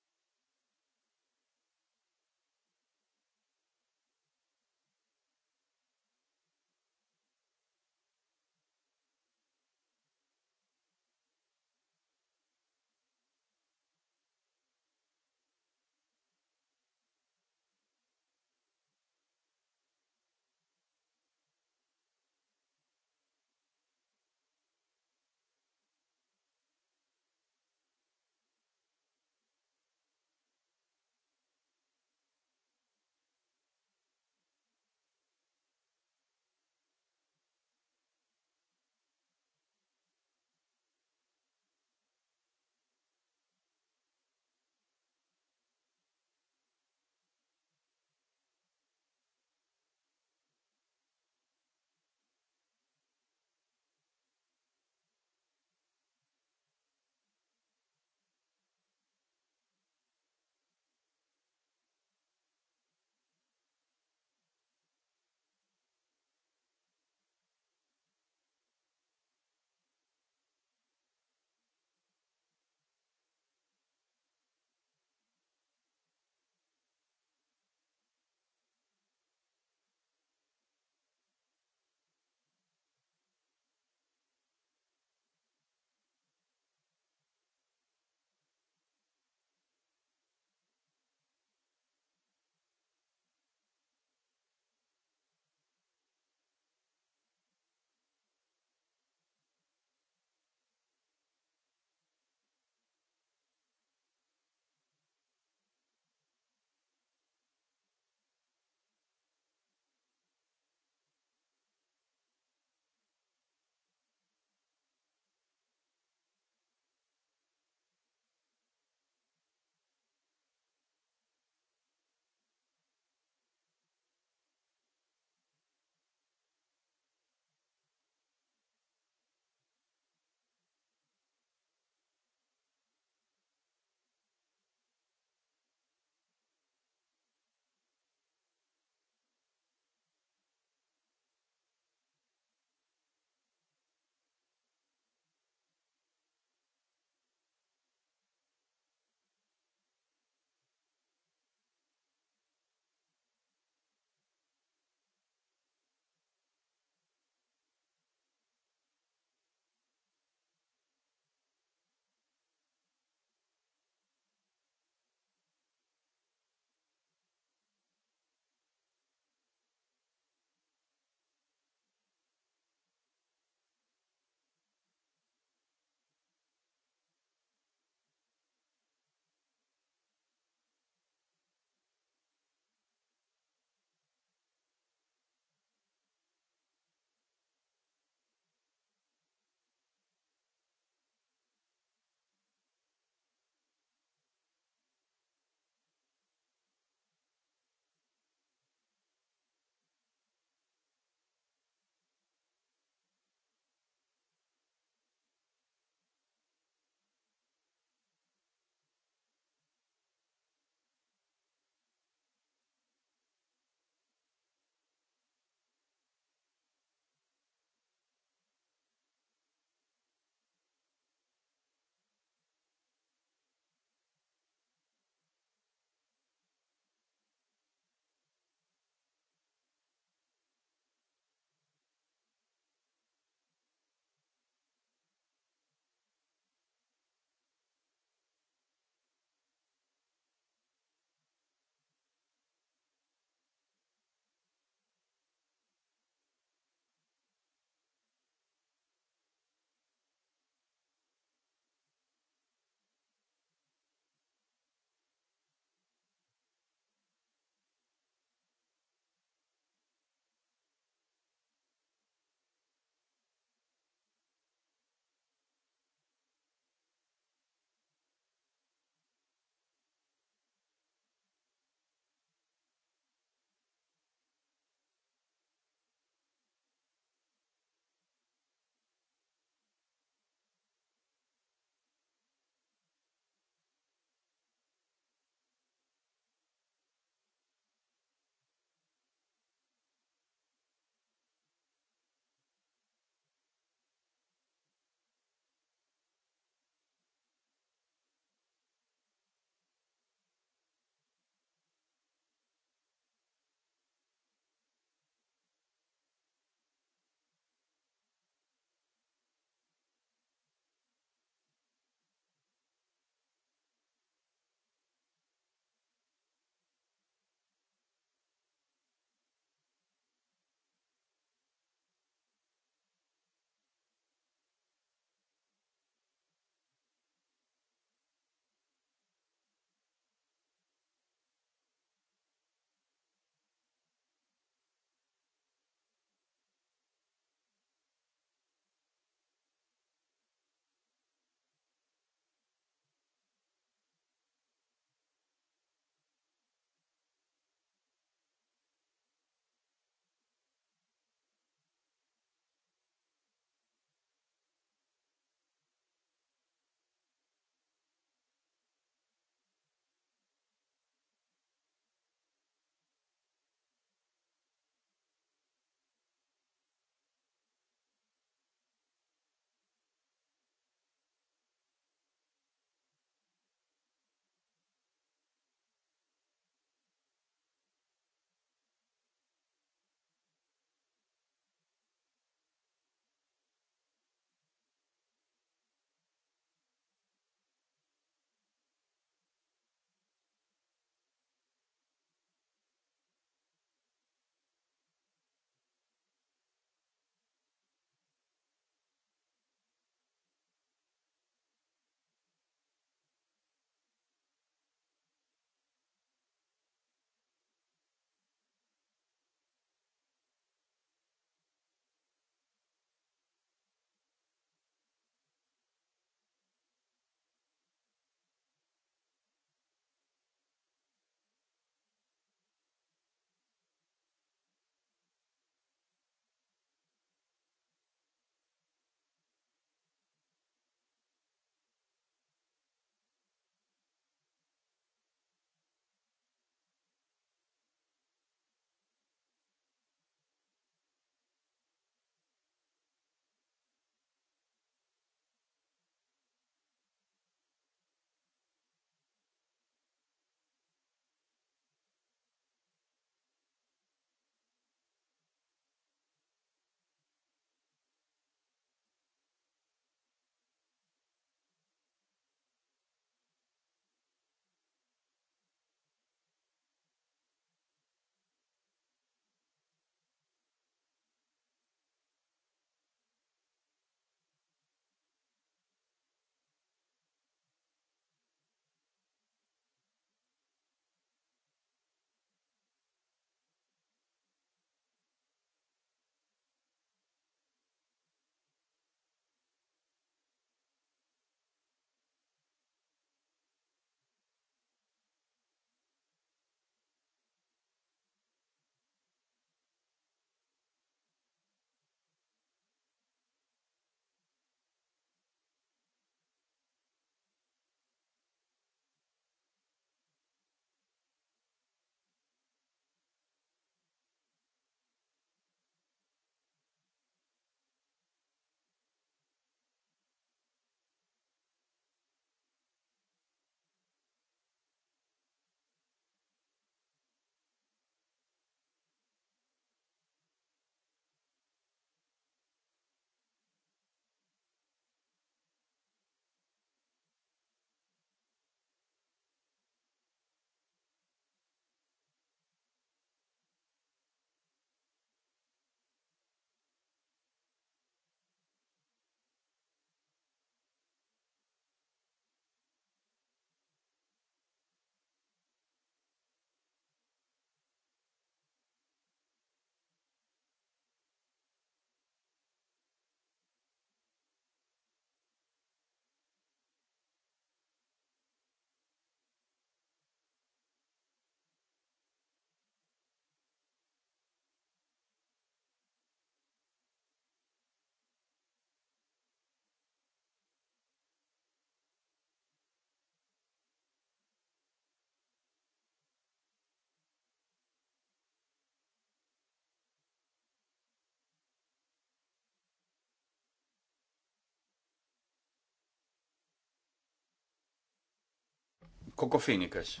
Κοκοφίνικας.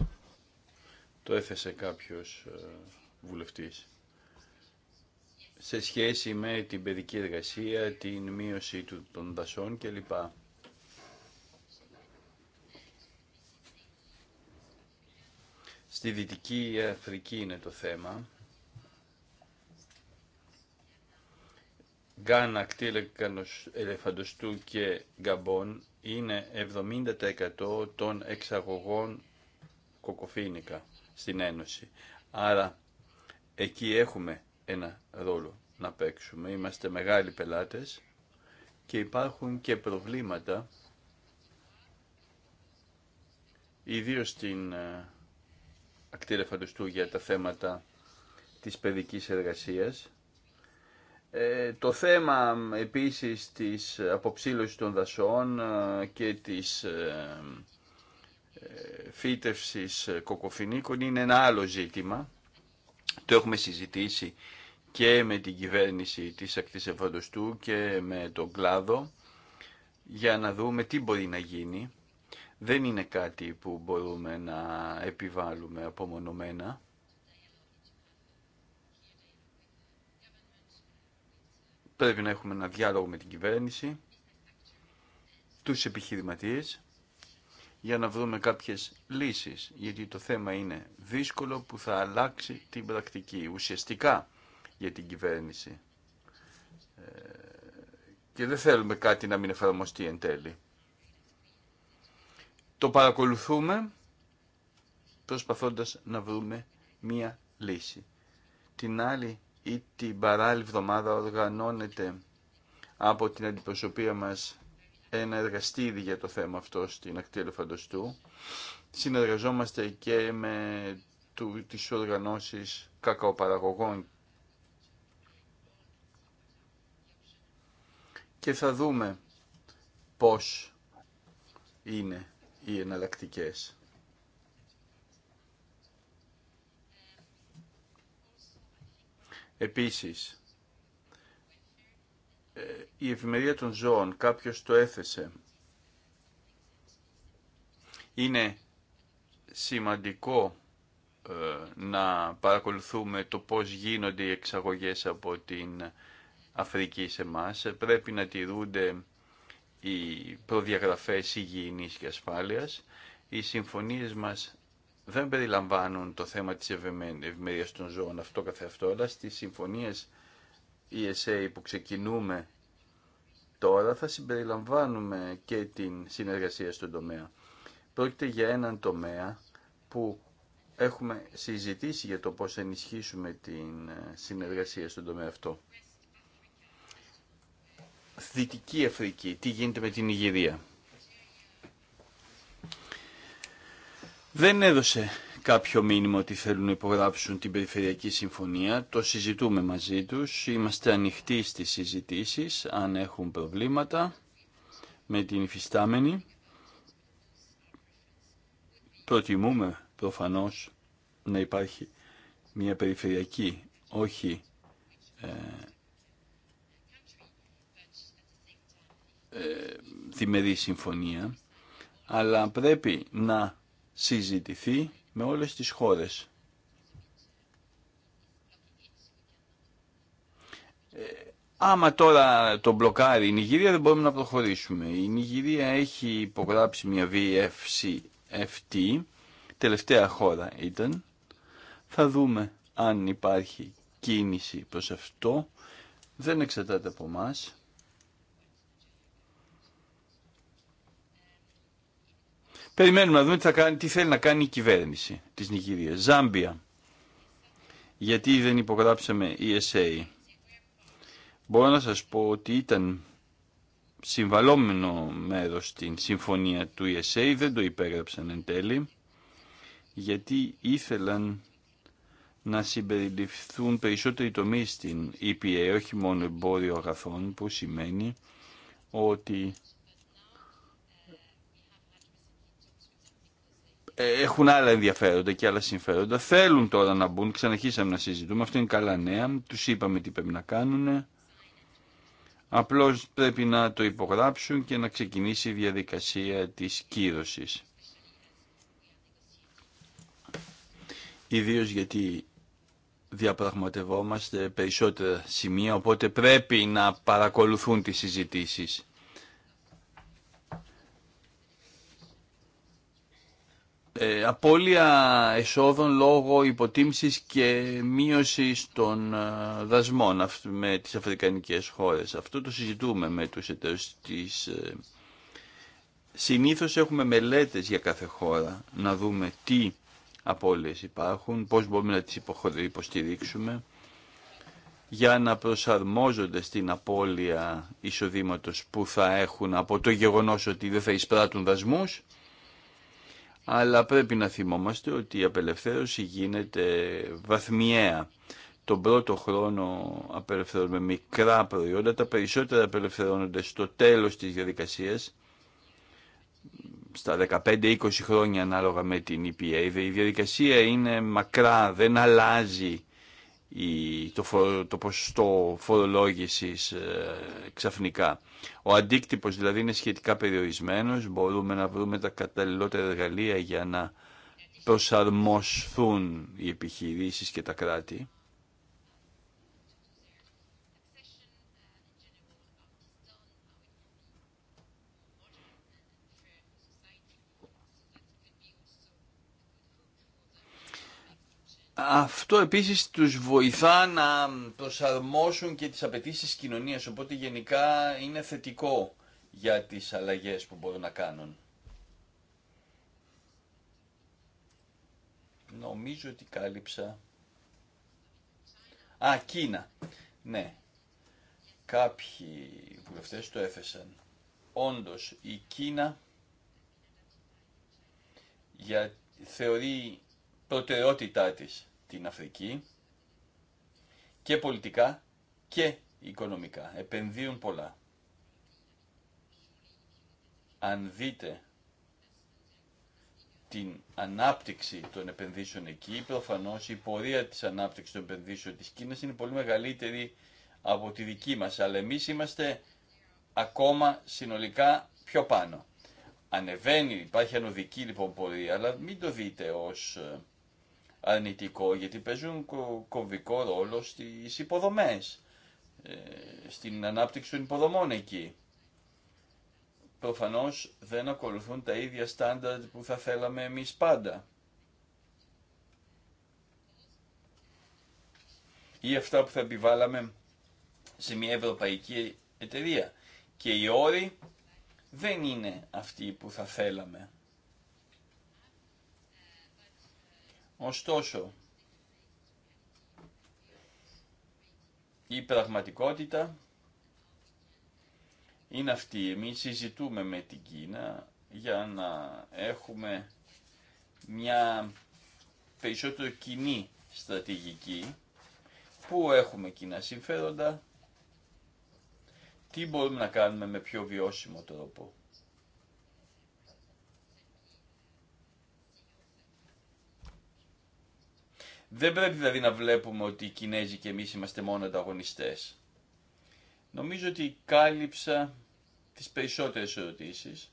Το έθεσε κάποιος ε, βουλευτής. Σε σχέση με την παιδική εργασία, την μείωση του, των δασών κλπ. Στη Δυτική Αφρική είναι το θέμα. Γκάνα, κτήλε, ελεφαντοστού και γκαμπών είναι 70% των εξαγωγών κοκοφίνικα στην Ένωση. Άρα εκεί έχουμε ένα ρόλο να παίξουμε. Είμαστε μεγάλοι πελάτες και υπάρχουν και προβλήματα ιδίως στην ε, ακτήρα για τα θέματα της παιδικής εργασίας ε, το θέμα επίσης της αποψήλωσης των δασών ε, και της ε, φύτευσης κοκοφινίκων είναι ένα άλλο ζήτημα. Το έχουμε συζητήσει και με την κυβέρνηση της Ακτής Εφαντοστού και με τον κλάδο για να δούμε τι μπορεί να γίνει. Δεν είναι κάτι που μπορούμε να επιβάλλουμε απομονωμένα. Πρέπει να έχουμε ένα διάλογο με την κυβέρνηση, τους επιχειρηματίες, για να βρούμε κάποιες λύσεις, γιατί το θέμα είναι δύσκολο που θα αλλάξει την πρακτική, ουσιαστικά για την κυβέρνηση. Ε, και δεν θέλουμε κάτι να μην εφαρμοστεί εν τέλει. Το παρακολουθούμε προσπαθώντας να βρούμε μία λύση. Την άλλη ή την παράλληλη εβδομάδα οργανώνεται από την αντιπροσωπεία μας ένα εργαστήρι για το θέμα αυτό στην ακτή Ελεφαντοστού. Συνεργαζόμαστε και με του, τις οργανώσεις κακαοπαραγωγών και θα δούμε πώς είναι οι εναλλακτικές. Επίσης, ε, η Εφημερία των ζώων, κάποιος το έθεσε, είναι σημαντικό ε, να παρακολουθούμε το πώς γίνονται οι εξαγωγές από την Αφρική σε μας. Πρέπει να τηρούνται οι προδιαγραφές υγιεινής και ασφάλειας. Οι συμφωνίες μας δεν περιλαμβάνουν το θέμα της ευημερίας των ζώων αυτό καθεαυτό, αλλά στις συμφωνίες ESA που ξεκινούμε τώρα θα συμπεριλαμβάνουμε και την συνεργασία στον τομέα. Πρόκειται για έναν τομέα που έχουμε συζητήσει για το πώς ενισχύσουμε την ε, συνεργασία στον τομέα αυτό. Δυτική Αφρική, τι γίνεται με την Ιγυρία. δεν έδωσε κάποιο μήνυμα ότι θέλουν να υπογράψουν την Περιφερειακή Συμφωνία. Το συζητούμε μαζί τους. Είμαστε ανοιχτοί στις συζητήσεις αν έχουν προβλήματα με την υφιστάμενη. Προτιμούμε προφανώς να υπάρχει μια περιφερειακή, όχι ε, ε, διμερή συμφωνία, αλλά πρέπει να συζητηθεί με όλες τις χώρες. Ε, άμα τώρα το μπλοκάρει η Νιγηρία δεν μπορούμε να προχωρήσουμε. Η Νιγηρία έχει υπογράψει μια VFCFT, τελευταία χώρα ήταν. Θα δούμε αν υπάρχει κίνηση προς αυτό. Δεν εξαρτάται από μας. Περιμένουμε να δούμε τι, θα θέλει να κάνει η κυβέρνηση της Νιγηρίας. Ζάμπια. Γιατί δεν υπογράψαμε ESA. Μπορώ να σας πω ότι ήταν συμβαλόμενο μέρος στην συμφωνία του ESA, δεν το υπέγραψαν εν τέλει, γιατί ήθελαν να συμπεριληφθούν περισσότεροι τομεί στην EPA, όχι μόνο εμπόριο αγαθών, που σημαίνει ότι Ε, έχουν άλλα ενδιαφέροντα και άλλα συμφέροντα. Θέλουν τώρα να μπουν, ξαναρχίσαμε να συζητούμε, αυτό είναι καλά νέα, τους είπαμε τι πρέπει να κάνουν. Απλώς πρέπει να το υπογράψουν και να ξεκινήσει η διαδικασία της κύρωση. Ιδίω γιατί διαπραγματευόμαστε περισσότερα σημεία, οπότε πρέπει να παρακολουθούν τις συζητήσεις. ε, απώλεια εσόδων λόγω υποτίμησης και μείωσης των ε, δασμών με τις αφρικανικές χώρες. Αυτό το συζητούμε με τους εταίρους της... Ε, συνήθως έχουμε μελέτες για κάθε χώρα να δούμε τι απώλειες υπάρχουν, πώς μπορούμε να τις υποστηρίξουμε για να προσαρμόζονται στην απώλεια εισοδήματος που θα έχουν από το γεγονός ότι δεν θα εισπράττουν δασμούς αλλά πρέπει να θυμόμαστε ότι η απελευθέρωση γίνεται βαθμιαία. Τον πρώτο χρόνο απελευθερώνουμε μικρά προϊόντα, τα περισσότερα απελευθερώνονται στο τέλος της διαδικασίας, στα 15-20 χρόνια ανάλογα με την EPA. Η διαδικασία είναι μακρά, δεν αλλάζει η, το, φο, το ποσοστό ε, ξαφνικά. Ο αντίκτυπος δηλαδή είναι σχετικά περιορισμένος, μπορούμε να βρούμε τα καταλληλότερα εργαλεία για να προσαρμοστούν οι επιχειρήσεις και τα κράτη. Αυτό επίσης τους βοηθά να προσαρμόσουν και τις απαιτήσεις της κοινωνίας, οπότε γενικά είναι θετικό για τις αλλαγές που μπορούν να κάνουν. Νομίζω ότι κάλυψα. Α, Κίνα. Ναι. Κάποιοι βουλευτές το έφεσαν. Όντως, η Κίνα για, θεωρεί προτεραιότητά της την Αφρική και πολιτικά και οικονομικά. Επενδύουν πολλά. Αν δείτε την ανάπτυξη των επενδύσεων εκεί, προφανώς η πορεία της ανάπτυξης των επενδύσεων της Κίνας είναι πολύ μεγαλύτερη από τη δική μας, αλλά εμείς είμαστε ακόμα συνολικά πιο πάνω. Ανεβαίνει, υπάρχει ανωδική λοιπόν πορεία, αλλά μην το δείτε ως ε, αρνητικό γιατί παίζουν κομβικό ρόλο στις υποδομές, ε, στην ανάπτυξη των υποδομών εκεί. Προφανώς δεν ακολουθούν τα ίδια στάνταρτ που θα θέλαμε εμείς πάντα. Ή αυτά που θα επιβάλαμε σε μια ευρωπαϊκή εταιρεία. Και οι όροι δεν είναι αυτοί που θα θέλαμε. Ωστόσο, η πραγματικότητα είναι αυτή. Εμείς συζητούμε με την Κίνα για να έχουμε μια περισσότερο κοινή στρατηγική που έχουμε κοινά συμφέροντα, τι μπορούμε να κάνουμε με πιο βιώσιμο τρόπο. Δεν πρέπει δηλαδή να βλέπουμε ότι οι Κινέζοι και εμείς είμαστε μόνο ανταγωνιστές. Νομίζω ότι κάλυψα τις περισσότερες ερωτήσεις.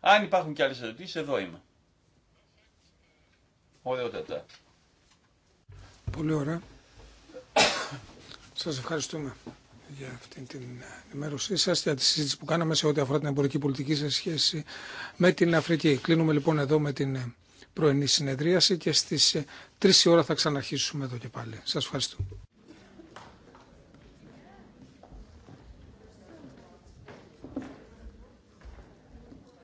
Αν υπάρχουν και άλλες ερωτήσεις, εδώ είμαι. Ωραιότατα. Πολύ ωραία. Σας ευχαριστούμε για αυτή την ενημέρωσή σα, για τη συζήτηση που κάναμε σε ό,τι αφορά την εμπορική πολιτική σε σχέση με την Αφρική. Κλείνουμε λοιπόν εδώ με την πρωινή συνεδρίαση και στις 3 η ώρα θα ξαναρχίσουμε εδώ και πάλι. Σας ευχαριστώ.